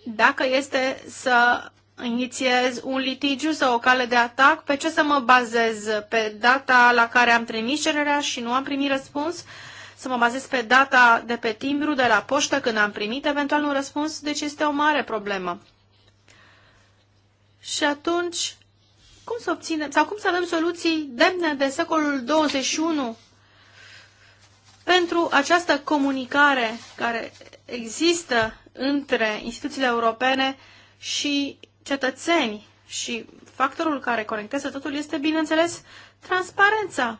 Dacă este să inițiez un litigiu sau o cale de atac, pe ce să mă bazez? Pe data la care am trimis cererea și nu am primit răspuns? Să mă bazez pe data de pe timbru, de la poștă, când am primit eventual un răspuns? Deci este o mare problemă. Și atunci cum să obținem, sau cum să avem soluții demne de secolul 21 pentru această comunicare care există între instituțiile europene și cetățeni și factorul care conectează totul este, bineînțeles, transparența.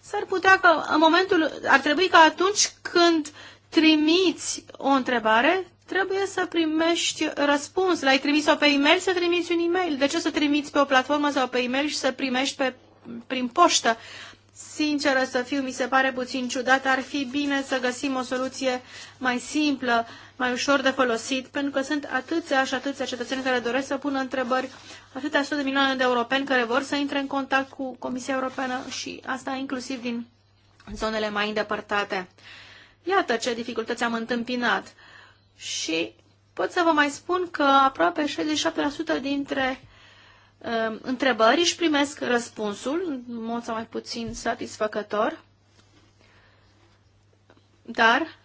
S-ar putea că în momentul, ar trebui ca atunci când trimiți o întrebare, trebuie să primești răspuns. L-ai trimis-o pe e-mail, să trimiți un e-mail. De ce să trimiți pe o platformă sau pe e-mail și să primești pe, prin poștă? Sinceră să fiu, mi se pare puțin ciudat. Ar fi bine să găsim o soluție mai simplă, mai ușor de folosit, pentru că sunt atâția și atâția cetățeni care doresc să pună întrebări, atâtea sute de milioane de europeni care vor să intre în contact cu Comisia Europeană și asta inclusiv din zonele mai îndepărtate. Iată ce dificultăți am întâmpinat și pot să vă mai spun că aproape 67% dintre uh, întrebări își primesc răspunsul, în mod sau mai puțin satisfăcător, dar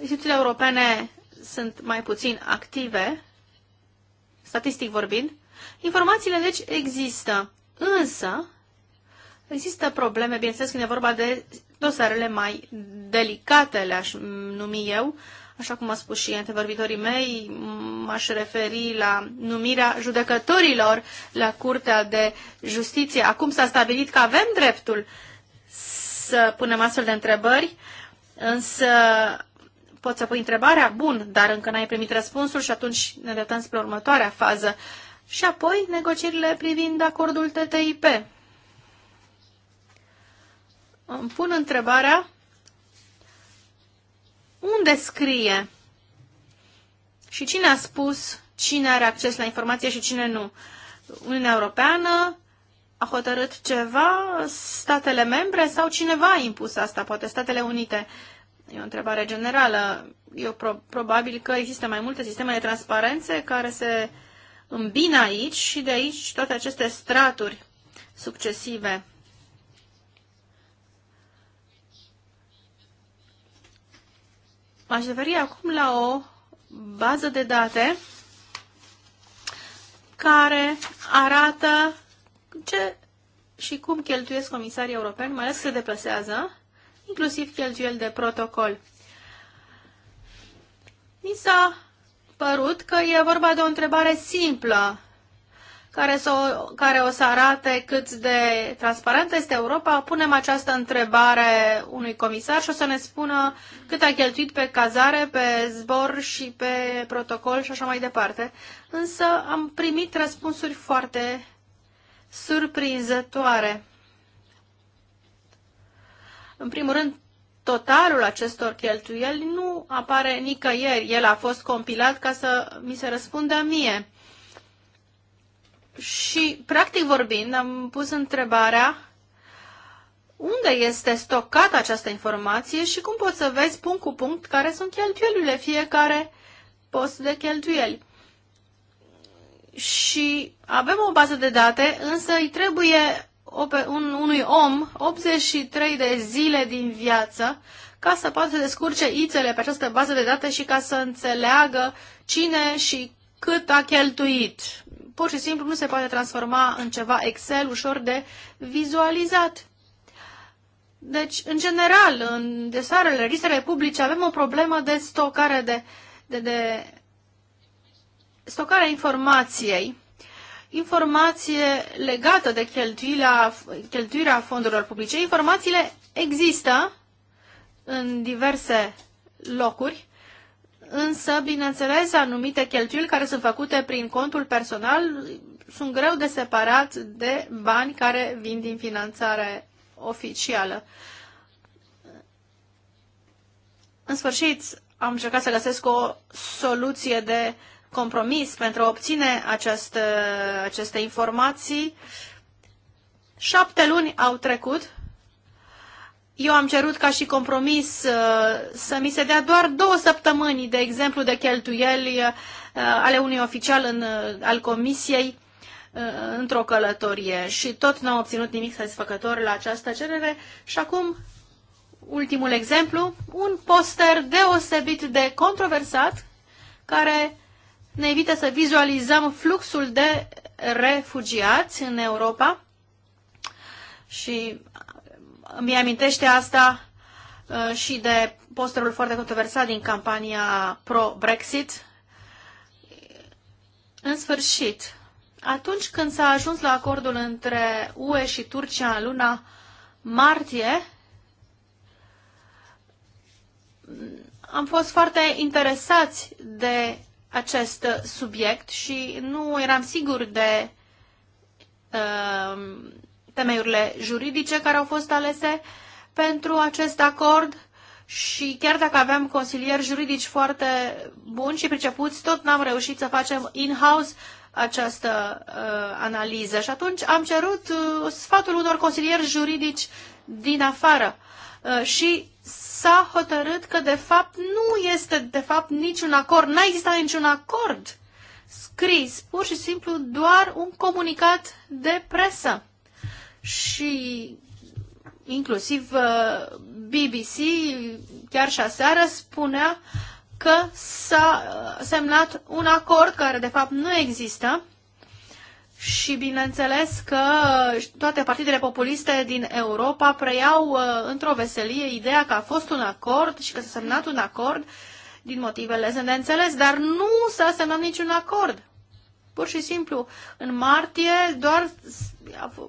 instituțiile europene sunt mai puțin active, statistic vorbind. Informațiile, deci, există, însă există probleme, bineînțeles, când e vorba de dosarele mai delicate, le-aș numi eu, uh, Așa cum a spus și antevorbitorii mei, m-aș referi la numirea judecătorilor la Curtea de Justiție. Acum s-a stabilit că avem dreptul să punem astfel de întrebări, însă poți să pui întrebarea, bun, dar încă n-ai primit răspunsul și atunci ne dătăm spre următoarea fază. Și apoi negocierile privind acordul TTIP. Îmi pun întrebarea unde scrie? Și cine a spus cine are acces la informație și cine nu? Uniunea Europeană a hotărât ceva, statele membre sau cineva a impus asta, poate Statele Unite. E o întrebare generală. Eu pro- probabil că există mai multe sisteme de transparențe care se îmbină aici și de aici toate aceste straturi succesive M-aș referi acum la o bază de date care arată ce și cum cheltuiesc comisarii europeni, mai ales se deplasează, inclusiv cheltuieli de protocol. Mi s-a părut că e vorba de o întrebare simplă care, o, care o să arate cât de transparentă este Europa. Punem această întrebare unui comisar și o să ne spună cât a cheltuit pe cazare, pe zbor și pe protocol și așa mai departe. Însă am primit răspunsuri foarte surprinzătoare. În primul rând, totalul acestor cheltuieli nu apare nicăieri. El a fost compilat ca să mi se răspundă mie. Și, practic vorbind, am pus întrebarea unde este stocată această informație și cum poți să vezi punct cu punct care sunt cheltuielile fiecare post de cheltuieli. Și avem o bază de date, însă îi trebuie unui om 83 de zile din viață ca să poată să descurce ițele pe această bază de date și ca să înțeleagă cine și cât a cheltuit pur și simplu nu se poate transforma în ceva Excel ușor de vizualizat. Deci, în general, în desarele registrele publice avem o problemă de stocare de, de, de stocarea informației, informație legată de cheltuirea, cheltuirea fondurilor publice. Informațiile există în diverse locuri, însă, bineînțeles, anumite cheltuieli care sunt făcute prin contul personal sunt greu de separat de bani care vin din finanțare oficială. În sfârșit, am încercat să găsesc o soluție de compromis pentru a obține această, aceste informații. Șapte luni au trecut eu am cerut ca și compromis uh, să mi se dea doar două săptămâni, de exemplu, de cheltuieli uh, ale unui oficial în, uh, al comisiei într-o călătorie și tot n-am obținut nimic satisfăcător la această cerere și acum ultimul exemplu, un poster deosebit de controversat care ne evită să vizualizăm fluxul de refugiați în Europa și mi amintește asta uh, și de posterul foarte controversat din campania pro-Brexit. În sfârșit, atunci când s-a ajuns la acordul între UE și Turcia în luna martie, am fost foarte interesați de acest subiect și nu eram sigur de uh, temeiurile juridice care au fost alese pentru acest acord și chiar dacă aveam consilieri juridici foarte buni și pricepuți, tot n-am reușit să facem in-house această uh, analiză. Și atunci am cerut uh, sfatul unor consilieri juridici din afară uh, și s-a hotărât că de fapt nu este de fapt niciun acord, n-a existat niciun acord scris, pur și simplu doar un comunicat de presă și inclusiv uh, BBC chiar și aseară spunea că s-a uh, semnat un acord care de fapt nu există și bineînțeles că uh, toate partidele populiste din Europa preiau într-o veselie ideea că a fost un acord și că s-a semnat un acord din motivele sunt de înțeles, dar nu s-a semnat niciun acord. Pur și simplu, în martie doar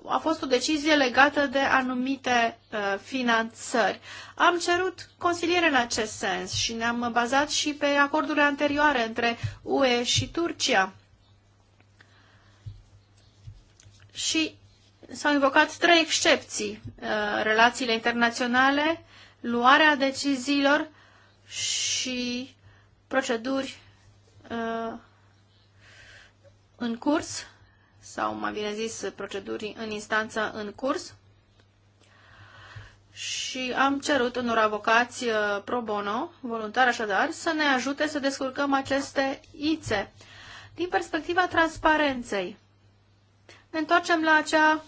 a, fost o decizie legată de anumite uh, finanțări. Am cerut consiliere în acest sens și ne-am bazat și pe acordurile anterioare între UE și Turcia. Și s-au invocat trei excepții. Uh, relațiile internaționale, luarea deciziilor și proceduri uh, în curs sau mai bine zis proceduri în instanță în curs și am cerut unor avocați uh, pro bono, voluntari așadar, să ne ajute să descurcăm aceste ițe. Din perspectiva transparenței, ne întoarcem la acea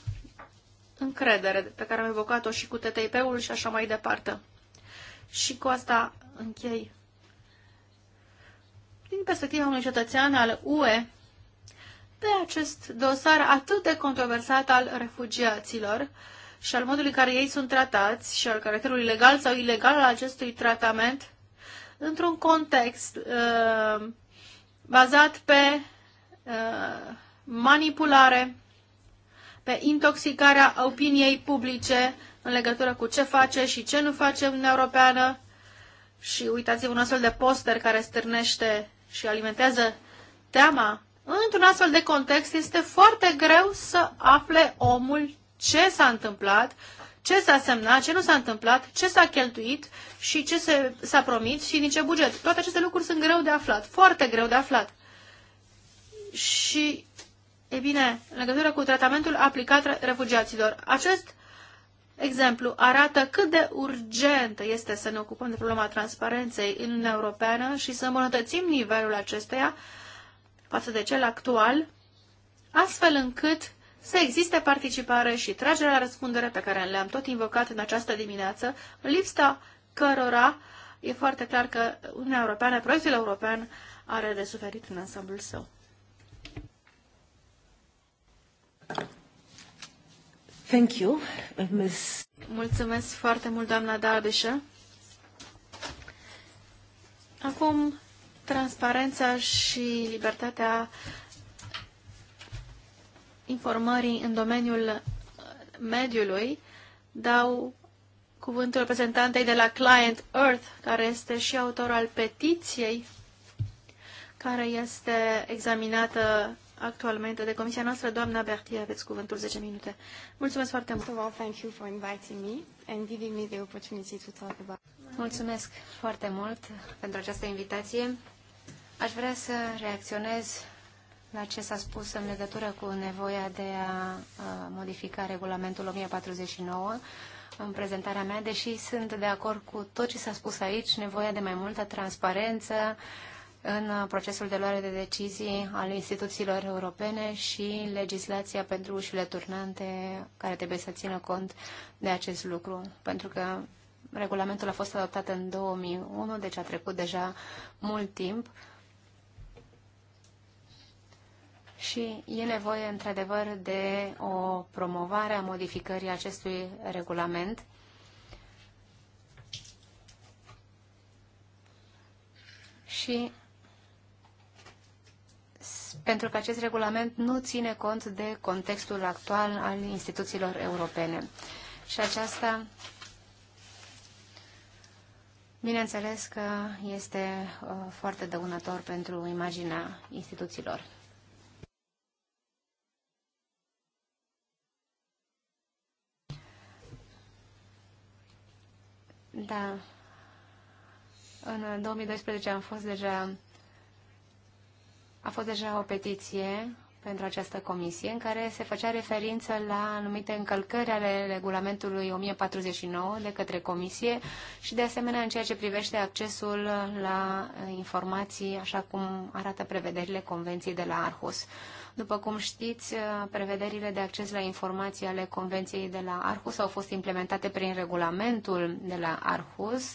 încredere pe care am evocat-o și cu TTIP-ul și așa mai departe. Și cu asta închei. Din perspectiva unui cetățean al UE, pe acest dosar atât de controversat al refugiaților și al modului în care ei sunt tratați și al caracterului legal sau ilegal al acestui tratament într-un context uh, bazat pe uh, manipulare, pe intoxicarea opiniei publice în legătură cu ce face și ce nu face Uniunea Europeană și uitați-vă un astfel de poster care stârnește și alimentează teama Într-un astfel de context este foarte greu să afle omul ce s-a întâmplat, ce s-a semnat, ce nu s-a întâmplat, ce s-a cheltuit și ce s-a promit și din ce buget. Toate aceste lucruri sunt greu de aflat, foarte greu de aflat. Și, e bine, în legătură cu tratamentul aplicat refugiaților, acest exemplu arată cât de urgent este să ne ocupăm de problema transparenței în Uniunea Europeană și să îmbunătățim nivelul acesteia, față de cel actual, astfel încât să existe participare și tragerea la răspundere pe care le-am tot invocat în această dimineață, în lipsa cărora e foarte clar că Uniunea Europeană, proiectul european, are de suferit în ansamblul său. Thank you, Ms. Mulțumesc foarte mult, doamna Darbișă. Acum transparența și libertatea informării în domeniul mediului dau cuvântul reprezentantei de la Client Earth, care este și autor al petiției care este examinată actualmente de comisia noastră. Doamna Bertie, aveți cuvântul 10 minute. Mulțumesc foarte mult. thank you for inviting me and giving me the opportunity to talk about. Mulțumesc foarte mult pentru această invitație Aș vrea să reacționez la ce s-a spus în legătură cu nevoia de a modifica regulamentul 1049 în prezentarea mea, deși sunt de acord cu tot ce s-a spus aici, nevoia de mai multă transparență în procesul de luare de decizii al instituțiilor europene și legislația pentru ușile turnante care trebuie să țină cont de acest lucru, pentru că regulamentul a fost adoptat în 2001, deci a trecut deja mult timp și e nevoie într-adevăr de o promovare a modificării acestui regulament. Și pentru că acest regulament nu ține cont de contextul actual al instituțiilor europene. Și aceasta, bineînțeles că este uh, foarte dăunător pentru imaginea instituțiilor. Da. În 2012 am fost deja a fost deja o petiție pentru această comisie în care se făcea referință la anumite încălcări ale regulamentului 1049 de către comisie și de asemenea în ceea ce privește accesul la informații așa cum arată prevederile convenției de la Arhus. După cum știți, prevederile de acces la informații ale Convenției de la Arhus au fost implementate prin regulamentul de la Arhus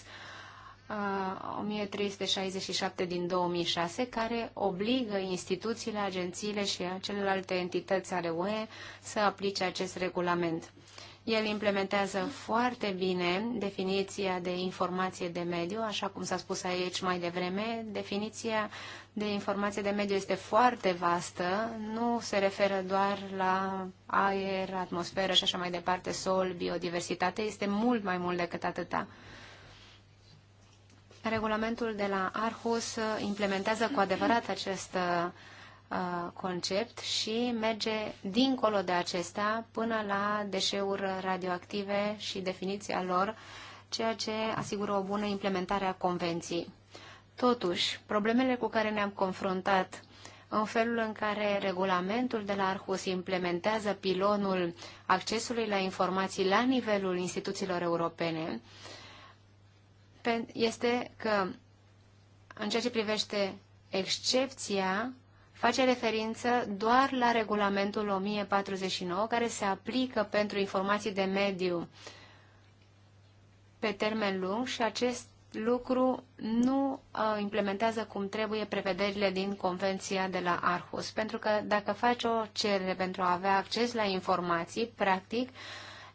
1367 uh, din 2006, care obligă instituțiile, agențiile și celelalte entități ale UE să aplice acest regulament. El implementează foarte bine definiția de informație de mediu, așa cum s-a spus aici mai devreme. Definiția de informație de mediu este foarte vastă, nu se referă doar la aer, atmosferă și așa mai departe, sol, biodiversitate, este mult mai mult decât atâta. Regulamentul de la Arhus implementează cu adevărat această uh, Uh, concept și merge dincolo de acesta până la deșeuri radioactive și definiția lor, ceea ce asigură o bună implementare a convenției. Totuși, problemele cu care ne-am confruntat în felul în care regulamentul de la Arhus implementează pilonul accesului la informații la nivelul instituțiilor europene, este că în ceea ce privește excepția face referință doar la regulamentul 1049 care se aplică pentru informații de mediu pe termen lung și acest lucru nu implementează cum trebuie prevederile din Convenția de la Arhus. Pentru că dacă faci o cerere pentru a avea acces la informații, practic,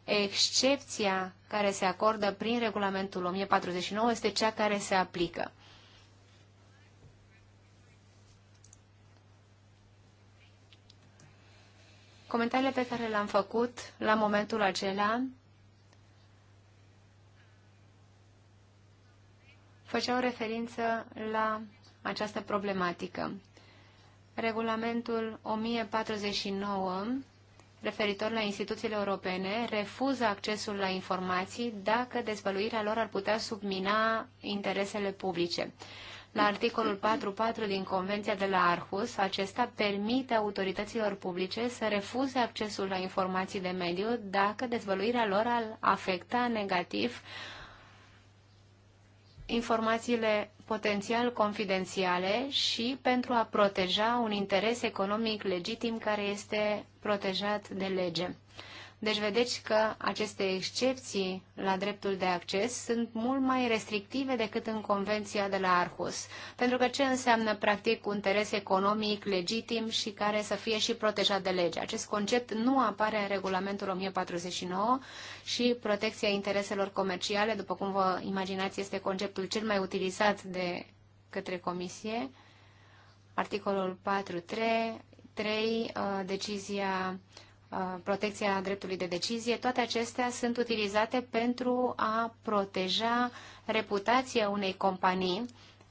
excepția care se acordă prin regulamentul 1049 este cea care se aplică. Comentariile pe care le-am făcut la momentul acela făceau referință la această problematică. Regulamentul 1049 referitor la instituțiile europene refuză accesul la informații dacă dezvăluirea lor ar putea submina interesele publice la articolul 4.4 din Convenția de la Arhus, acesta permite autorităților publice să refuze accesul la informații de mediu dacă dezvăluirea lor ar afecta negativ informațiile potențial confidențiale și pentru a proteja un interes economic legitim care este protejat de lege. Deci vedeți că aceste excepții la dreptul de acces sunt mult mai restrictive decât în Convenția de la Arhus, pentru că ce înseamnă practic un interes economic legitim și care să fie și protejat de lege. Acest concept nu apare în regulamentul 1049 și protecția intereselor comerciale, după cum vă imaginați, este conceptul cel mai utilizat de către Comisie. Articolul 4.3, 3, uh, decizia protecția dreptului de decizie, toate acestea sunt utilizate pentru a proteja reputația unei companii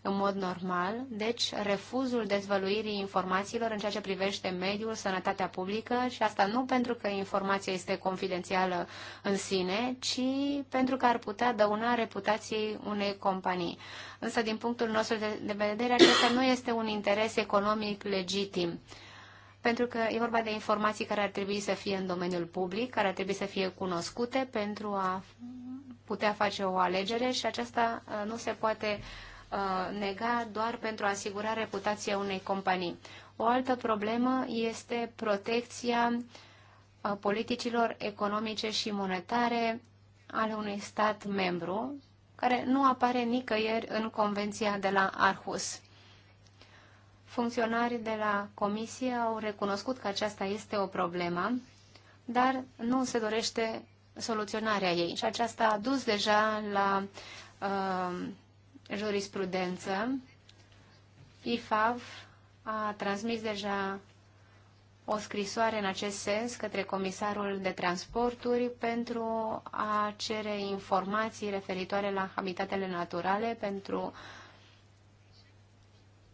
în mod normal, deci refuzul dezvăluirii informațiilor în ceea ce privește mediul, sănătatea publică și asta nu pentru că informația este confidențială în sine, ci pentru că ar putea dăuna reputației unei companii. Însă, din punctul nostru de vedere, acesta nu este un interes economic legitim pentru că e vorba de informații care ar trebui să fie în domeniul public, care ar trebui să fie cunoscute pentru a putea face o alegere și aceasta uh, nu se poate uh, nega doar pentru a asigura reputația unei companii. O altă problemă este protecția uh, politicilor economice și monetare ale unui stat membru, care nu apare nicăieri în Convenția de la Arhus. Funcționarii de la comisie au recunoscut că aceasta este o problemă, dar nu se dorește soluționarea ei. Și aceasta a dus deja la uh, jurisprudență. IFAV a transmis deja o scrisoare în acest sens către Comisarul de Transporturi pentru a cere informații referitoare la habitatele naturale pentru uh,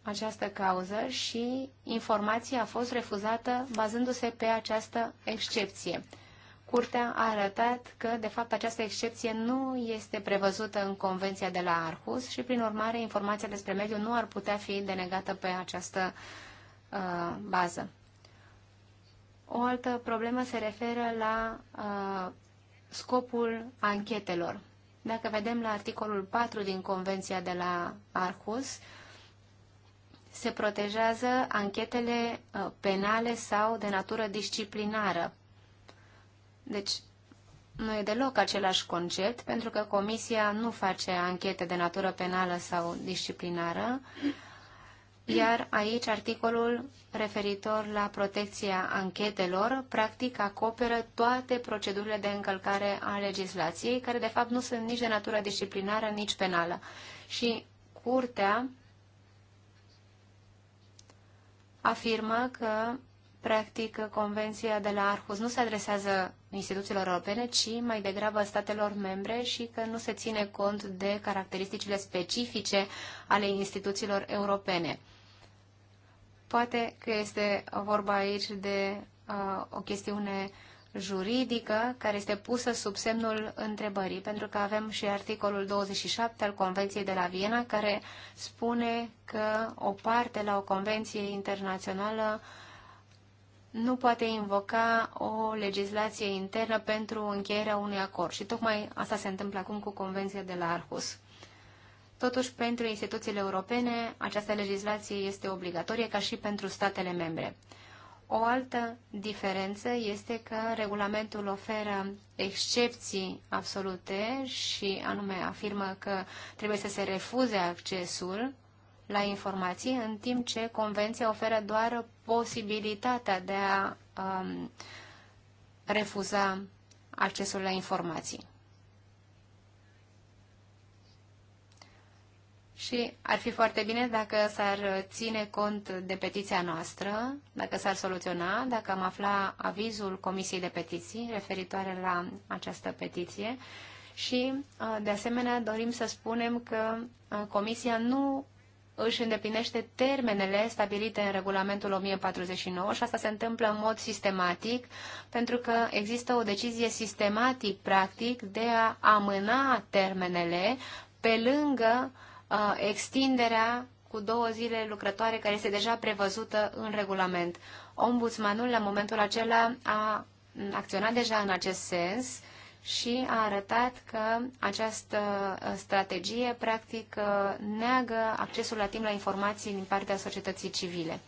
această cauză și informația a fost refuzată bazându-se pe această excepție. Curtea a arătat că, de fapt, această excepție nu este prevăzută în Convenția de la Arhus și, prin urmare, informația despre mediu nu ar putea fi denegată pe această uh, bază. O altă problemă se referă la uh, scopul anchetelor. Dacă vedem la articolul 4 din Convenția de la Arhus, uh, se protejează anchetele uh, penale sau de natură disciplinară. Deci, nu e deloc același concept, pentru că comisia nu face anchete de natură penală sau disciplinară, iar aici articolul referitor la protecția anchetelor practic acoperă toate procedurile de încălcare a legislației, care de fapt nu sunt nici de natură disciplinară, nici penală. Și curtea afirmă că, practic, Convenția de la Arhus nu se adresează instituțiilor europene, ci mai degrabă statelor membre și că nu se ține cont de caracteristicile specifice ale instituțiilor europene. Poate că este vorba aici de uh, o chestiune uh, juridică care este pusă sub semnul întrebării, pentru că avem și articolul 27 al Convenției de la Viena, care spune că o parte la o convenție internațională nu poate invoca o legislație internă pentru încheierea unui acord. Și tocmai asta se întâmplă acum cu Convenția de la Arhus. Totuși, pentru instituțiile europene, această legislație este obligatorie ca și pentru statele membre. O altă diferență este că regulamentul oferă excepții absolute și anume afirmă că trebuie să se refuze accesul la informații, în timp ce convenția oferă doar posibilitatea de a um, refuza accesul la informații. Și ar fi foarte bine dacă s-ar ține cont de petiția noastră, dacă s-ar soluționa, dacă am afla avizul Comisiei de Petiții referitoare la această petiție. Și, uh, de asemenea, dorim să spunem că uh, Comisia nu își îndeplinește termenele stabilite în regulamentul 1049 și asta se întâmplă în mod sistematic pentru că există o decizie sistematic, practic, de a amâna termenele pe lângă uh, Uh, extinderea cu două zile lucrătoare care este deja prevăzută în regulament. Ombudsmanul la momentul acela a acționat deja în acest sens și a arătat că această uh, strategie practic uh, neagă accesul la timp la informații din partea societății civile.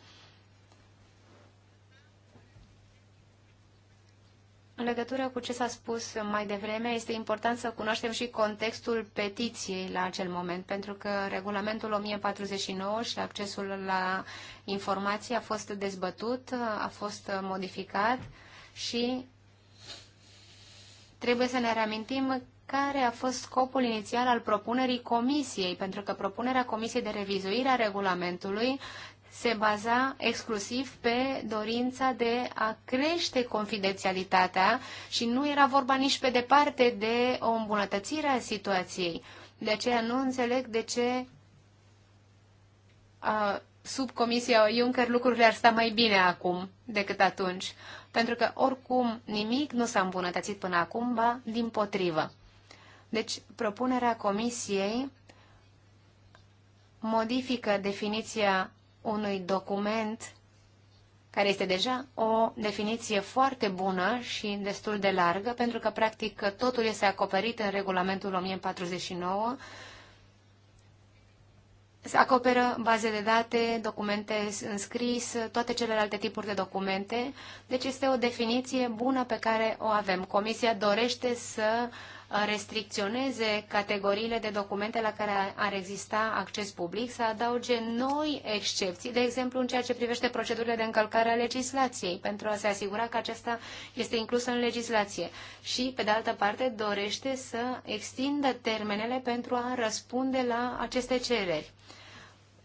În legătură cu ce s-a spus mai devreme, este important să cunoaștem și contextul petiției la acel moment, pentru că regulamentul 1049 și accesul la informații a fost dezbătut, a fost modificat și trebuie să ne reamintim care a fost scopul inițial al propunerii comisiei, pentru că propunerea comisiei de revizuire a regulamentului se baza exclusiv pe dorința de a crește confidențialitatea și nu era vorba nici pe departe de o îmbunătățire a situației. De aceea nu înțeleg de ce sub Comisia Juncker lucrurile ar sta mai bine acum decât atunci, pentru că oricum nimic nu s-a îmbunătățit până acum, ba din potrivă. Deci, propunerea Comisiei modifică definiția unui document care este deja o definiție foarte bună și destul de largă, pentru că, practic, totul este acoperit în regulamentul 1049. Se acoperă baze de date, documente înscris, toate celelalte tipuri de documente. Deci este o definiție bună pe care o avem. Comisia dorește să uh, restricționeze categoriile de documente la care ar exista acces public, să adauge noi excepții, de exemplu în ceea ce privește procedurile de încălcare a legislației, pentru a se asigura că aceasta este inclusă în legislație. Și, pe de altă parte, dorește să extindă termenele pentru a răspunde la aceste cereri.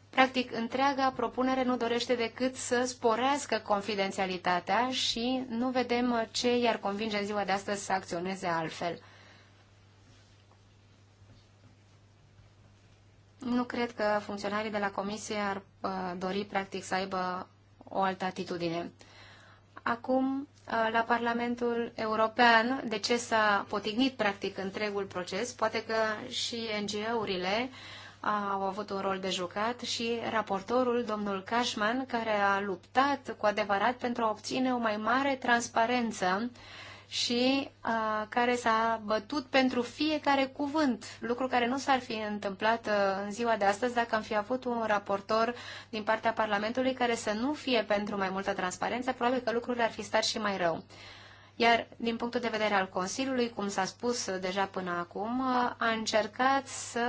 Practic, întreaga propunere nu dorește decât să sporească confidențialitatea și nu vedem ce i-ar convinge în ziua de astăzi să acționeze altfel. Nu cred că funcționarii de la comisie ar uh, dori, practic, să aibă o altă atitudine. Acum, uh, la Parlamentul European, de ce s-a potignit, practic, întregul proces? Poate că și NGO-urile uh, au avut un rol de jucat și raportorul, domnul Cashman, care a luptat cu adevărat pentru a obține o mai mare transparență uh, și uh, care s-a bătut pentru fiecare cuvânt, lucru care nu s-ar fi întâmplat uh, în ziua de astăzi dacă am fi avut un raportor din partea Parlamentului care să nu fie pentru mai multă transparență, probabil că lucrurile ar fi stat și mai rău. Iar din punctul de vedere al Consiliului, cum s-a spus deja până acum, a încercat să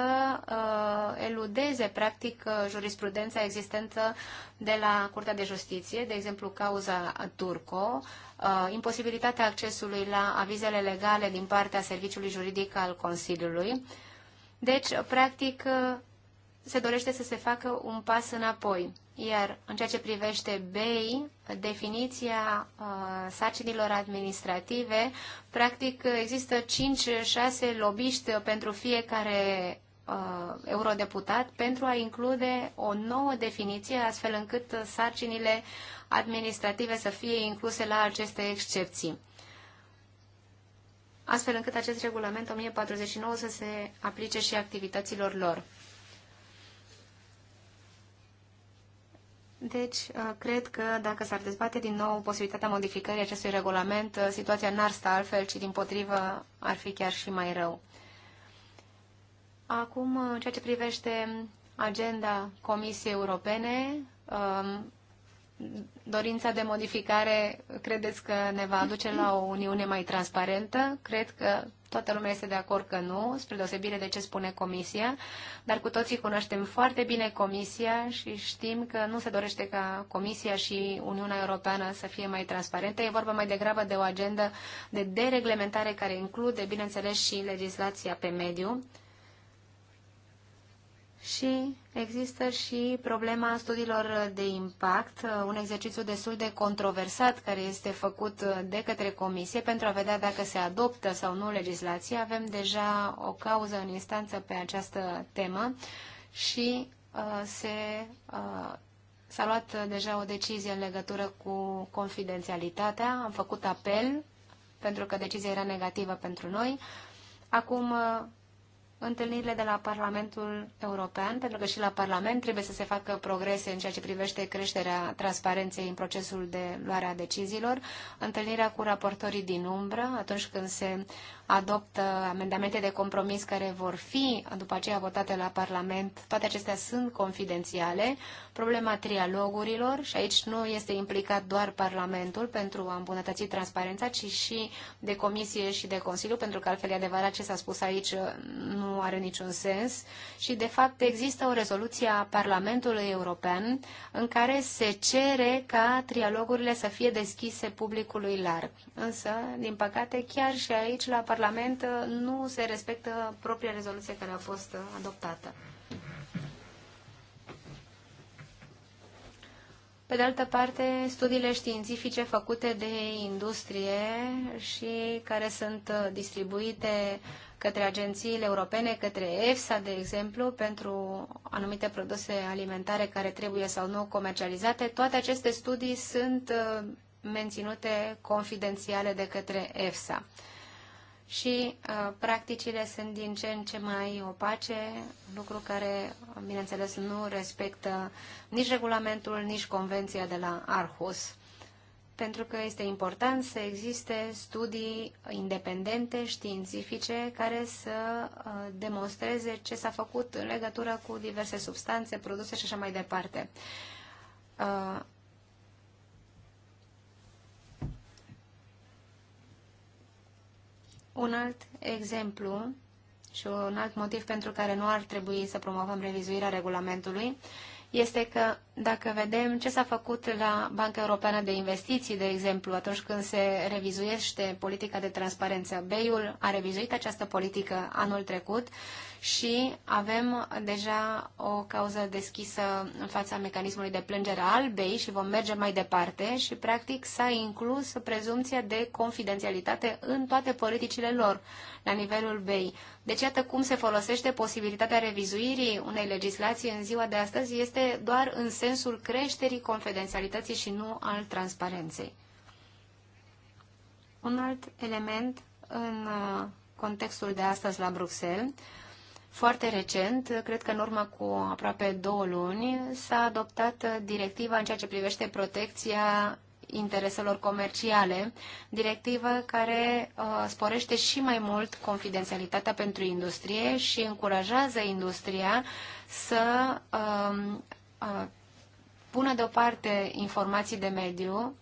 uh, eludeze practic jurisprudența existentă de la Curtea de Justiție, de exemplu cauza Turco, uh, Uh, imposibilitatea accesului la avizele legale din partea Serviciului Juridic al Consiliului. Deci, practic, uh, se dorește să se facă un pas înapoi. Iar în ceea ce privește BEI, definiția uh, sarcinilor administrative, practic există 5-6 lobiști pentru fiecare uh, eurodeputat pentru a include o nouă definiție, astfel încât sarcinile administrative să fie incluse la aceste excepții astfel încât acest regulament 1049 să se aplice și activităților lor. Deci, uh, cred că dacă s-ar dezbate din nou posibilitatea modificării acestui regulament, uh, situația n-ar sta altfel, ci din potrivă ar fi chiar și mai rău. Acum, în ceea ce privește agenda Comisiei Europene, um, dorința de modificare credeți că ne va aduce la o Uniune mai transparentă? Cred că toată lumea este de acord că nu, spre deosebire de ce spune Comisia, dar cu toții cunoaștem foarte bine Comisia și știm că nu se dorește ca Comisia și Uniunea Europeană să fie mai transparente. E vorba mai degrabă de o agendă de dereglementare care include, bineînțeles, și legislația pe mediu și există și problema studiilor de impact, un exercițiu destul de controversat care este făcut de către Comisie pentru a vedea dacă se adoptă sau nu legislația. Avem deja o cauză în instanță pe această temă și uh, se, uh, s-a luat deja o decizie în legătură cu confidențialitatea. Am făcut apel pentru că decizia era negativă pentru noi. Acum uh, întâlnirile de la Parlamentul European, pentru că și la Parlament trebuie să se facă progrese în ceea ce privește creșterea transparenței în procesul de luare a deciziilor, întâlnirea cu raportorii din umbră, atunci când se adoptă uh, amendamente de compromis care vor fi după aceea votate la Parlament. Toate acestea sunt confidențiale. Problema trialogurilor și aici nu este implicat doar Parlamentul pentru a îmbunătăți transparența, ci și de Comisie și de Consiliu, pentru că altfel e adevărat ce s-a spus aici uh, nu are niciun sens. Și de fapt există o rezoluție a Parlamentului European în care se cere ca trialogurile să fie deschise publicului larg. Însă, din păcate, chiar și aici la Parlament Parlament uh, nu se respectă propria rezoluție care a fost uh, adoptată. Pe de altă parte, studiile științifice făcute de industrie și care sunt uh, distribuite către agențiile europene, către EFSA, de exemplu, pentru anumite produse alimentare care trebuie sau nu comercializate, toate aceste studii sunt menținute confidențiale de către EFSA și uh, practicile sunt din ce în ce mai opace, lucru care, bineînțeles, nu respectă nici regulamentul, nici convenția de la Arhus, pentru că este important să existe studii independente, științifice, care să uh, demonstreze ce s-a făcut în legătură cu diverse substanțe, produse și așa mai departe. Uh, Un alt exemplu și un alt motiv pentru care nu ar trebui să promovăm revizuirea regulamentului este că dacă vedem ce s-a făcut la Banca Europeană de Investiții, de exemplu, atunci când se revizuiește politica de transparență, BEI-ul a revizuit această politică anul trecut și avem deja o cauză deschisă în fața mecanismului de plângere al BEI și vom merge mai departe și practic s-a inclus prezumția de confidențialitate în toate politicile lor la nivelul BEI. Deci iată cum se folosește posibilitatea revizuirii unei legislații în ziua de astăzi este doar în sensul creșterii confidențialității și nu al transparenței. Un alt element în uh, contextul de astăzi la Bruxelles foarte recent, cred că în urmă cu aproape două luni, s-a adoptat directiva în ceea ce privește protecția intereselor comerciale, directivă care uh, sporește și mai mult confidențialitatea pentru industrie și încurajează industria să uh, uh, pună deoparte informații de mediu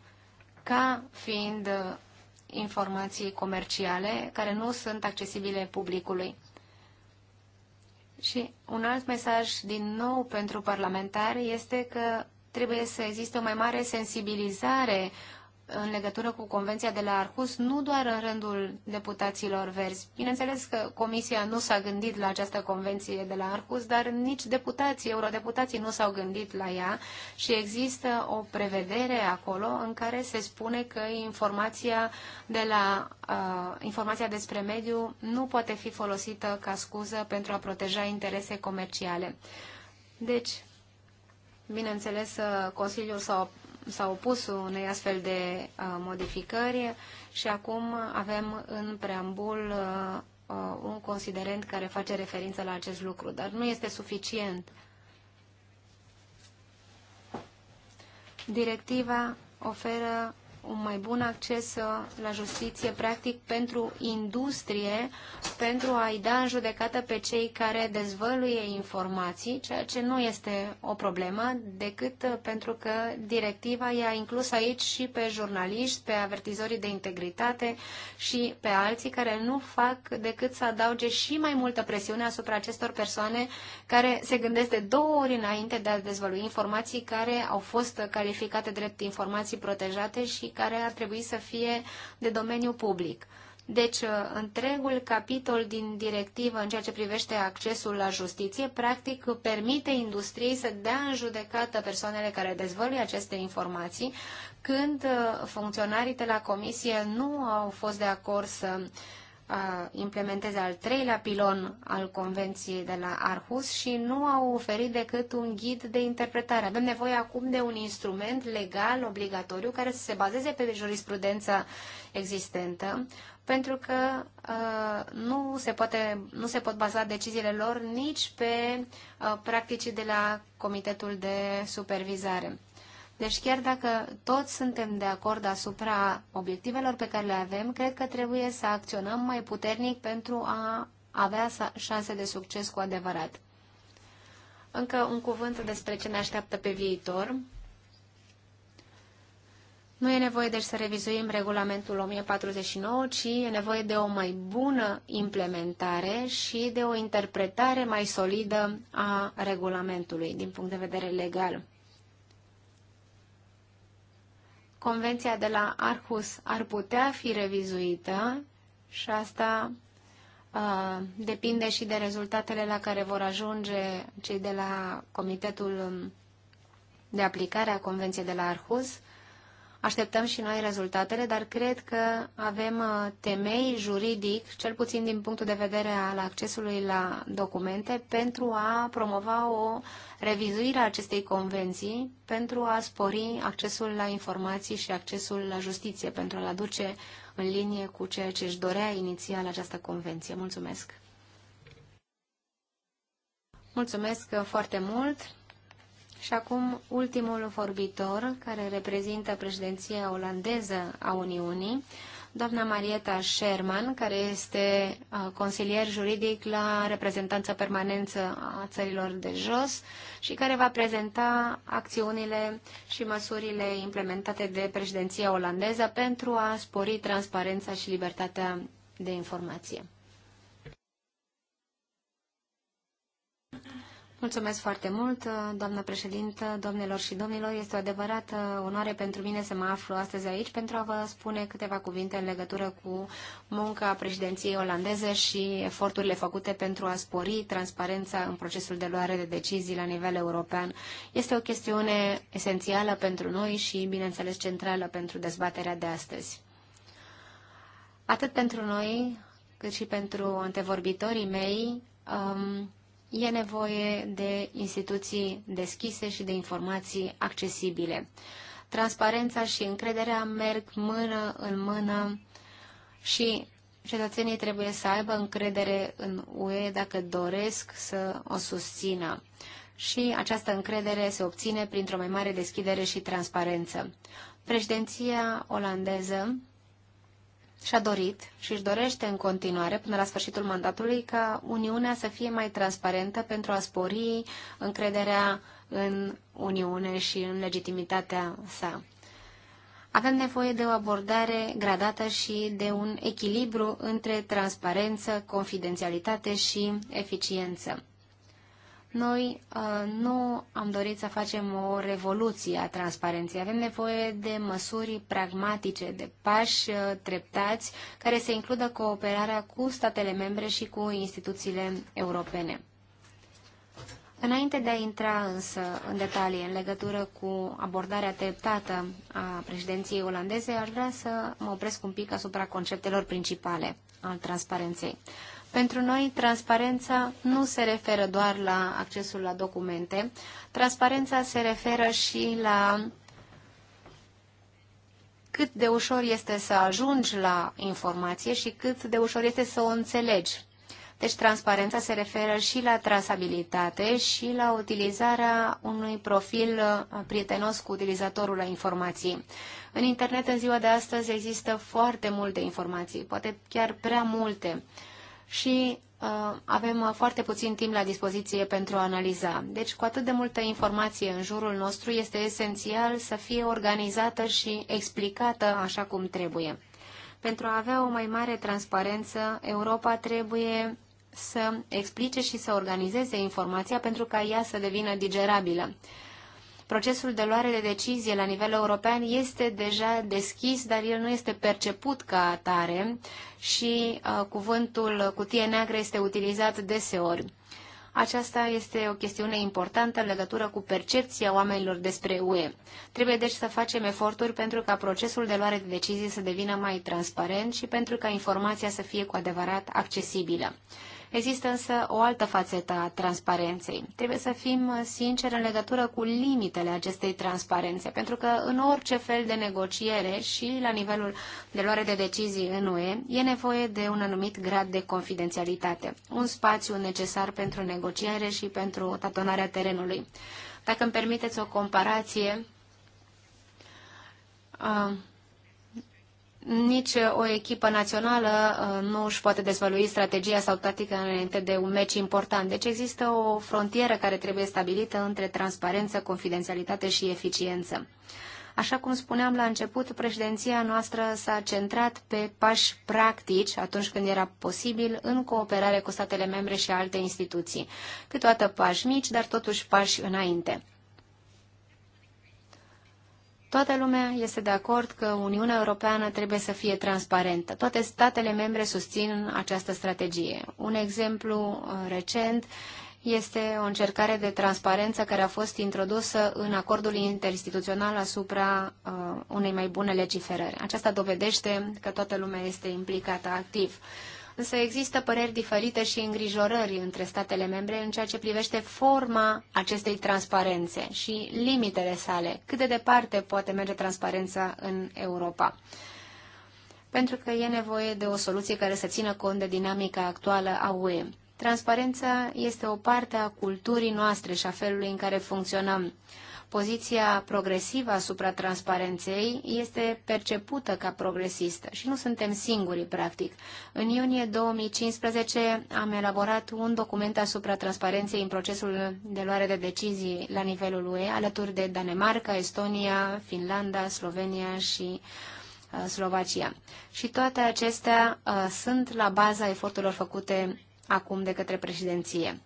ca fiind informații comerciale care nu sunt accesibile publicului. Și un alt mesaj din nou pentru parlamentari este că trebuie să existe o mai mare sensibilizare în legătură cu Convenția de la Arhus, nu doar în rândul deputaților verzi. Bineînțeles că Comisia nu s-a gândit la această Convenție de la Arhus, dar nici deputații, eurodeputații nu s-au gândit la ea și există o prevedere acolo în care se spune că informația, de la, uh, informația despre mediu nu poate fi folosită ca scuză pentru a proteja interese comerciale. Deci, Bineînțeles, uh, Consiliul s-a s-a opus unei astfel de uh, modificări și acum avem în preambul uh, uh, un considerent care face referință la acest lucru, dar nu este suficient. Directiva oferă un mai bun acces uh, la justiție, practic pentru industrie, pentru a-i da în judecată pe cei care dezvăluie informații, ceea ce nu este o problemă, decât uh, pentru că directiva i-a inclus aici și pe jurnaliști, pe avertizorii de integritate și pe alții care nu fac decât să adauge și mai multă presiune asupra acestor persoane care se gândesc de două ori înainte de a dezvălui informații care au fost calificate drept informații protejate și care ar trebui să fie de domeniu public. Deci, uh, întregul capitol din directivă în ceea ce privește accesul la justiție, practic, permite industriei să dea în judecată persoanele care dezvăluie aceste informații, când uh, funcționarii de la comisie nu au fost de acord să uh, implementeze al treilea pilon al Convenției de la Arhus și nu au oferit decât un ghid de interpretare. Avem nevoie acum de un instrument legal obligatoriu care să se bazeze pe jurisprudența existentă, pentru că uh, nu, se poate, nu se pot baza deciziile lor nici pe uh, practicii de la Comitetul de Supervizare. Deci chiar dacă toți suntem de acord asupra obiectivelor pe care le avem, cred că trebuie să acționăm mai puternic pentru a avea șanse de succes cu adevărat. Încă un cuvânt despre ce ne așteaptă pe viitor. Nu e nevoie deci să revizuim regulamentul 1049, ci e nevoie de o mai bună implementare și de o interpretare mai solidă a regulamentului din punct de vedere legal. Convenția de la Arhus ar putea fi revizuită și asta uh, depinde și de rezultatele la care vor ajunge cei de la Comitetul de Aplicare a Convenției de la Arhus. Așteptăm și noi rezultatele, dar cred că avem uh, temei juridic, cel puțin din punctul de vedere al accesului la documente, pentru a promova o revizuire a acestei convenții, pentru a spori accesul la informații și accesul la justiție, pentru a-l aduce în linie cu ceea ce își dorea inițial această convenție. Mulțumesc! Mulțumesc uh, foarte mult! Și acum ultimul vorbitor, care reprezintă președinția olandeză a Uniunii, doamna Marieta Sherman, care este uh, consilier juridic la reprezentanța permanență a țărilor de jos și care va prezenta acțiunile și măsurile implementate de președinția olandeză pentru a spori transparența și libertatea de informație. Mulțumesc foarte mult, doamnă președintă, domnilor și domnilor. Este o adevărată onoare pentru mine să mă aflu astăzi aici pentru a vă spune câteva cuvinte în legătură cu munca președinției olandeze și eforturile făcute pentru a spori transparența în procesul de luare de decizii la nivel european. Este o chestiune esențială pentru noi și, bineînțeles, centrală pentru dezbaterea de astăzi. Atât pentru noi, cât și pentru antevorbitorii mei, um, e nevoie de instituții deschise și de informații accesibile. Transparența și încrederea merg mână în mână și cetățenii trebuie să aibă încredere în UE dacă doresc să o susțină. Și această încredere se obține printr-o mai mare deschidere și transparență. Președinția olandeză și-a dorit și își dorește în continuare, până la sfârșitul mandatului, ca Uniunea să fie mai transparentă pentru a spori încrederea în Uniune și în legitimitatea sa. Avem nevoie de o abordare gradată și de un echilibru între transparență, confidențialitate și eficiență. Noi uh, nu am dorit să facem o revoluție a transparenței. Avem nevoie de măsuri pragmatice, de pași uh, treptați, care să includă cooperarea cu statele membre și cu instituțiile europene. Înainte de a intra însă în detalii în legătură cu abordarea treptată a președinției olandeze, aș vrea să mă opresc un pic asupra conceptelor principale al transparenței. Pentru noi, transparența nu se referă doar la accesul la documente. Transparența se referă și la cât de ușor este să ajungi la informație și cât de ușor este să o înțelegi. Deci transparența se referă și la trasabilitate și la utilizarea unui profil uh, prietenos cu utilizatorul la informații. În internet, în ziua de astăzi, există foarte multe informații, poate chiar prea multe și uh, avem uh, foarte puțin timp la dispoziție pentru a analiza. Deci, cu atât de multă informație în jurul nostru, este esențial să fie organizată și explicată așa cum trebuie. Pentru a avea o mai mare transparență, Europa trebuie să explice și să organizeze informația pentru ca ea să devină digerabilă. Procesul de luare de decizie la nivel european este deja deschis, dar el nu este perceput ca atare și uh, cuvântul cutie neagră este utilizat deseori. Aceasta este o chestiune importantă în legătură cu percepția oamenilor despre UE. Trebuie deci să facem eforturi pentru ca procesul de luare de decizii să devină mai transparent și pentru ca informația să fie cu adevărat accesibilă. Există însă o altă fațetă a transparenței. Trebuie să fim sinceri în legătură cu limitele acestei transparențe, pentru că în orice fel de negociere și la nivelul de luare de decizii în UE e nevoie de un anumit grad de confidențialitate, un spațiu necesar pentru negociere și pentru tatonarea terenului. Dacă îmi permiteți o comparație, nici o echipă națională uh, nu își poate dezvălui strategia sau tactica înainte de un meci important. Deci există o frontieră care trebuie stabilită între transparență, confidențialitate și eficiență. Așa cum spuneam la început, președinția noastră s-a centrat pe pași practici atunci când era posibil în cooperare cu statele membre și alte instituții. Câteodată pași mici, dar totuși pași înainte. Toată lumea este de acord că Uniunea Europeană trebuie să fie transparentă. Toate statele membre susțin această strategie. Un exemplu uh, recent este o încercare de transparență care a fost introdusă în acordul interinstituțional asupra uh, unei mai bune legiferări. Aceasta dovedește că toată lumea este implicată activ. Uh, însă există păreri diferite și îngrijorări între statele membre în ceea ce privește forma acestei transparențe și limitele sale, cât de departe poate merge transparența în Europa. Pentru că e nevoie de o soluție care să țină cont de dinamica actuală a UE. Transparența este o parte a culturii noastre și a felului în care funcționăm poziția progresivă asupra transparenței este percepută ca progresistă și nu suntem singuri, practic. În iunie 2015 am elaborat un document asupra transparenței în procesul de luare de decizii la nivelul UE, alături de Danemarca, Estonia, Finlanda, Slovenia și uh, Slovacia. Și toate acestea uh, sunt la baza eforturilor făcute acum de către președinție.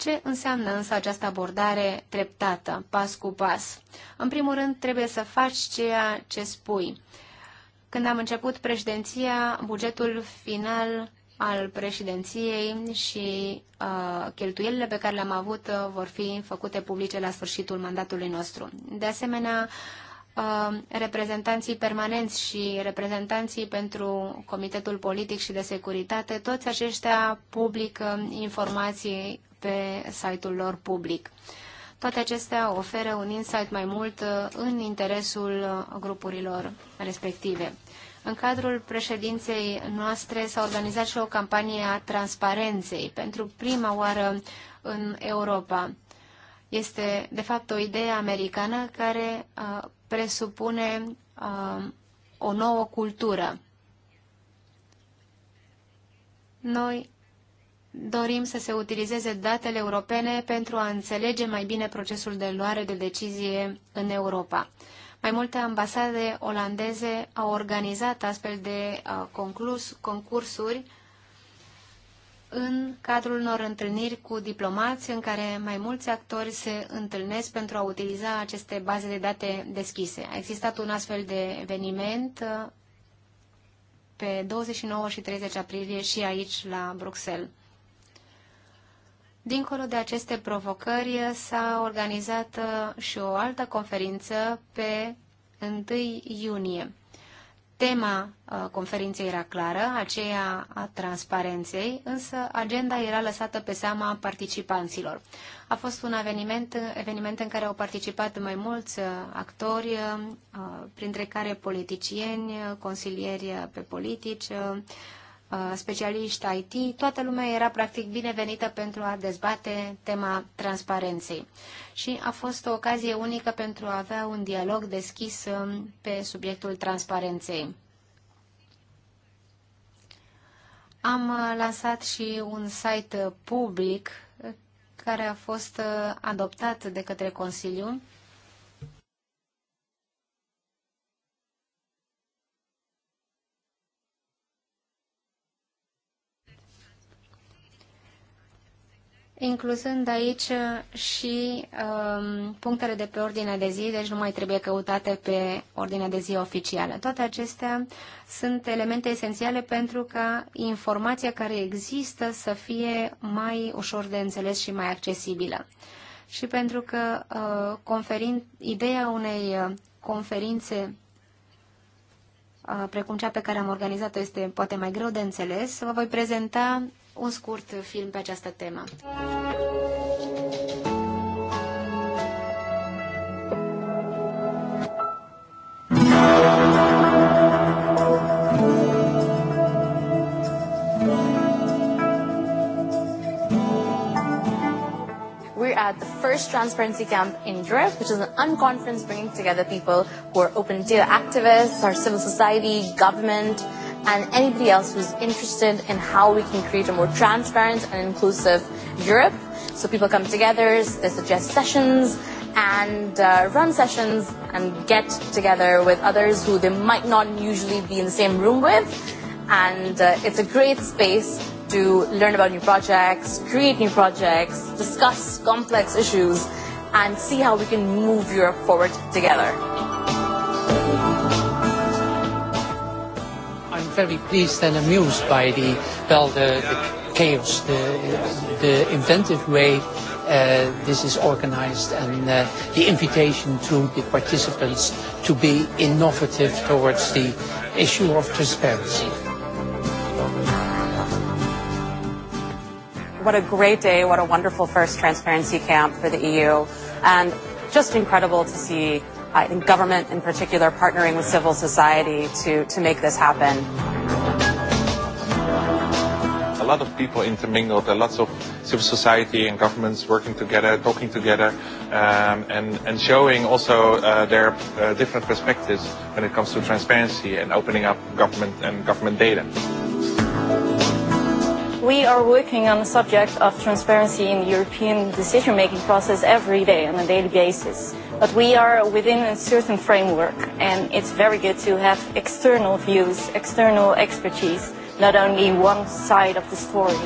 Ce înseamnă însă această abordare treptată, pas cu pas? În primul rând, trebuie să faci ceea ce spui. Când am început președinția, bugetul final al președinției și uh, cheltuielile pe care le-am avut uh, vor fi făcute publice la sfârșitul mandatului nostru. De asemenea, uh, Uh, reprezentanții permanenți și reprezentanții pentru Comitetul Politic și de Securitate, toți aceștia publică uh, informații pe site-ul lor public. Toate acestea oferă un insight mai mult uh, în interesul grupurilor respective. În cadrul președinței noastre s-a organizat și o campanie a transparenței pentru prima oară în Europa. Este, de fapt, o idee americană care uh, presupune uh, o nouă cultură. Noi dorim să se utilizeze datele europene pentru a înțelege mai bine procesul de luare de decizie în Europa. Mai multe ambasade olandeze au organizat astfel de uh, conclus, concursuri în cadrul unor întâlniri cu diplomați în care mai mulți actori se întâlnesc pentru a utiliza aceste baze de date deschise. A existat un astfel de eveniment uh, pe 29 și 30 aprilie și aici la Bruxelles. Dincolo de aceste provocări, uh, s-a organizat uh, și o altă conferință pe 1 iunie. Tema uh, conferinței era clară, aceea a transparenței, însă agenda era lăsată pe seama participanților. A fost un eveniment, eveniment în care au participat mai mulți uh, actori, uh, printre care politicieni, consilieri pe politici, Uh, specialiști IT, toată lumea era practic binevenită pentru a dezbate tema transparenței. Și a fost o ocazie unică pentru a avea un dialog deschis um, pe subiectul transparenței. Am uh, lansat și un site public uh, care a fost adoptat de către Consiliu incluzând aici uh, și um, punctele de pe ordinea de zi, deci nu mai trebuie căutate pe ordinea de zi oficială. Toate acestea sunt elemente esențiale pentru ca informația care există să fie mai ușor de înțeles și mai accesibilă. Și pentru că uh, conferin, ideea unei uh, conferințe uh, precum cea pe care am organizat-o este poate mai greu de înțeles, vă voi prezenta un scurt film pe această temă. at the first transparency camp in Europe, which is an unconference bringing together people who are open data activists, our civil society, government, and anybody else who's interested in how we can create a more transparent and inclusive Europe. So people come together, they suggest sessions and uh, run sessions and get together with others who they might not usually be in the same room with. And uh, it's a great space to learn about new projects, create new projects, discuss complex issues, and see how we can move Europe forward together. very pleased and amused by the, well, the, the chaos, the, the inventive way uh, this is organized and uh, the invitation to the participants to be innovative towards the issue of transparency. What a great day, what a wonderful first transparency camp for the EU, and just incredible to see I think government in particular partnering with civil society to, to make this happen. A lot of people intermingled, a lots of civil society and governments working together, talking together, um, and, and showing also uh, their uh, different perspectives when it comes to transparency and opening up government and government data we are working on the subject of transparency in the European decision-making process every day on a daily basis. But we are within a certain framework, and it's very good to have external views, external expertise, not only one side of the story.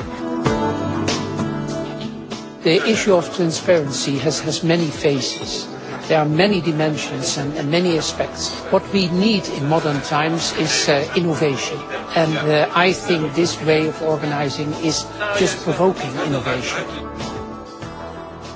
The issue of transparency has, has many faces There are many dimensions and, and many aspects. What we need in modern times is uh, innovation. And uh, I think this way of organizing is just provoking innovation.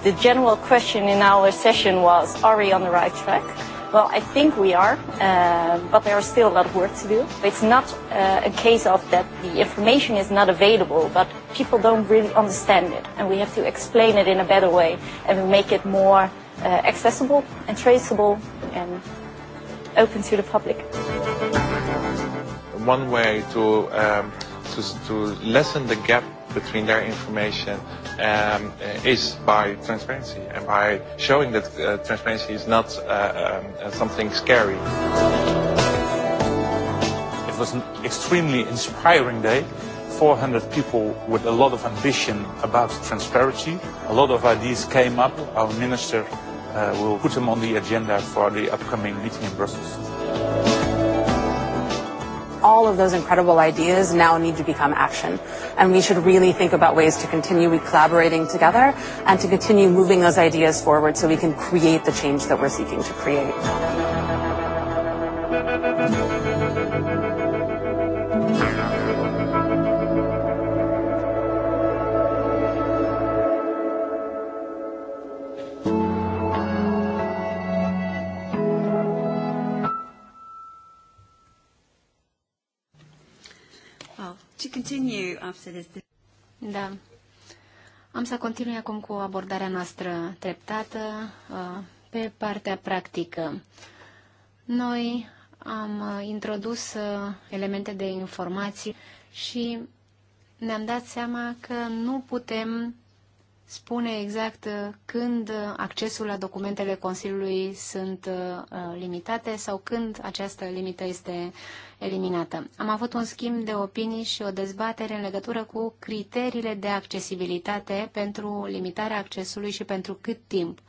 The general question in our session was, are we on the right track? Well, I think we are, uh, but there is still a lot of work to do. It's not uh, a case of that the information is not available, but people don't really understand it, and we have to explain it in a better way and make it more uh, accessible and traceable and open to the public. One way to, um, to, to lessen the gap between their information um, uh, is by transparency and by showing that uh, transparency is not uh, um, uh, something scary. It was an extremely inspiring day. 400 people with a lot of ambition about transparency. A lot of ideas came up. Our minister uh, we'll put them on the agenda for the upcoming meeting in Brussels. All of those incredible ideas now need to become action. And we should really think about ways to continue collaborating together and to continue moving those ideas forward so we can create the change that we're seeking to create. to continue after this. Da. Am să continui acum cu abordarea noastră treptată uh, pe partea practică. Noi am uh, introdus uh, elemente de informații și ne-am dat seama că nu putem spune exact când accesul la documentele Consiliului sunt limitate sau când această limită este uh, eliminată. Am avut un schimb de opinii și o dezbatere în legătură cu criteriile de accesibilitate pentru limitarea accesului și pentru cât timp.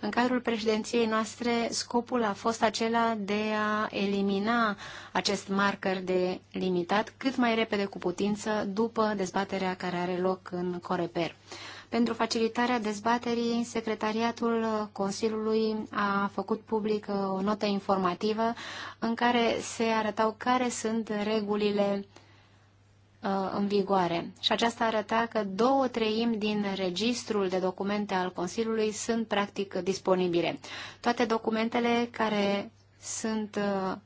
În cadrul președinției noastre, scopul a fost acela de a elimina acest marker de limitat cât mai repede cu putință după dezbaterea care are loc în Coreper. Pentru facilitarea dezbaterii, Secretariatul Consiliului a făcut public uh, o notă informativă în care se arătau care sunt regulile uh, în vigoare. Și aceasta arăta că două treimi din registrul de documente al Consiliului sunt practic disponibile. Toate documentele care sunt uh,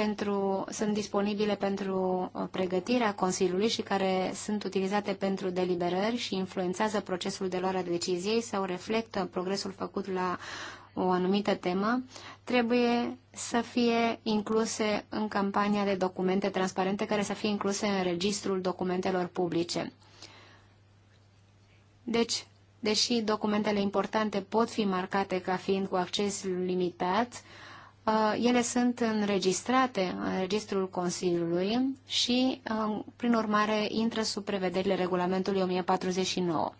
pentru, sunt disponibile pentru uh, pregătirea Consiliului și care sunt utilizate pentru deliberări și influențează procesul de luare a deciziei sau reflectă progresul făcut la o anumită temă, trebuie să fie incluse în campania de documente transparente care să fie incluse în registrul documentelor publice. Deci, deși documentele importante pot fi marcate ca fiind cu acces limitat, uh, Uh, ele sunt înregistrate în registrul Consiliului și, um, prin urmare, intră sub prevederile regulamentului 1049.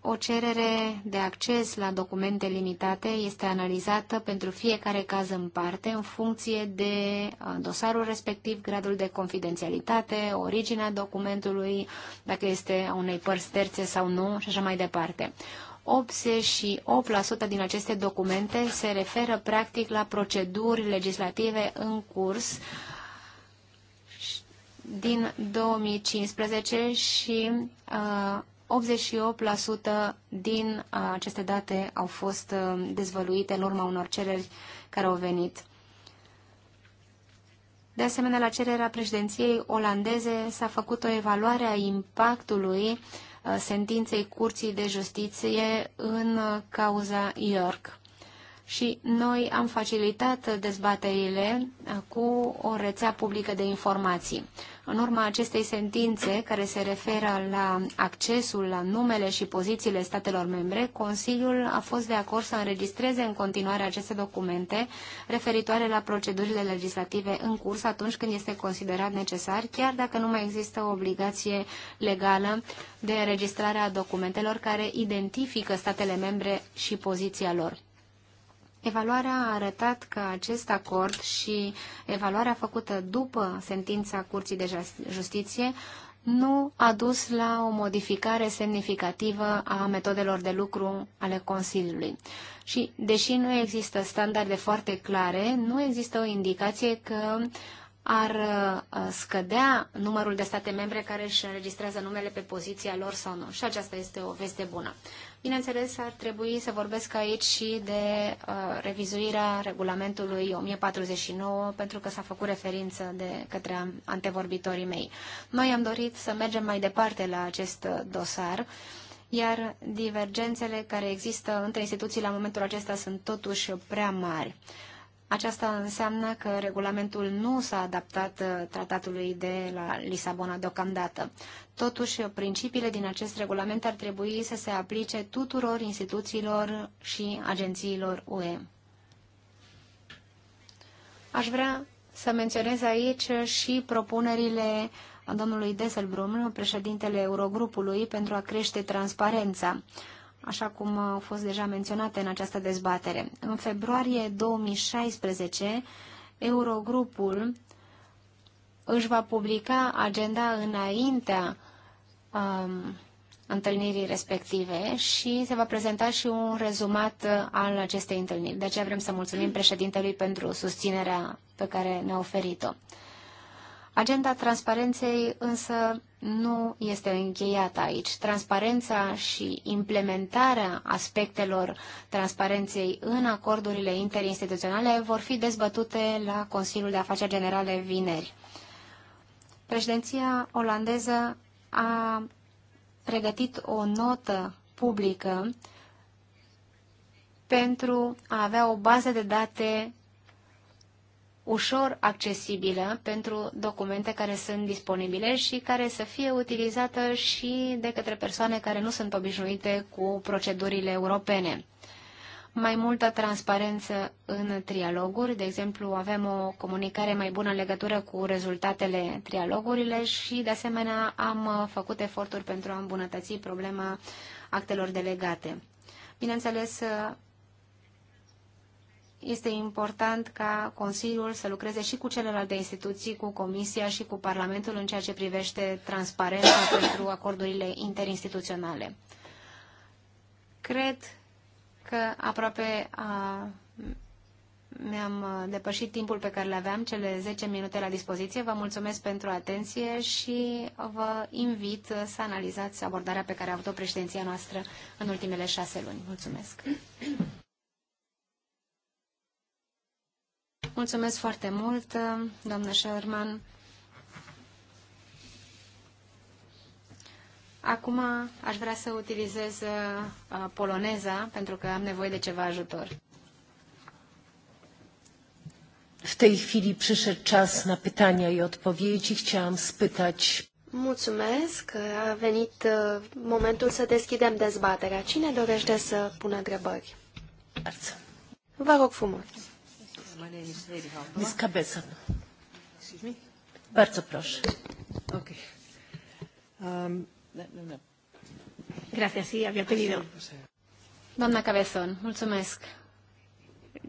O cerere de acces la documente limitate este analizată pentru fiecare caz în parte în funcție de uh, dosarul respectiv, gradul de confidențialitate, originea documentului, dacă este a unei părți terțe sau nu și așa mai departe. 88% din aceste documente se referă practic la proceduri legislative în curs din 2015 și uh, 88% din uh, aceste date au fost uh, dezvăluite în urma unor cereri care au venit. De asemenea, la cererea președinției olandeze s-a făcut o evaluare a impactului uh, Uh, sentinței Curții de Justiție în uh, cauza York. Și noi am facilitat dezbaterile uh, cu o rețea publică de informații. În urma acestei sentințe, care se referă la accesul la numele și pozițiile statelor membre, Consiliul a fost de acord să înregistreze în continuare aceste documente referitoare la procedurile legislative în curs atunci când este considerat necesar, chiar dacă nu mai există o obligație legală de înregistrare a documentelor care identifică statele membre și poziția lor. Evaluarea a arătat că acest acord și evaluarea făcută după sentința Curții de Justiție nu a dus la o modificare semnificativă a metodelor de lucru ale Consiliului. Și, deși nu există standarde foarte clare, nu există o indicație că ar uh, scădea numărul de state membre care își înregistrează numele pe poziția lor sau nu. Și aceasta este o veste bună. Bineînțeles, ar trebui să vorbesc aici și de uh, revizuirea regulamentului 1049, pentru că s-a făcut referință de către antevorbitorii mei. Noi am dorit să mergem mai departe la acest uh, dosar, iar divergențele care există între instituții la momentul acesta sunt totuși prea mari. Uh, aceasta înseamnă că regulamentul nu s-a adaptat uh, tratatului de la Lisabona deocamdată. Totuși, principiile din acest regulament ar trebui să se aplice tuturor instituțiilor și agențiilor UE. Aș vrea să menționez aici și propunerile domnului Deselbrum, președintele Eurogrupului, pentru a crește transparența așa cum au fost deja menționate în această dezbatere. În februarie 2016, Eurogrupul își va publica agenda înaintea um, întâlnirii respective și se va prezenta și un rezumat uh, al acestei întâlniri. De aceea vrem să mulțumim președintelui pentru susținerea pe care ne-a oferit-o. Agenda transparenței însă nu este încheiată aici. Transparența și implementarea aspectelor transparenței în acordurile interinstituționale vor fi dezbătute la Consiliul de Afaceri Generale vineri. Președinția olandeză a pregătit o notă publică pentru a avea o bază de date ușor accesibilă pentru documente care sunt disponibile și care să fie utilizată și de către persoane care nu sunt obișnuite cu procedurile europene. Mai multă transparență în trialoguri, de exemplu, avem o comunicare mai bună în legătură cu rezultatele trialogurile și, de asemenea, am făcut eforturi pentru a îmbunătăți problema actelor delegate. Bineînțeles, este important ca Consiliul să lucreze și cu celelalte instituții, cu Comisia și cu Parlamentul în ceea ce privește transparența pentru acordurile interinstituționale. Cred că aproape mi-am depășit timpul pe care le aveam, cele 10 minute la dispoziție. Vă mulțumesc pentru atenție și vă invit să analizați abordarea pe care a avut-o președinția noastră în ultimele șase luni. Mulțumesc! Mulțumesc foarte mult, doamnă Sherman. Acum aș vrea să utilizez uh, poloneza, pentru că am nevoie de ceva ajutor. W tej chwili przyszedł czas na pytania i odpowiedzi. Chciałam spytać. Mulțumesc. A venit uh, momentul să deschidem dezbaterea. Cine dorește să pună întrebări? Vă rog frumos. Ms. Cabeza. Excuse me? Bardzo proszę. Ok. Um, no, no. Gracias, sí, había pedido. Doamna Cabezon, mulțumesc.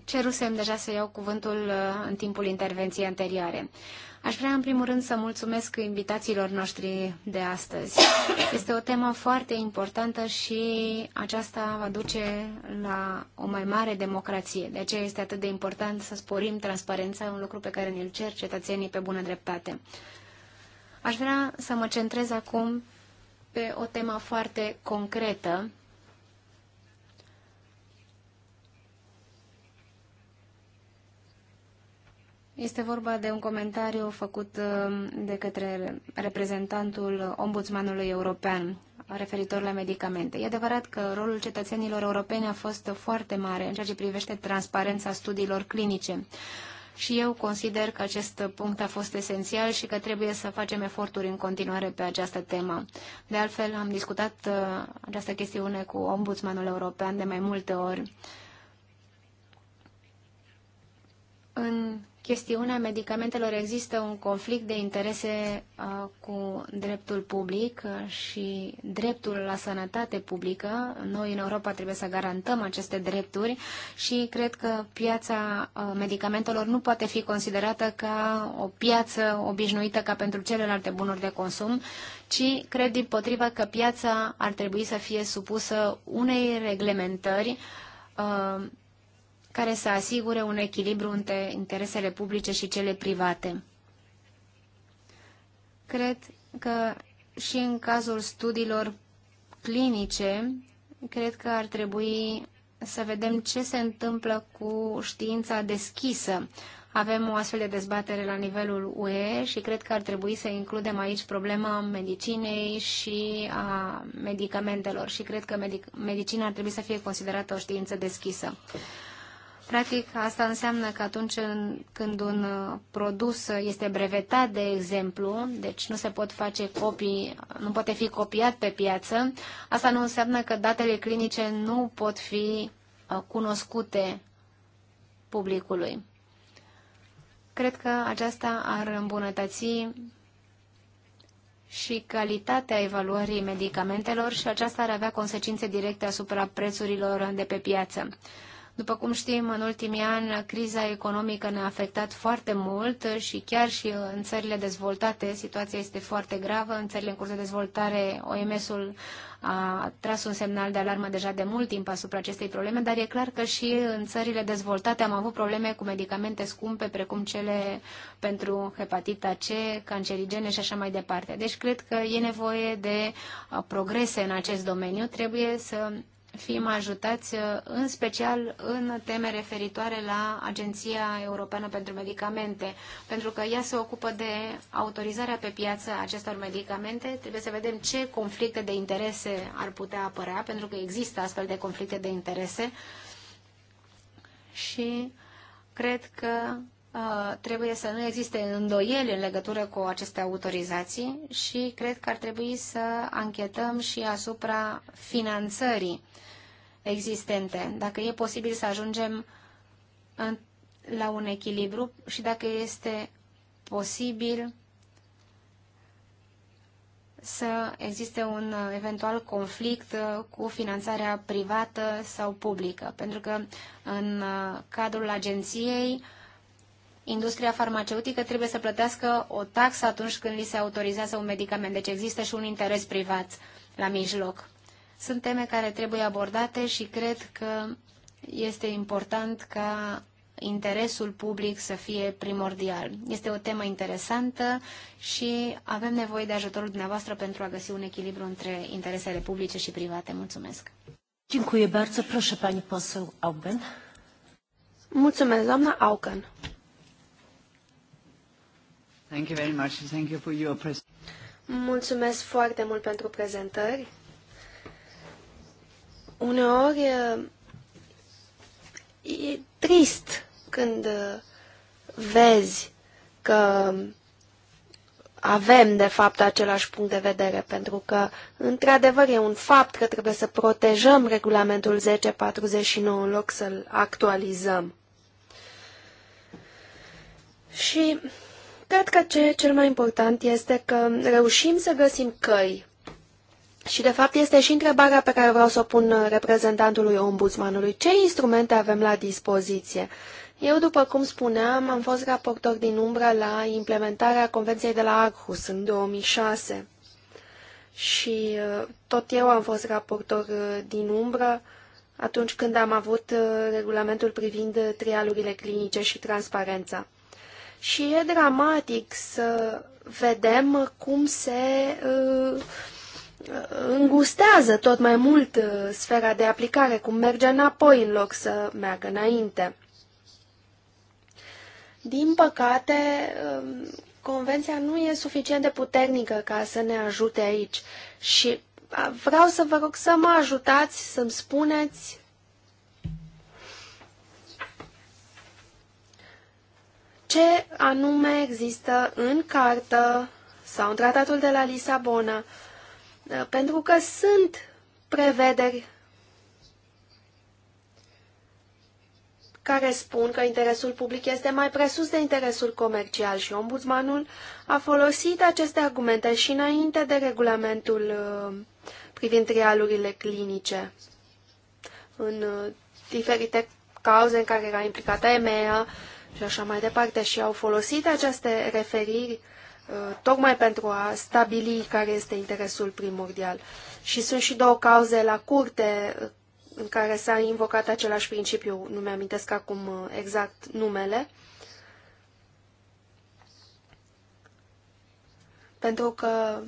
Cerusem deja să iau cuvântul uh, în timpul intervenției anterioare. Aș vrea în primul rând să mulțumesc invitațiilor noștri de astăzi. Este o temă foarte importantă și aceasta va duce la o mai mare democrație. De aceea este atât de important să sporim transparența, un lucru pe care ne-l cer cetățenii pe bună dreptate. Aș vrea să mă centrez acum pe o temă foarte concretă Este vorba de un comentariu făcut uh, de către reprezentantul Ombudsmanului European referitor la medicamente. E adevărat că rolul cetățenilor europeni a fost foarte mare în ceea ce privește transparența studiilor clinice. Și eu consider că acest punct a fost esențial și că trebuie să facem eforturi în continuare pe această temă. De altfel, am discutat uh, această chestiune cu Ombudsmanul European de mai multe ori. În chestiunea medicamentelor există un conflict de interese uh, cu dreptul public uh, și dreptul la sănătate publică. Noi în Europa trebuie să garantăm aceste drepturi și cred că piața uh, medicamentelor nu poate fi considerată ca o piață obișnuită ca pentru celelalte bunuri de consum, ci cred din potriva că piața ar trebui să fie supusă unei reglementări uh, care să asigure un echilibru între interesele publice și cele private. Cred că și în cazul studiilor clinice, cred că ar trebui să vedem ce se întâmplă cu știința deschisă. Avem o astfel de dezbatere la nivelul UE și cred că ar trebui să includem aici problema medicinei și a medicamentelor și cred că medic medicina ar trebui să fie considerată o știință deschisă. Practic, asta înseamnă că atunci când un uh, produs uh, este brevetat, de exemplu, deci nu se pot face copii, nu poate fi copiat pe piață, asta nu înseamnă că datele clinice nu pot fi uh, cunoscute publicului. Cred că aceasta ar îmbunătăți și calitatea evaluării medicamentelor și aceasta ar avea consecințe directe asupra prețurilor de pe piață. După cum știm, în ultimii ani, criza economică ne-a afectat foarte mult și chiar și în țările dezvoltate situația este foarte gravă. În țările în curs de dezvoltare, OMS-ul a tras un semnal de alarmă deja de mult timp asupra acestei probleme, dar e clar că și în țările dezvoltate am avut probleme cu medicamente scumpe, precum cele pentru hepatita C, cancerigene și așa mai departe. Deci cred că e nevoie de progrese în acest domeniu. Trebuie să fim ajutați, uh, în special în teme referitoare la Agenția Europeană pentru Medicamente, pentru că ea se ocupă de autorizarea pe piață a acestor medicamente. Trebuie să vedem ce conflicte de interese ar putea apărea, pentru că există astfel de conflicte de interese. Și cred că Uh, trebuie să nu existe îndoieli în legătură cu aceste autorizații și cred că ar trebui să anchetăm și asupra finanțării existente, dacă e posibil să ajungem în, la un echilibru și dacă este posibil să existe un eventual conflict uh, cu finanțarea privată sau publică, pentru că în uh, cadrul agenției industria farmaceutică trebuie să plătească o taxă atunci când li se autorizează un medicament. Deci există și un interes privat la mijloc. Sunt teme care trebuie abordate și cred că este important ca interesul public să fie primordial. Este o temă interesantă și avem nevoie de ajutorul dumneavoastră pentru a găsi un echilibru între interesele publice și private. Mulțumesc! Mulțumesc, doamna Auken. Thank you very much. Thank you for your Mulțumesc foarte mult pentru prezentări. Uneori e trist când vezi că avem, de fapt, același punct de vedere, pentru că, într-adevăr, e un fapt că trebuie să protejăm regulamentul 1049 în loc să-l actualizăm. Și Cred că ce cel mai important este că reușim să găsim căi și, de fapt, este și întrebarea pe care vreau să o pun reprezentantului ombudsmanului. Ce instrumente avem la dispoziție? Eu, după cum spuneam, am fost raportor din umbră la implementarea Convenției de la Aarhus în 2006 și uh, tot eu am fost raportor uh, din umbră atunci când am avut uh, regulamentul privind trialurile clinice și transparența și e dramatic să vedem cum se uh, îngustează tot mai mult uh, sfera de aplicare, cum merge înapoi în loc să meargă înainte. Din păcate, um, convenția nu e suficient de puternică ca să ne ajute aici și uh, vreau să vă rog să mă ajutați să-mi spuneți ce anume există în cartă sau în tratatul de la Lisabona, uh, pentru că sunt prevederi care spun că interesul public este mai presus de interesul comercial și ombudsmanul a folosit aceste argumente și înainte de regulamentul uh, privind trialurile clinice în uh, diferite cauze în care era implicată EMEA și așa mai departe și au folosit aceste referiri uh, tocmai pentru a stabili care este interesul primordial. Și sunt și două cauze la curte uh, în care s-a invocat același principiu, nu mi-amintesc acum uh, exact numele, pentru că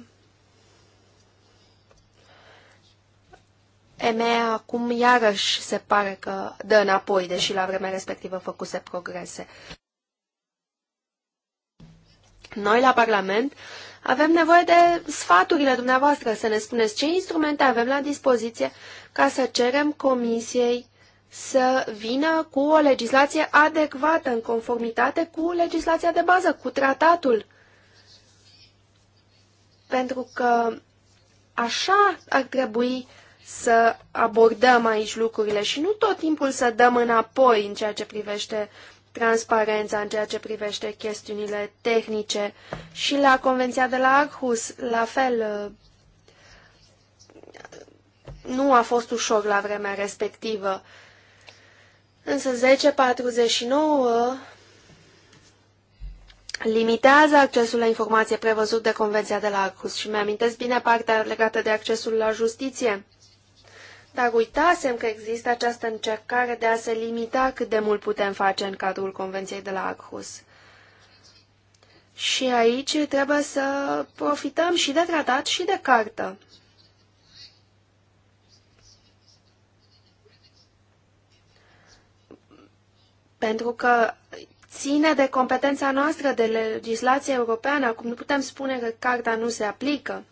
EMEA acum iarăși se pare că dă înapoi, deși la vremea respectivă făcuse progrese. Noi la Parlament avem nevoie de sfaturile dumneavoastră, să ne spuneți ce instrumente avem la dispoziție ca să cerem Comisiei să vină cu o legislație adecvată, în conformitate cu legislația de bază, cu tratatul. Pentru că așa ar trebui să abordăm aici lucrurile și nu tot timpul să dăm înapoi în ceea ce privește transparența, în ceea ce privește chestiunile tehnice. Și la Convenția de la Arhus, la fel, uh, nu a fost ușor la vremea respectivă. Însă 1049 limitează accesul la informație prevăzut de Convenția de la Arhus și mi-amintesc bine partea legată de accesul la justiție dar uitasem că există această încercare de a se limita cât de mult putem face în cadrul Convenției de la Aarhus. Și aici trebuie să profităm și de tratat și de cartă. Pentru că ține de competența noastră de legislație europeană. Acum nu putem spune că carta nu se aplică.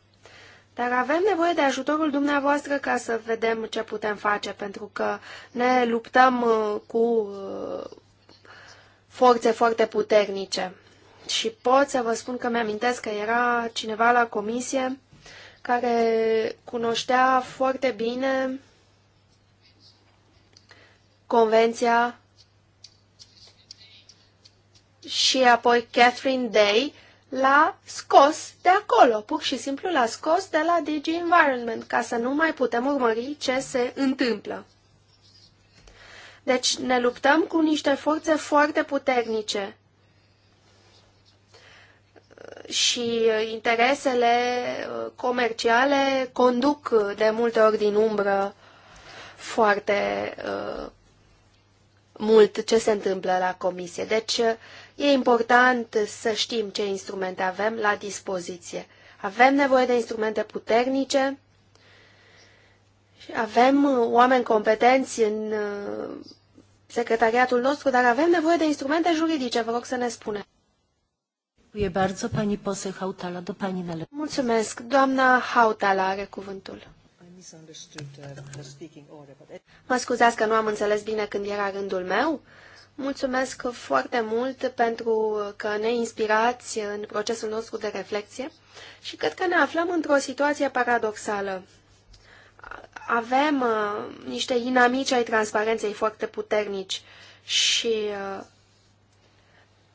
Dar avem nevoie de ajutorul dumneavoastră ca să vedem ce putem face, pentru că ne luptăm uh, cu uh, forțe foarte puternice. Și pot să vă spun că mi-amintesc că era cineva la comisie care cunoștea foarte bine convenția și apoi Catherine Day, l-a scos de acolo, pur și simplu l-a scos de la DG Environment, ca să nu mai putem urmări ce se întâmplă. Deci ne luptăm cu niște forțe foarte puternice și uh, interesele uh, comerciale conduc de multe ori din umbră foarte uh, mult ce se întâmplă la comisie. Deci uh, E important să știm ce instrumente avem la dispoziție. Avem nevoie de instrumente puternice, avem uh, oameni competenți în uh, secretariatul nostru, dar avem nevoie de instrumente juridice, vă rog să ne spune. Mulțumesc. Doamna Hautala are cuvântul. Mă scuzați că nu am înțeles bine când era rândul meu. Mulțumesc foarte mult pentru că ne inspirați în procesul nostru de reflexie și cred că ne aflăm într-o situație paradoxală. Avem uh, niște inamici ai transparenței foarte puternici și uh,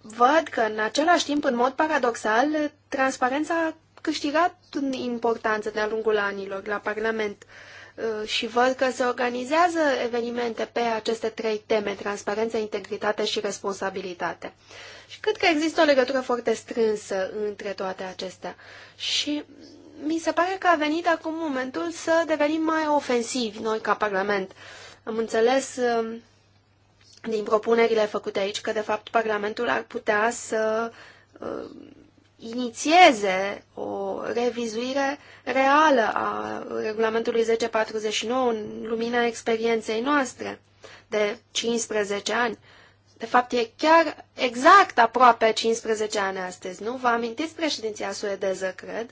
văd că în același timp, în mod paradoxal, transparența a câștigat în importanță de-a lungul anilor la Parlament. Uh, Uh, și văd că se organizează evenimente pe aceste trei teme, transparență, integritate și responsabilitate. Și cred că există o legătură foarte strânsă între toate acestea. Și mi se pare că a venit acum momentul să devenim mai ofensivi noi ca Parlament. Am înțeles um, din propunerile făcute aici că, de fapt, Parlamentul ar putea să uh, inițieze o revizuire reală a regulamentului 1049 în lumina experienței noastre de 15 ani. De fapt, e chiar exact aproape 15 ani astăzi, nu? Vă amintiți președinția suedeză, cred?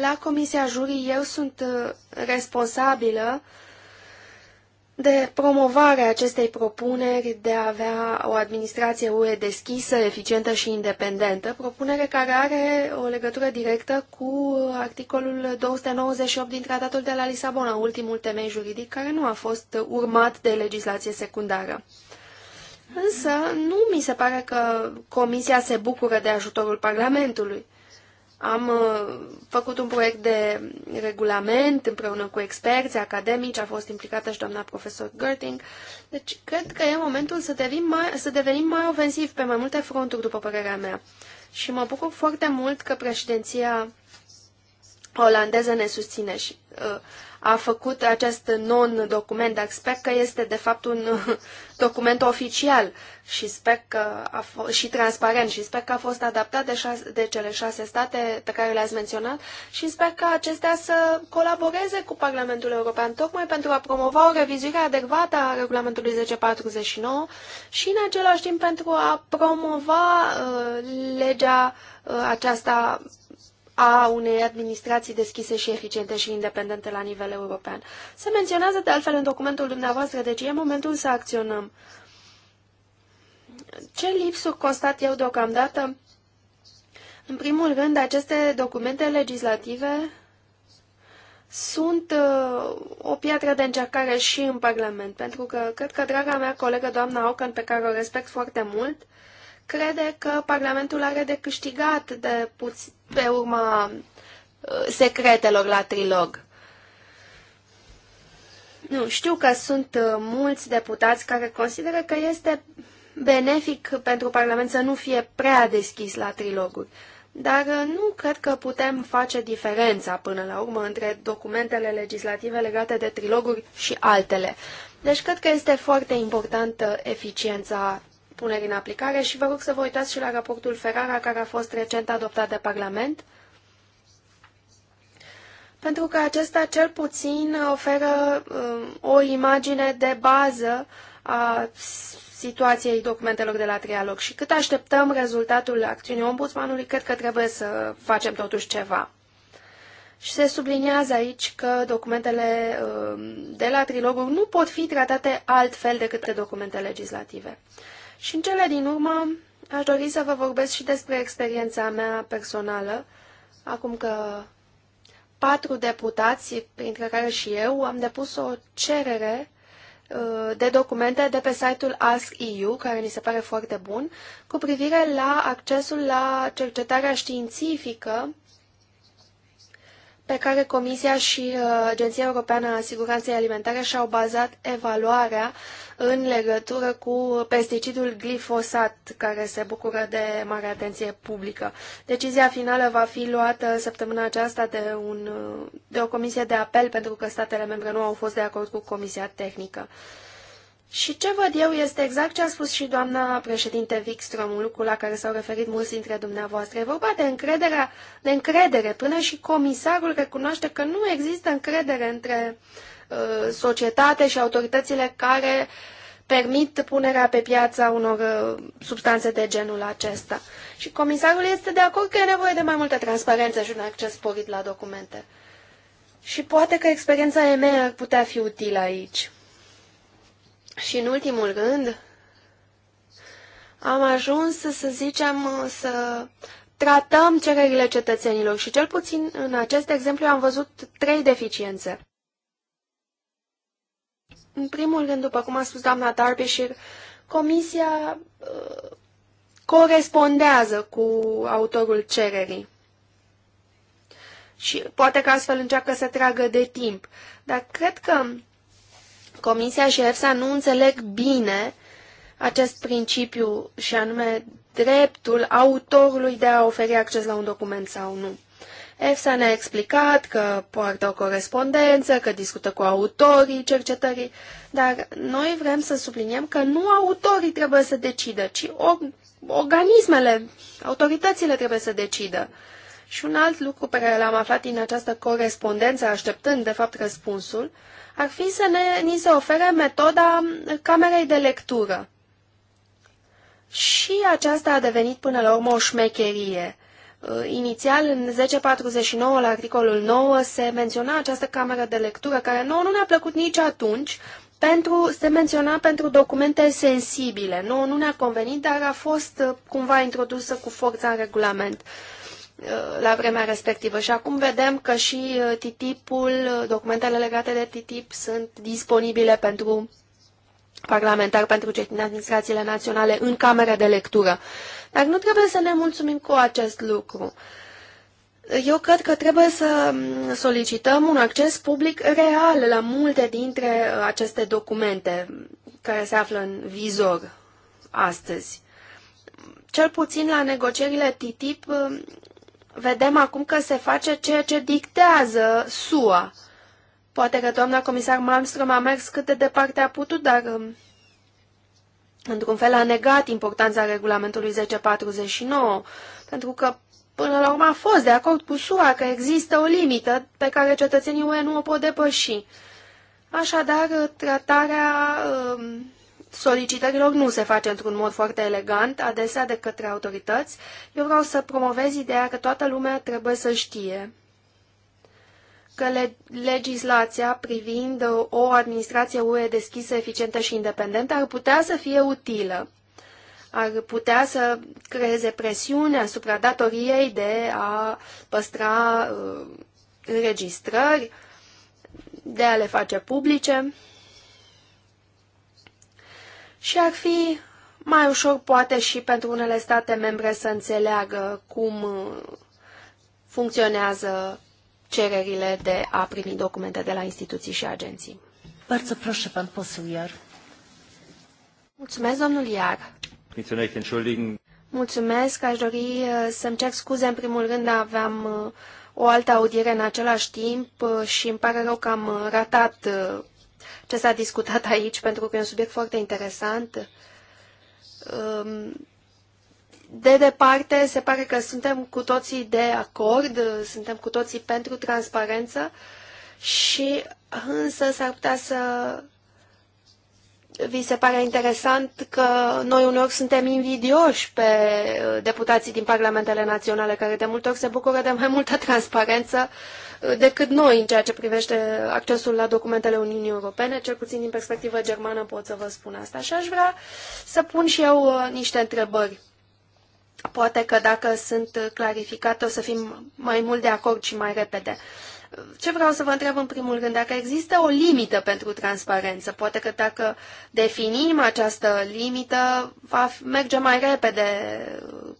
La Comisia Jurii eu sunt uh, responsabilă uh, de promovare a acestei propuneri de a avea o administrație UE deschisă, eficientă și independentă, propunere care are o legătură directă cu articolul 298 din Tratatul de la Lisabona, ultimul temei juridic care nu a fost urmat de legislație secundară. Însă nu mi se pare că Comisia se bucură de ajutorul Parlamentului. Am uh, făcut un proiect de regulament împreună cu experți academici, a fost implicată și doamna profesor Gerting. Deci, cred că e momentul să devenim mai, să devenim mai ofensivi pe mai multe fronturi, după părerea mea. Și mă bucur foarte mult că președinția olandeză ne susține și uh, a făcut acest non-document, dar sper că este de fapt un document oficial și sper că a f- și transparent și sper că a fost adaptat de, șase, de cele șase state pe care le-ați menționat și sper că acestea să colaboreze cu Parlamentul European tocmai pentru a promova o revizuire adecvată a regulamentului 1049 și în același timp pentru a promova uh, legea uh, aceasta a unei administrații deschise și eficiente și independente la nivel european. Se menționează de altfel în documentul dumneavoastră, deci e momentul să acționăm. Ce lipsuri constat eu deocamdată? În primul rând, aceste documente legislative sunt uh, o piatră de încercare și în Parlament, pentru că cred că draga mea colegă, doamna Ocan, pe care o respect foarte mult, crede că Parlamentul are de câștigat de, puț- pe urma uh, secretelor la trilog. Nu, știu că sunt uh, mulți deputați care consideră că este benefic pentru Parlament să nu fie prea deschis la triloguri. Dar uh, nu cred că putem face diferența până la urmă între documentele legislative legate de triloguri și altele. Deci cred că este foarte importantă eficiența puneri în aplicare și vă rog să vă uitați și la raportul Ferrara care a fost recent adoptat de Parlament, pentru că acesta cel puțin oferă um, o imagine de bază a situației documentelor de la trialog și cât așteptăm rezultatul acțiunii ombudsmanului, cred că trebuie să facem totuși ceva. Și se subliniază aici că documentele um, de la trilogul nu pot fi tratate altfel decât de documente legislative. Și în cele din urmă aș dori să vă vorbesc și despre experiența mea personală, acum că patru deputați, printre care și eu, am depus o cerere uh, de documente de pe site-ul Ask.eu, care mi se pare foarte bun, cu privire la accesul la cercetarea științifică pe care Comisia și uh, Agenția Europeană a Siguranței Alimentare și-au bazat evaluarea în legătură cu pesticidul glifosat, care se bucură de mare atenție publică. Decizia finală va fi luată săptămâna aceasta de, un, uh, de o comisie de apel, pentru că statele membre nu au fost de acord cu Comisia Tehnică. Și ce văd eu este exact ce a spus și doamna președinte Wikström, un lucru la care s-au referit mulți dintre dumneavoastră. E vorba de, încrederea, de încredere. Până și comisarul recunoaște că nu există încredere între uh, societate și autoritățile care permit punerea pe a unor uh, substanțe de genul acesta. Și comisarul este de acord că e nevoie de mai multă transparență și un acces sporit la documente. Și poate că experiența EMEA ar putea fi utilă aici. Și în ultimul rând, am ajuns, să zicem, să tratăm cererile cetățenilor și cel puțin în acest exemplu am văzut trei deficiențe. În primul rând, după cum a spus doamna Darbyshire, comisia uh, corespondează cu autorul cererii. Și poate că astfel încearcă să tragă de timp. Dar cred că Comisia și EFSA nu înțeleg bine acest principiu și anume dreptul autorului de a oferi acces la un document sau nu. EFSA ne-a explicat că poartă o corespondență, că discută cu autorii cercetării, dar noi vrem să subliniem că nu autorii trebuie să decidă, ci organismele, autoritățile trebuie să decidă. Și un alt lucru pe care l-am aflat din această corespondență, așteptând de fapt răspunsul, ar fi să ne, ni se ofere metoda camerei de lectură. Și aceasta a devenit până la urmă o șmecherie. Uh, inițial, în 1049, la articolul 9, se menționa această cameră de lectură, care nouă nu ne-a plăcut nici atunci, pentru, se menționa pentru documente sensibile. Nu, nu ne-a convenit, dar a fost uh, cumva introdusă cu forța în regulament. Uh, la vremea respectivă. Și acum vedem că și uh, TTIP-ul, documentele legate de TTIP sunt disponibile pentru parlamentar pentru cei din administrațiile naționale în camera de lectură. Dar nu trebuie să ne mulțumim cu acest lucru. Eu cred că trebuie să mm, solicităm un acces public real la multe dintre uh, aceste documente care se află în vizor astăzi. Cel puțin la negocierile TTIP mm, vedem acum că se face ceea ce dictează SUA. Poate că doamna comisar Malmström a mers cât de departe a putut, dar um, într-un fel a negat importanța regulamentului 1049, pentru că până la urmă a fost de acord cu SUA că există o limită pe care cetățenii UE nu o pot depăși. Așadar, tratarea um, solicitărilor nu se face într-un mod foarte elegant, adesea de către autorități. Eu vreau să promovez ideea că toată lumea trebuie să știe că le legislația privind o administrație UE deschisă, eficientă și independentă ar putea să fie utilă. Ar putea să creeze presiune asupra datoriei de a păstra uh, înregistrări, de a le face publice și ar fi mai ușor poate și pentru unele state membre să înțeleagă cum uh, funcționează cererile de a primi documente de la instituții și agenții. Iar. Mulțumesc, domnul Iar. Mulțumesc, aș dori uh, să-mi cer scuze. În primul rând aveam uh, o altă audiere în același timp și îmi pare rău că am ratat ce s-a discutat aici, pentru că e un subiect foarte interesant. Um, de departe, se pare că suntem cu toții de acord, suntem cu toții pentru transparență și însă s-ar putea să vi se pare interesant că noi uneori suntem invidioși pe uh, deputații din parlamentele naționale, care de multe ori se bucură de mai multă transparență uh, decât noi în ceea ce privește accesul la documentele Uniunii Europene, cel puțin din perspectivă germană pot să vă spun asta. Și aș vrea să pun și eu uh, niște întrebări. Poate că dacă sunt clarificate o să fim mai mult de acord și mai repede. Ce vreau să vă întreb în primul rând, dacă există o limită pentru transparență, poate că dacă definim această limită, va merge mai repede uh,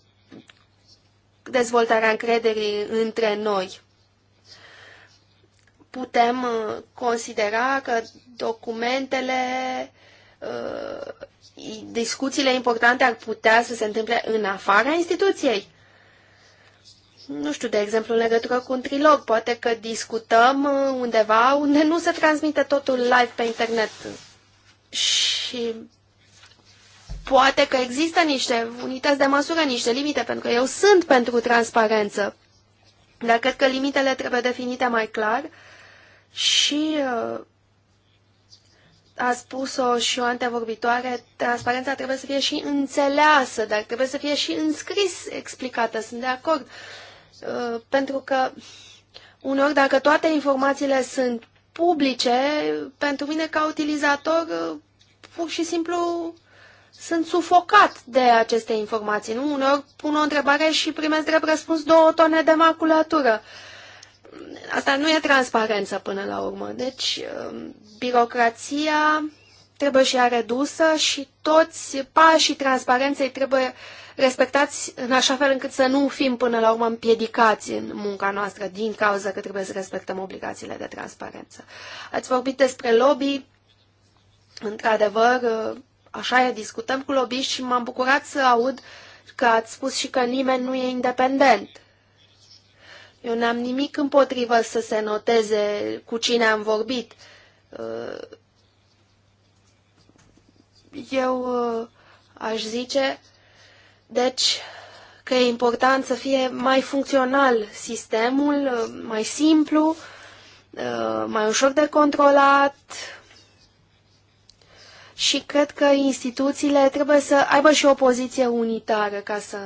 dezvoltarea încrederii între noi putem uh, considera că documentele, uh, discuțiile importante ar putea să se întâmple în afara instituției. Nu știu, de exemplu, în legătură cu un trilog, poate că discutăm uh, undeva unde nu se transmite totul live pe internet. Și poate că există niște unități de măsură, niște limite, pentru că eu sunt pentru transparență. Dar cred că limitele trebuie definite mai clar și uh, a spus-o și o antevorbitoare, transparența trebuie să fie și înțeleasă, dar trebuie să fie și înscris explicată, sunt de acord. Uh, pentru că uneori, dacă toate informațiile sunt publice, pentru mine ca utilizator, uh, pur și simplu sunt sufocat de aceste informații. Nu? Uneori pun o întrebare și primesc drept răspuns două tone de maculatură. Uh, asta nu e transparență până la urmă. Deci, um, birocrația trebuie și ea redusă și toți pașii transparenței trebuie respectați în așa fel încât să nu fim până la urmă împiedicați în munca noastră din cauza că trebuie să respectăm obligațiile de transparență. Ați vorbit despre lobby. Într-adevăr, uh, așa e, discutăm cu lobby și m-am bucurat să aud că ați spus și că nimeni nu e independent. Eu n-am nimic împotrivă să se noteze cu cine am vorbit. Eu uh, aș zice, deci, că e important să fie mai funcțional sistemul, uh, mai simplu, uh, mai ușor de controlat și cred că instituțiile trebuie să aibă și o poziție unitară ca să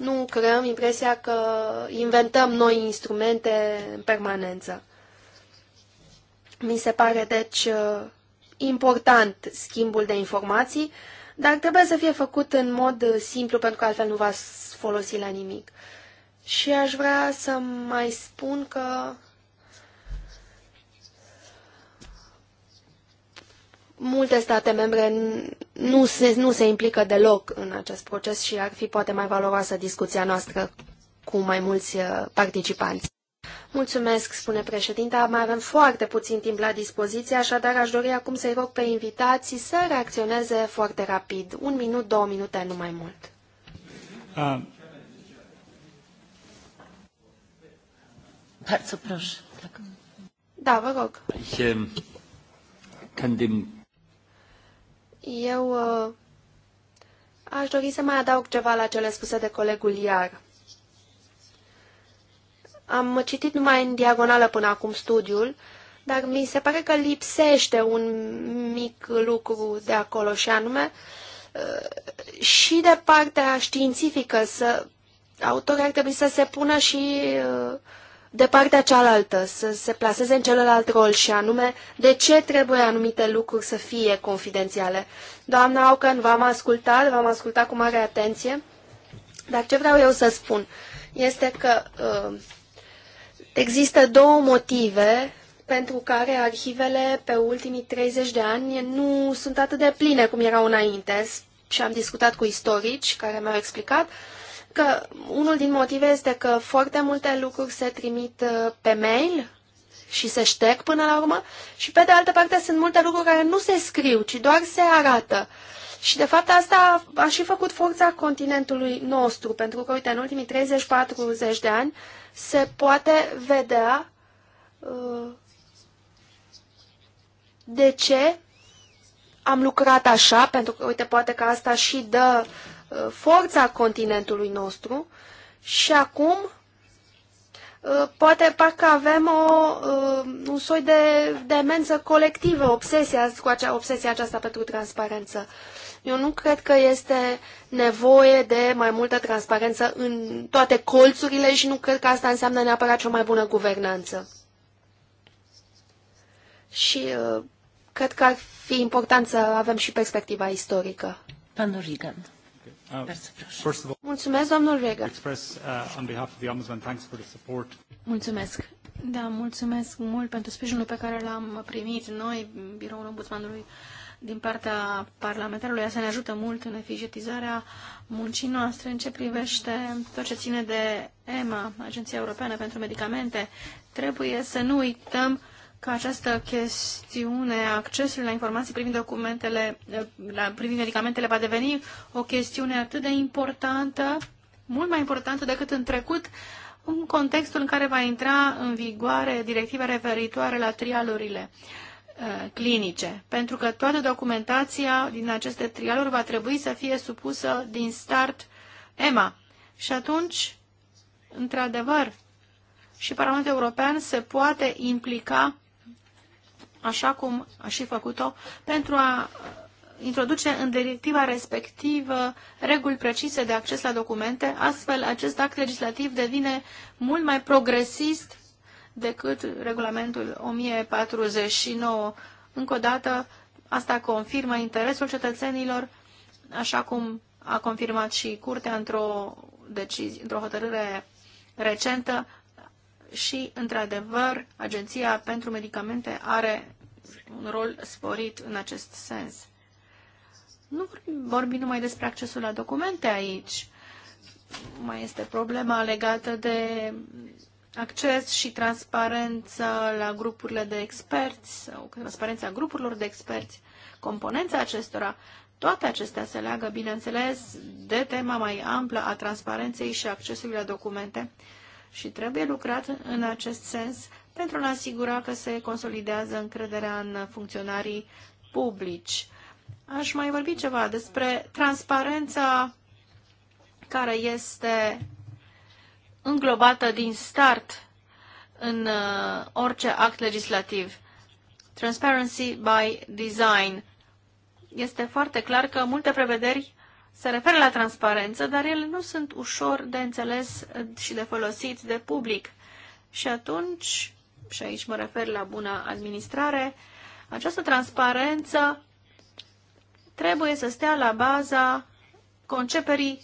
nu creăm impresia că inventăm noi instrumente în permanență. Mi se pare, deci, important schimbul de informații, dar trebuie să fie făcut în mod simplu, pentru că altfel nu v-ați folosi la nimic. Și aș vrea să mai spun că multe state membre nu se, nu se implică deloc în acest proces și ar fi poate mai valoroasă discuția noastră cu mai mulți uh, participanți. Mulțumesc, spune președinta, mai avem foarte puțin timp la dispoziție, așadar aș dori acum să-i rog pe invitații să reacționeze foarte rapid, un minut, două minute, nu mai mult. Uh, da, vă rog. Când eu uh, aș dori să mai adaug ceva la cele spuse de colegul Iar. Am citit numai în diagonală până acum studiul, dar mi se pare că lipsește un mic lucru de acolo și anume uh, și de partea științifică să autorii ar trebui să se pună și uh, de partea cealaltă, să se plaseze în celălalt rol și anume de ce trebuie anumite lucruri să fie confidențiale. Doamna Aucan, v-am ascultat, v-am ascultat cu mare atenție, dar ce vreau eu să spun este că uh, există două motive pentru care arhivele pe ultimii 30 de ani nu sunt atât de pline cum erau înainte și am discutat cu istorici care mi-au explicat că unul din motive este că foarte multe lucruri se trimit uh, pe mail și se șterg până la urmă și pe de altă parte sunt multe lucruri care nu se scriu, ci doar se arată. Și de fapt asta a și făcut forța continentului nostru, pentru că, uite, în ultimii 30-40 de ani se poate vedea uh, de ce am lucrat așa, pentru că, uite, poate că asta și dă uh, Uh, forța continentului nostru și acum uh, poate parcă avem o, uh, un soi de demență colectivă, obsesia, cu acea, obsesia aceasta pentru transparență. Eu nu cred că este nevoie de mai multă transparență în toate colțurile și nu cred că asta înseamnă neapărat cea mai bună guvernanță. Și cred că ar fi important să avem și perspectiva istorică. Panourigan. Uh, mulțumesc, domnul Reagan. Mulțumesc. Da, mulțumesc mult pentru sprijinul pe care l-am primit noi, biroul ombudsmanului din partea parlamentarului. Asta ne ajută mult în eficientizarea muncii noastre în ce privește tot ce ține de EMA, Agenția Europeană pentru Medicamente. Trebuie să nu uităm ca această chestiune a accesului la informații privind documentele, la, privind medicamentele, va deveni o chestiune atât de importantă, mult mai importantă decât în trecut, în contextul în care va intra în vigoare directiva referitoare la trialurile uh, clinice, pentru că toată documentația din aceste trialuri va trebui să fie supusă din start EMA. Și atunci, într-adevăr, și Parlamentul European se poate implica așa cum a și făcut-o, pentru a introduce în directiva respectivă reguli precise de acces la documente, astfel acest act legislativ devine mult mai progresist decât regulamentul 1049. Încă o dată, asta confirmă interesul cetățenilor, așa cum a confirmat și Curtea într-o într, decizie, într hotărâre recentă și, într-adevăr, Agenția pentru Medicamente are un rol sporit în acest sens. Nu vorbim numai despre accesul la documente aici. Mai este problema legată de acces și transparență la grupurile de experți sau transparența grupurilor de experți, componența acestora. Toate acestea se leagă, bineînțeles, de tema mai amplă a transparenței și accesului la documente și trebuie lucrat în acest sens pentru a asigura că se consolidează încrederea în funcționarii publici. Aș mai vorbi ceva despre transparența care este înglobată din start în uh, orice act legislativ. Transparency by design. Este foarte clar că multe prevederi se referă la transparență, dar ele nu sunt ușor de înțeles și de folosit de public. Și atunci, și aici mă refer la bună administrare, această transparență trebuie să stea la baza conceperii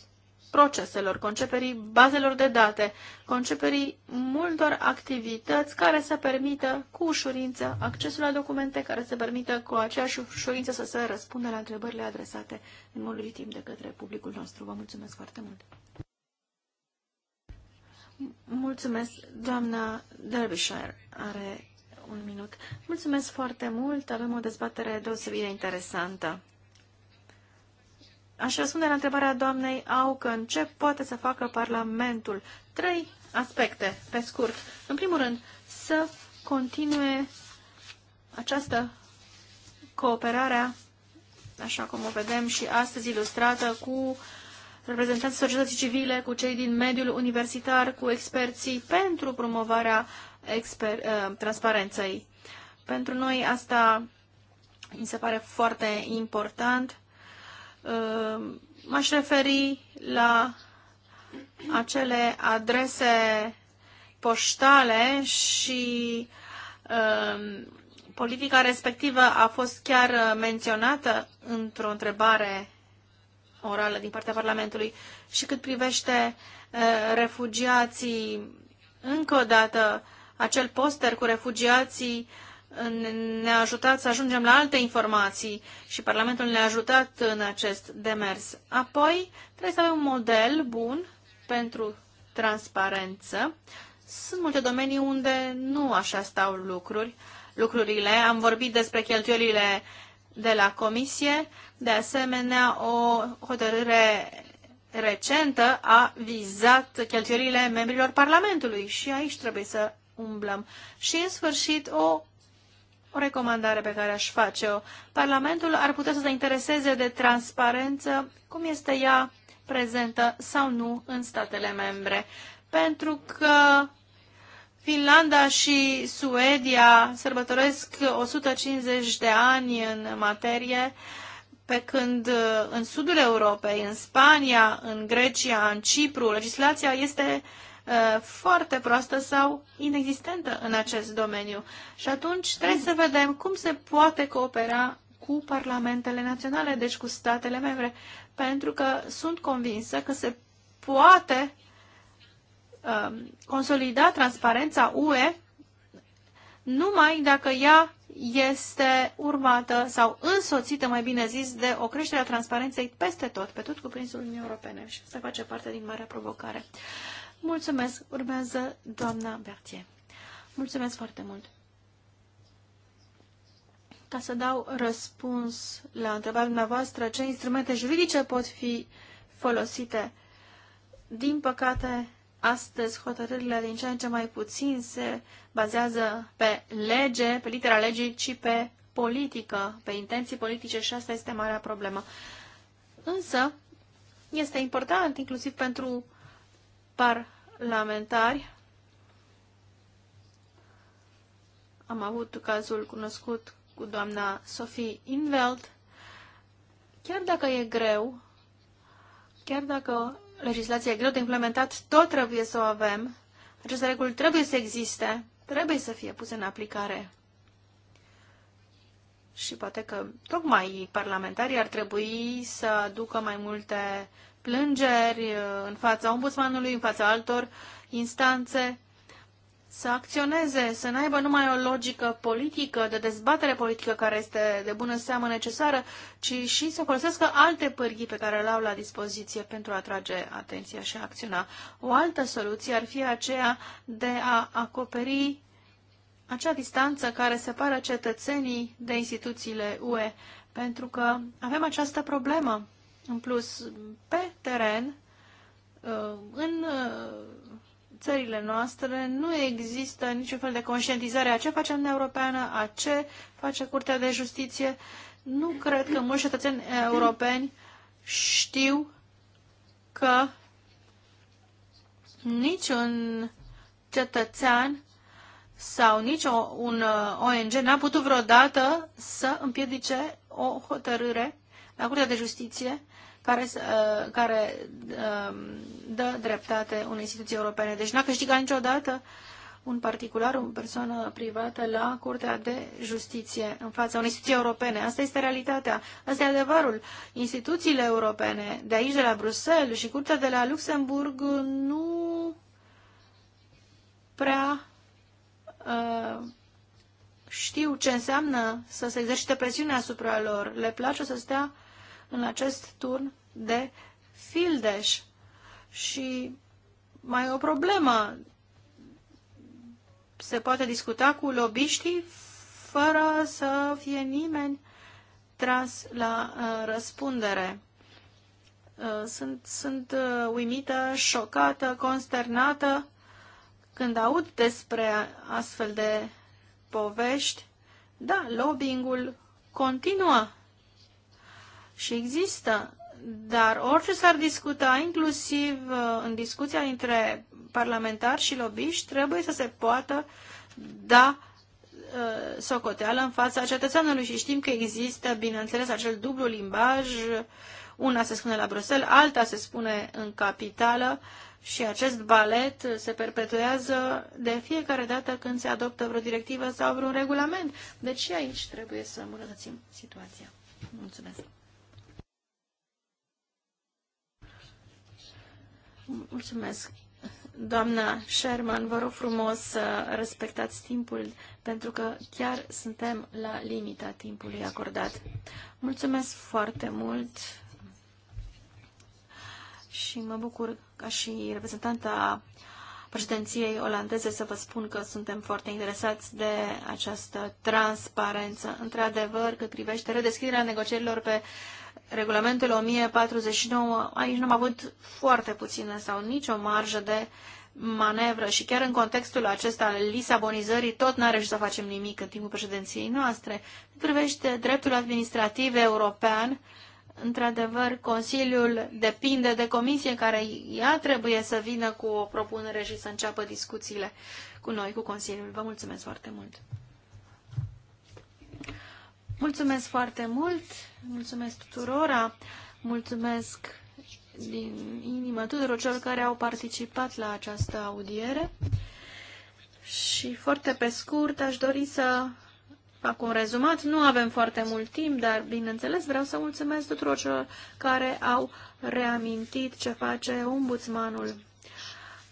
proceselor, conceperii bazelor de date, conceperii multor activități care să permită cu ușurință accesul la documente, care să permită cu aceeași ușurință să se răspundă la întrebările adresate în multul timp de către publicul nostru. Vă mulțumesc foarte mult! Mulțumesc, doamna Derbyshire are un minut. Mulțumesc foarte mult, avem o dezbatere deosebit de interesantă. Aș răspunde la întrebarea doamnei Aucăn. Ce poate să facă Parlamentul? Trei aspecte, pe scurt. În primul rând, să continue această cooperare, așa cum o vedem și astăzi ilustrată, cu reprezentanții societății civile, cu cei din mediul universitar, cu experții pentru promovarea exper- uh, transparenței. Pentru noi asta mi se pare foarte important Uh, m-aș referi la acele adrese poștale și uh, politica respectivă a fost chiar uh, menționată într-o întrebare orală din partea Parlamentului și cât privește refugiații, încă o dată, acel poster cu refugiații ne-a ajutat să ajungem la alte informații și Parlamentul ne-a ajutat în acest demers. Apoi, trebuie să avem un model bun pentru transparență. Sunt multe domenii unde nu așa stau lucruri, lucrurile. Am vorbit despre cheltuielile de la Comisie, de asemenea o hotărâre recentă a vizat cheltuielile membrilor Parlamentului și aici trebuie să umblăm. Și, în sfârșit, o o recomandare pe care aș face-o. Parlamentul ar putea să se intereseze de transparență, cum este ea prezentă sau nu în statele membre. Pentru că Finlanda și Suedia sărbătoresc 150 de ani în materie, pe când uh, în sudul Europei, în Spania, în Grecia, în Cipru, legislația este uh, Uh, foarte proastă sau inexistentă în acest domeniu. Și atunci trebuie să vedem cum se poate coopera cu parlamentele naționale, deci cu statele membre, pentru că sunt convinsă că se poate um, consolida transparența UE numai dacă ea este urmată sau însoțită, mai bine zis, de o creștere a transparenței peste tot, pe tot cuprinsul Uniunii Europene. Și asta face parte din marea provocare. Mulțumesc. Urmează doamna Bertie. Mulțumesc foarte mult. Ca să dau răspuns la întrebarea dumneavoastră, ce instrumente juridice pot fi folosite? Din păcate, astăzi hotărârile din ce în ce mai puțin se bazează pe lege, pe litera legii, ci pe politică, pe intenții politice și asta este marea problemă. Însă, este important, inclusiv pentru parlamentari. Am avut cazul cunoscut cu doamna Sophie Inveld. Chiar dacă e greu, chiar dacă legislația e greu de implementat, tot trebuie să o avem. Aceste reguli trebuie să existe, trebuie să fie puse în aplicare. Și poate că tocmai parlamentarii ar trebui să aducă mai multe plângeri uh, în fața ombudsmanului, în fața altor instanțe, să acționeze, să n-aibă numai o logică politică, de dezbatere politică care este de bună seamă necesară, ci și să folosească alte pârghii pe care le au la dispoziție pentru a atrage atenția și a acționa. O altă soluție ar fi aceea de a acoperi acea distanță care separă cetățenii de instituțiile UE, pentru că avem această problemă în plus, pe teren, uh, în uh, țările noastre, nu există niciun fel de conștientizare a ce face Uniunea Europeană, a ce face Curtea de Justiție. Nu cred că mulți cetățeni europeni știu că niciun cetățean sau nici o, un uh, ONG n-a putut vreodată să împiedice o hotărâre la Curtea de Justiție care, uh, care um, dă dreptate unei instituții europene. Deci n-a câștigat niciodată un particular, o persoană privată la Curtea de Justiție în fața unei instituții europene. Asta este realitatea, asta e adevărul. Instituțiile europene de aici, de la Bruxelles și Curtea de la Luxemburg nu prea uh, știu ce înseamnă să se exercite presiunea asupra lor. Le place să stea uh, în acest turn de fildeș. Și mai e o problemă. Se poate discuta cu lobiștii fără să fie nimeni tras la uh, răspundere. Uh, sunt, sunt uh, uimită, șocată, consternată când aud despre astfel de povești. Da, lobbyingul continuă și există, dar orice s-ar discuta, inclusiv uh, în discuția între parlamentari și lobiști, trebuie să se poată da uh, socoteală în fața cetățeanului și știm că există, bineînțeles, acel dublu limbaj, una se spune la Bruxelles, alta se spune în capitală și acest balet se perpetuează de fiecare dată când se adoptă vreo directivă sau vreun regulament. Deci și aici trebuie să îmbunătățim situația. Mulțumesc! Mulțumesc. Doamna Sherman, vă rog frumos să respectați timpul, pentru că chiar suntem la limita timpului acordat. Mulțumesc foarte mult și mă bucur ca și reprezentanta președinției olandeze să vă spun că suntem foarte interesați de această transparență. Într-adevăr, cât privește redeschiderea negocierilor pe uh, regulamentul 1049, aici nu am avut foarte puțină sau nicio marjă de manevră și chiar în contextul acesta al lisabonizării tot n-a reușit să facem nimic în timpul președinției noastre. Cât privește dreptul administrativ european, într-adevăr, Consiliul depinde de comisie în care ea trebuie să vină cu o propunere și să înceapă discuțiile cu noi, cu Consiliul. Vă mulțumesc foarte mult! Mulțumesc foarte mult, mulțumesc tuturora, mulțumesc din inimă tuturor celor care au participat la această audiere și foarte pe scurt aș dori să fac un rezumat. Nu avem foarte mult timp, dar bineînțeles vreau să mulțumesc tuturor celor care au reamintit ce face ombudsmanul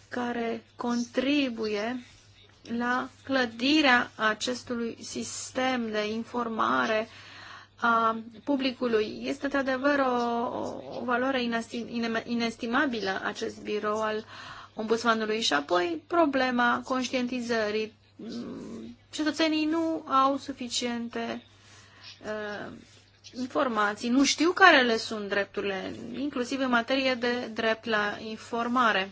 care contribuie la clădirea acestui sistem de informare a publicului. Este într-adevăr o, o valoare inestimabilă acest birou al ombudsmanului și apoi problema conștientizării. Cetățenii nu au suficiente uh, informații, nu știu care le sunt drepturile, inclusiv în materie de drept la informare.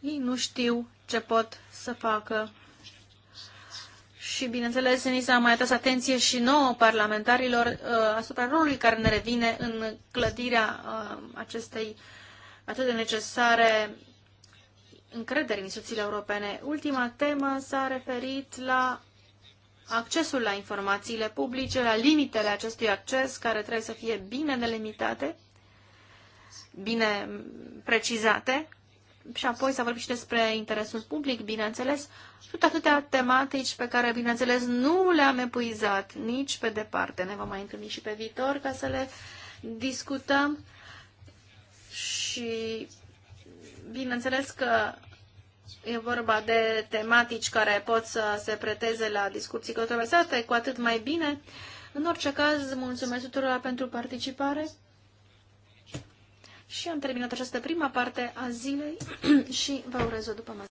Ei nu știu ce pot să facă. Și, bineînțeles, ni s-a mai atras atenție și nouă parlamentarilor uh, asupra rolului care ne revine în clădirea uh, acestei atât de necesare încredere în instituțiile europene. Ultima temă s-a referit la accesul la informațiile publice, la limitele acestui acces care trebuie să fie bine delimitate, bine precizate și apoi să vorbim și despre interesul public, bineînțeles, sunt atâtea tematici pe care, bineînțeles, nu le-am epuizat nici pe departe. Ne vom mai întâlni și pe viitor ca să le discutăm și, bineînțeles că e vorba de tematici care pot să se preteze la discuții controversate, cu atât mai bine. În orice caz, mulțumesc tuturor pentru participare și am terminat această prima parte a zilei și vă urez o după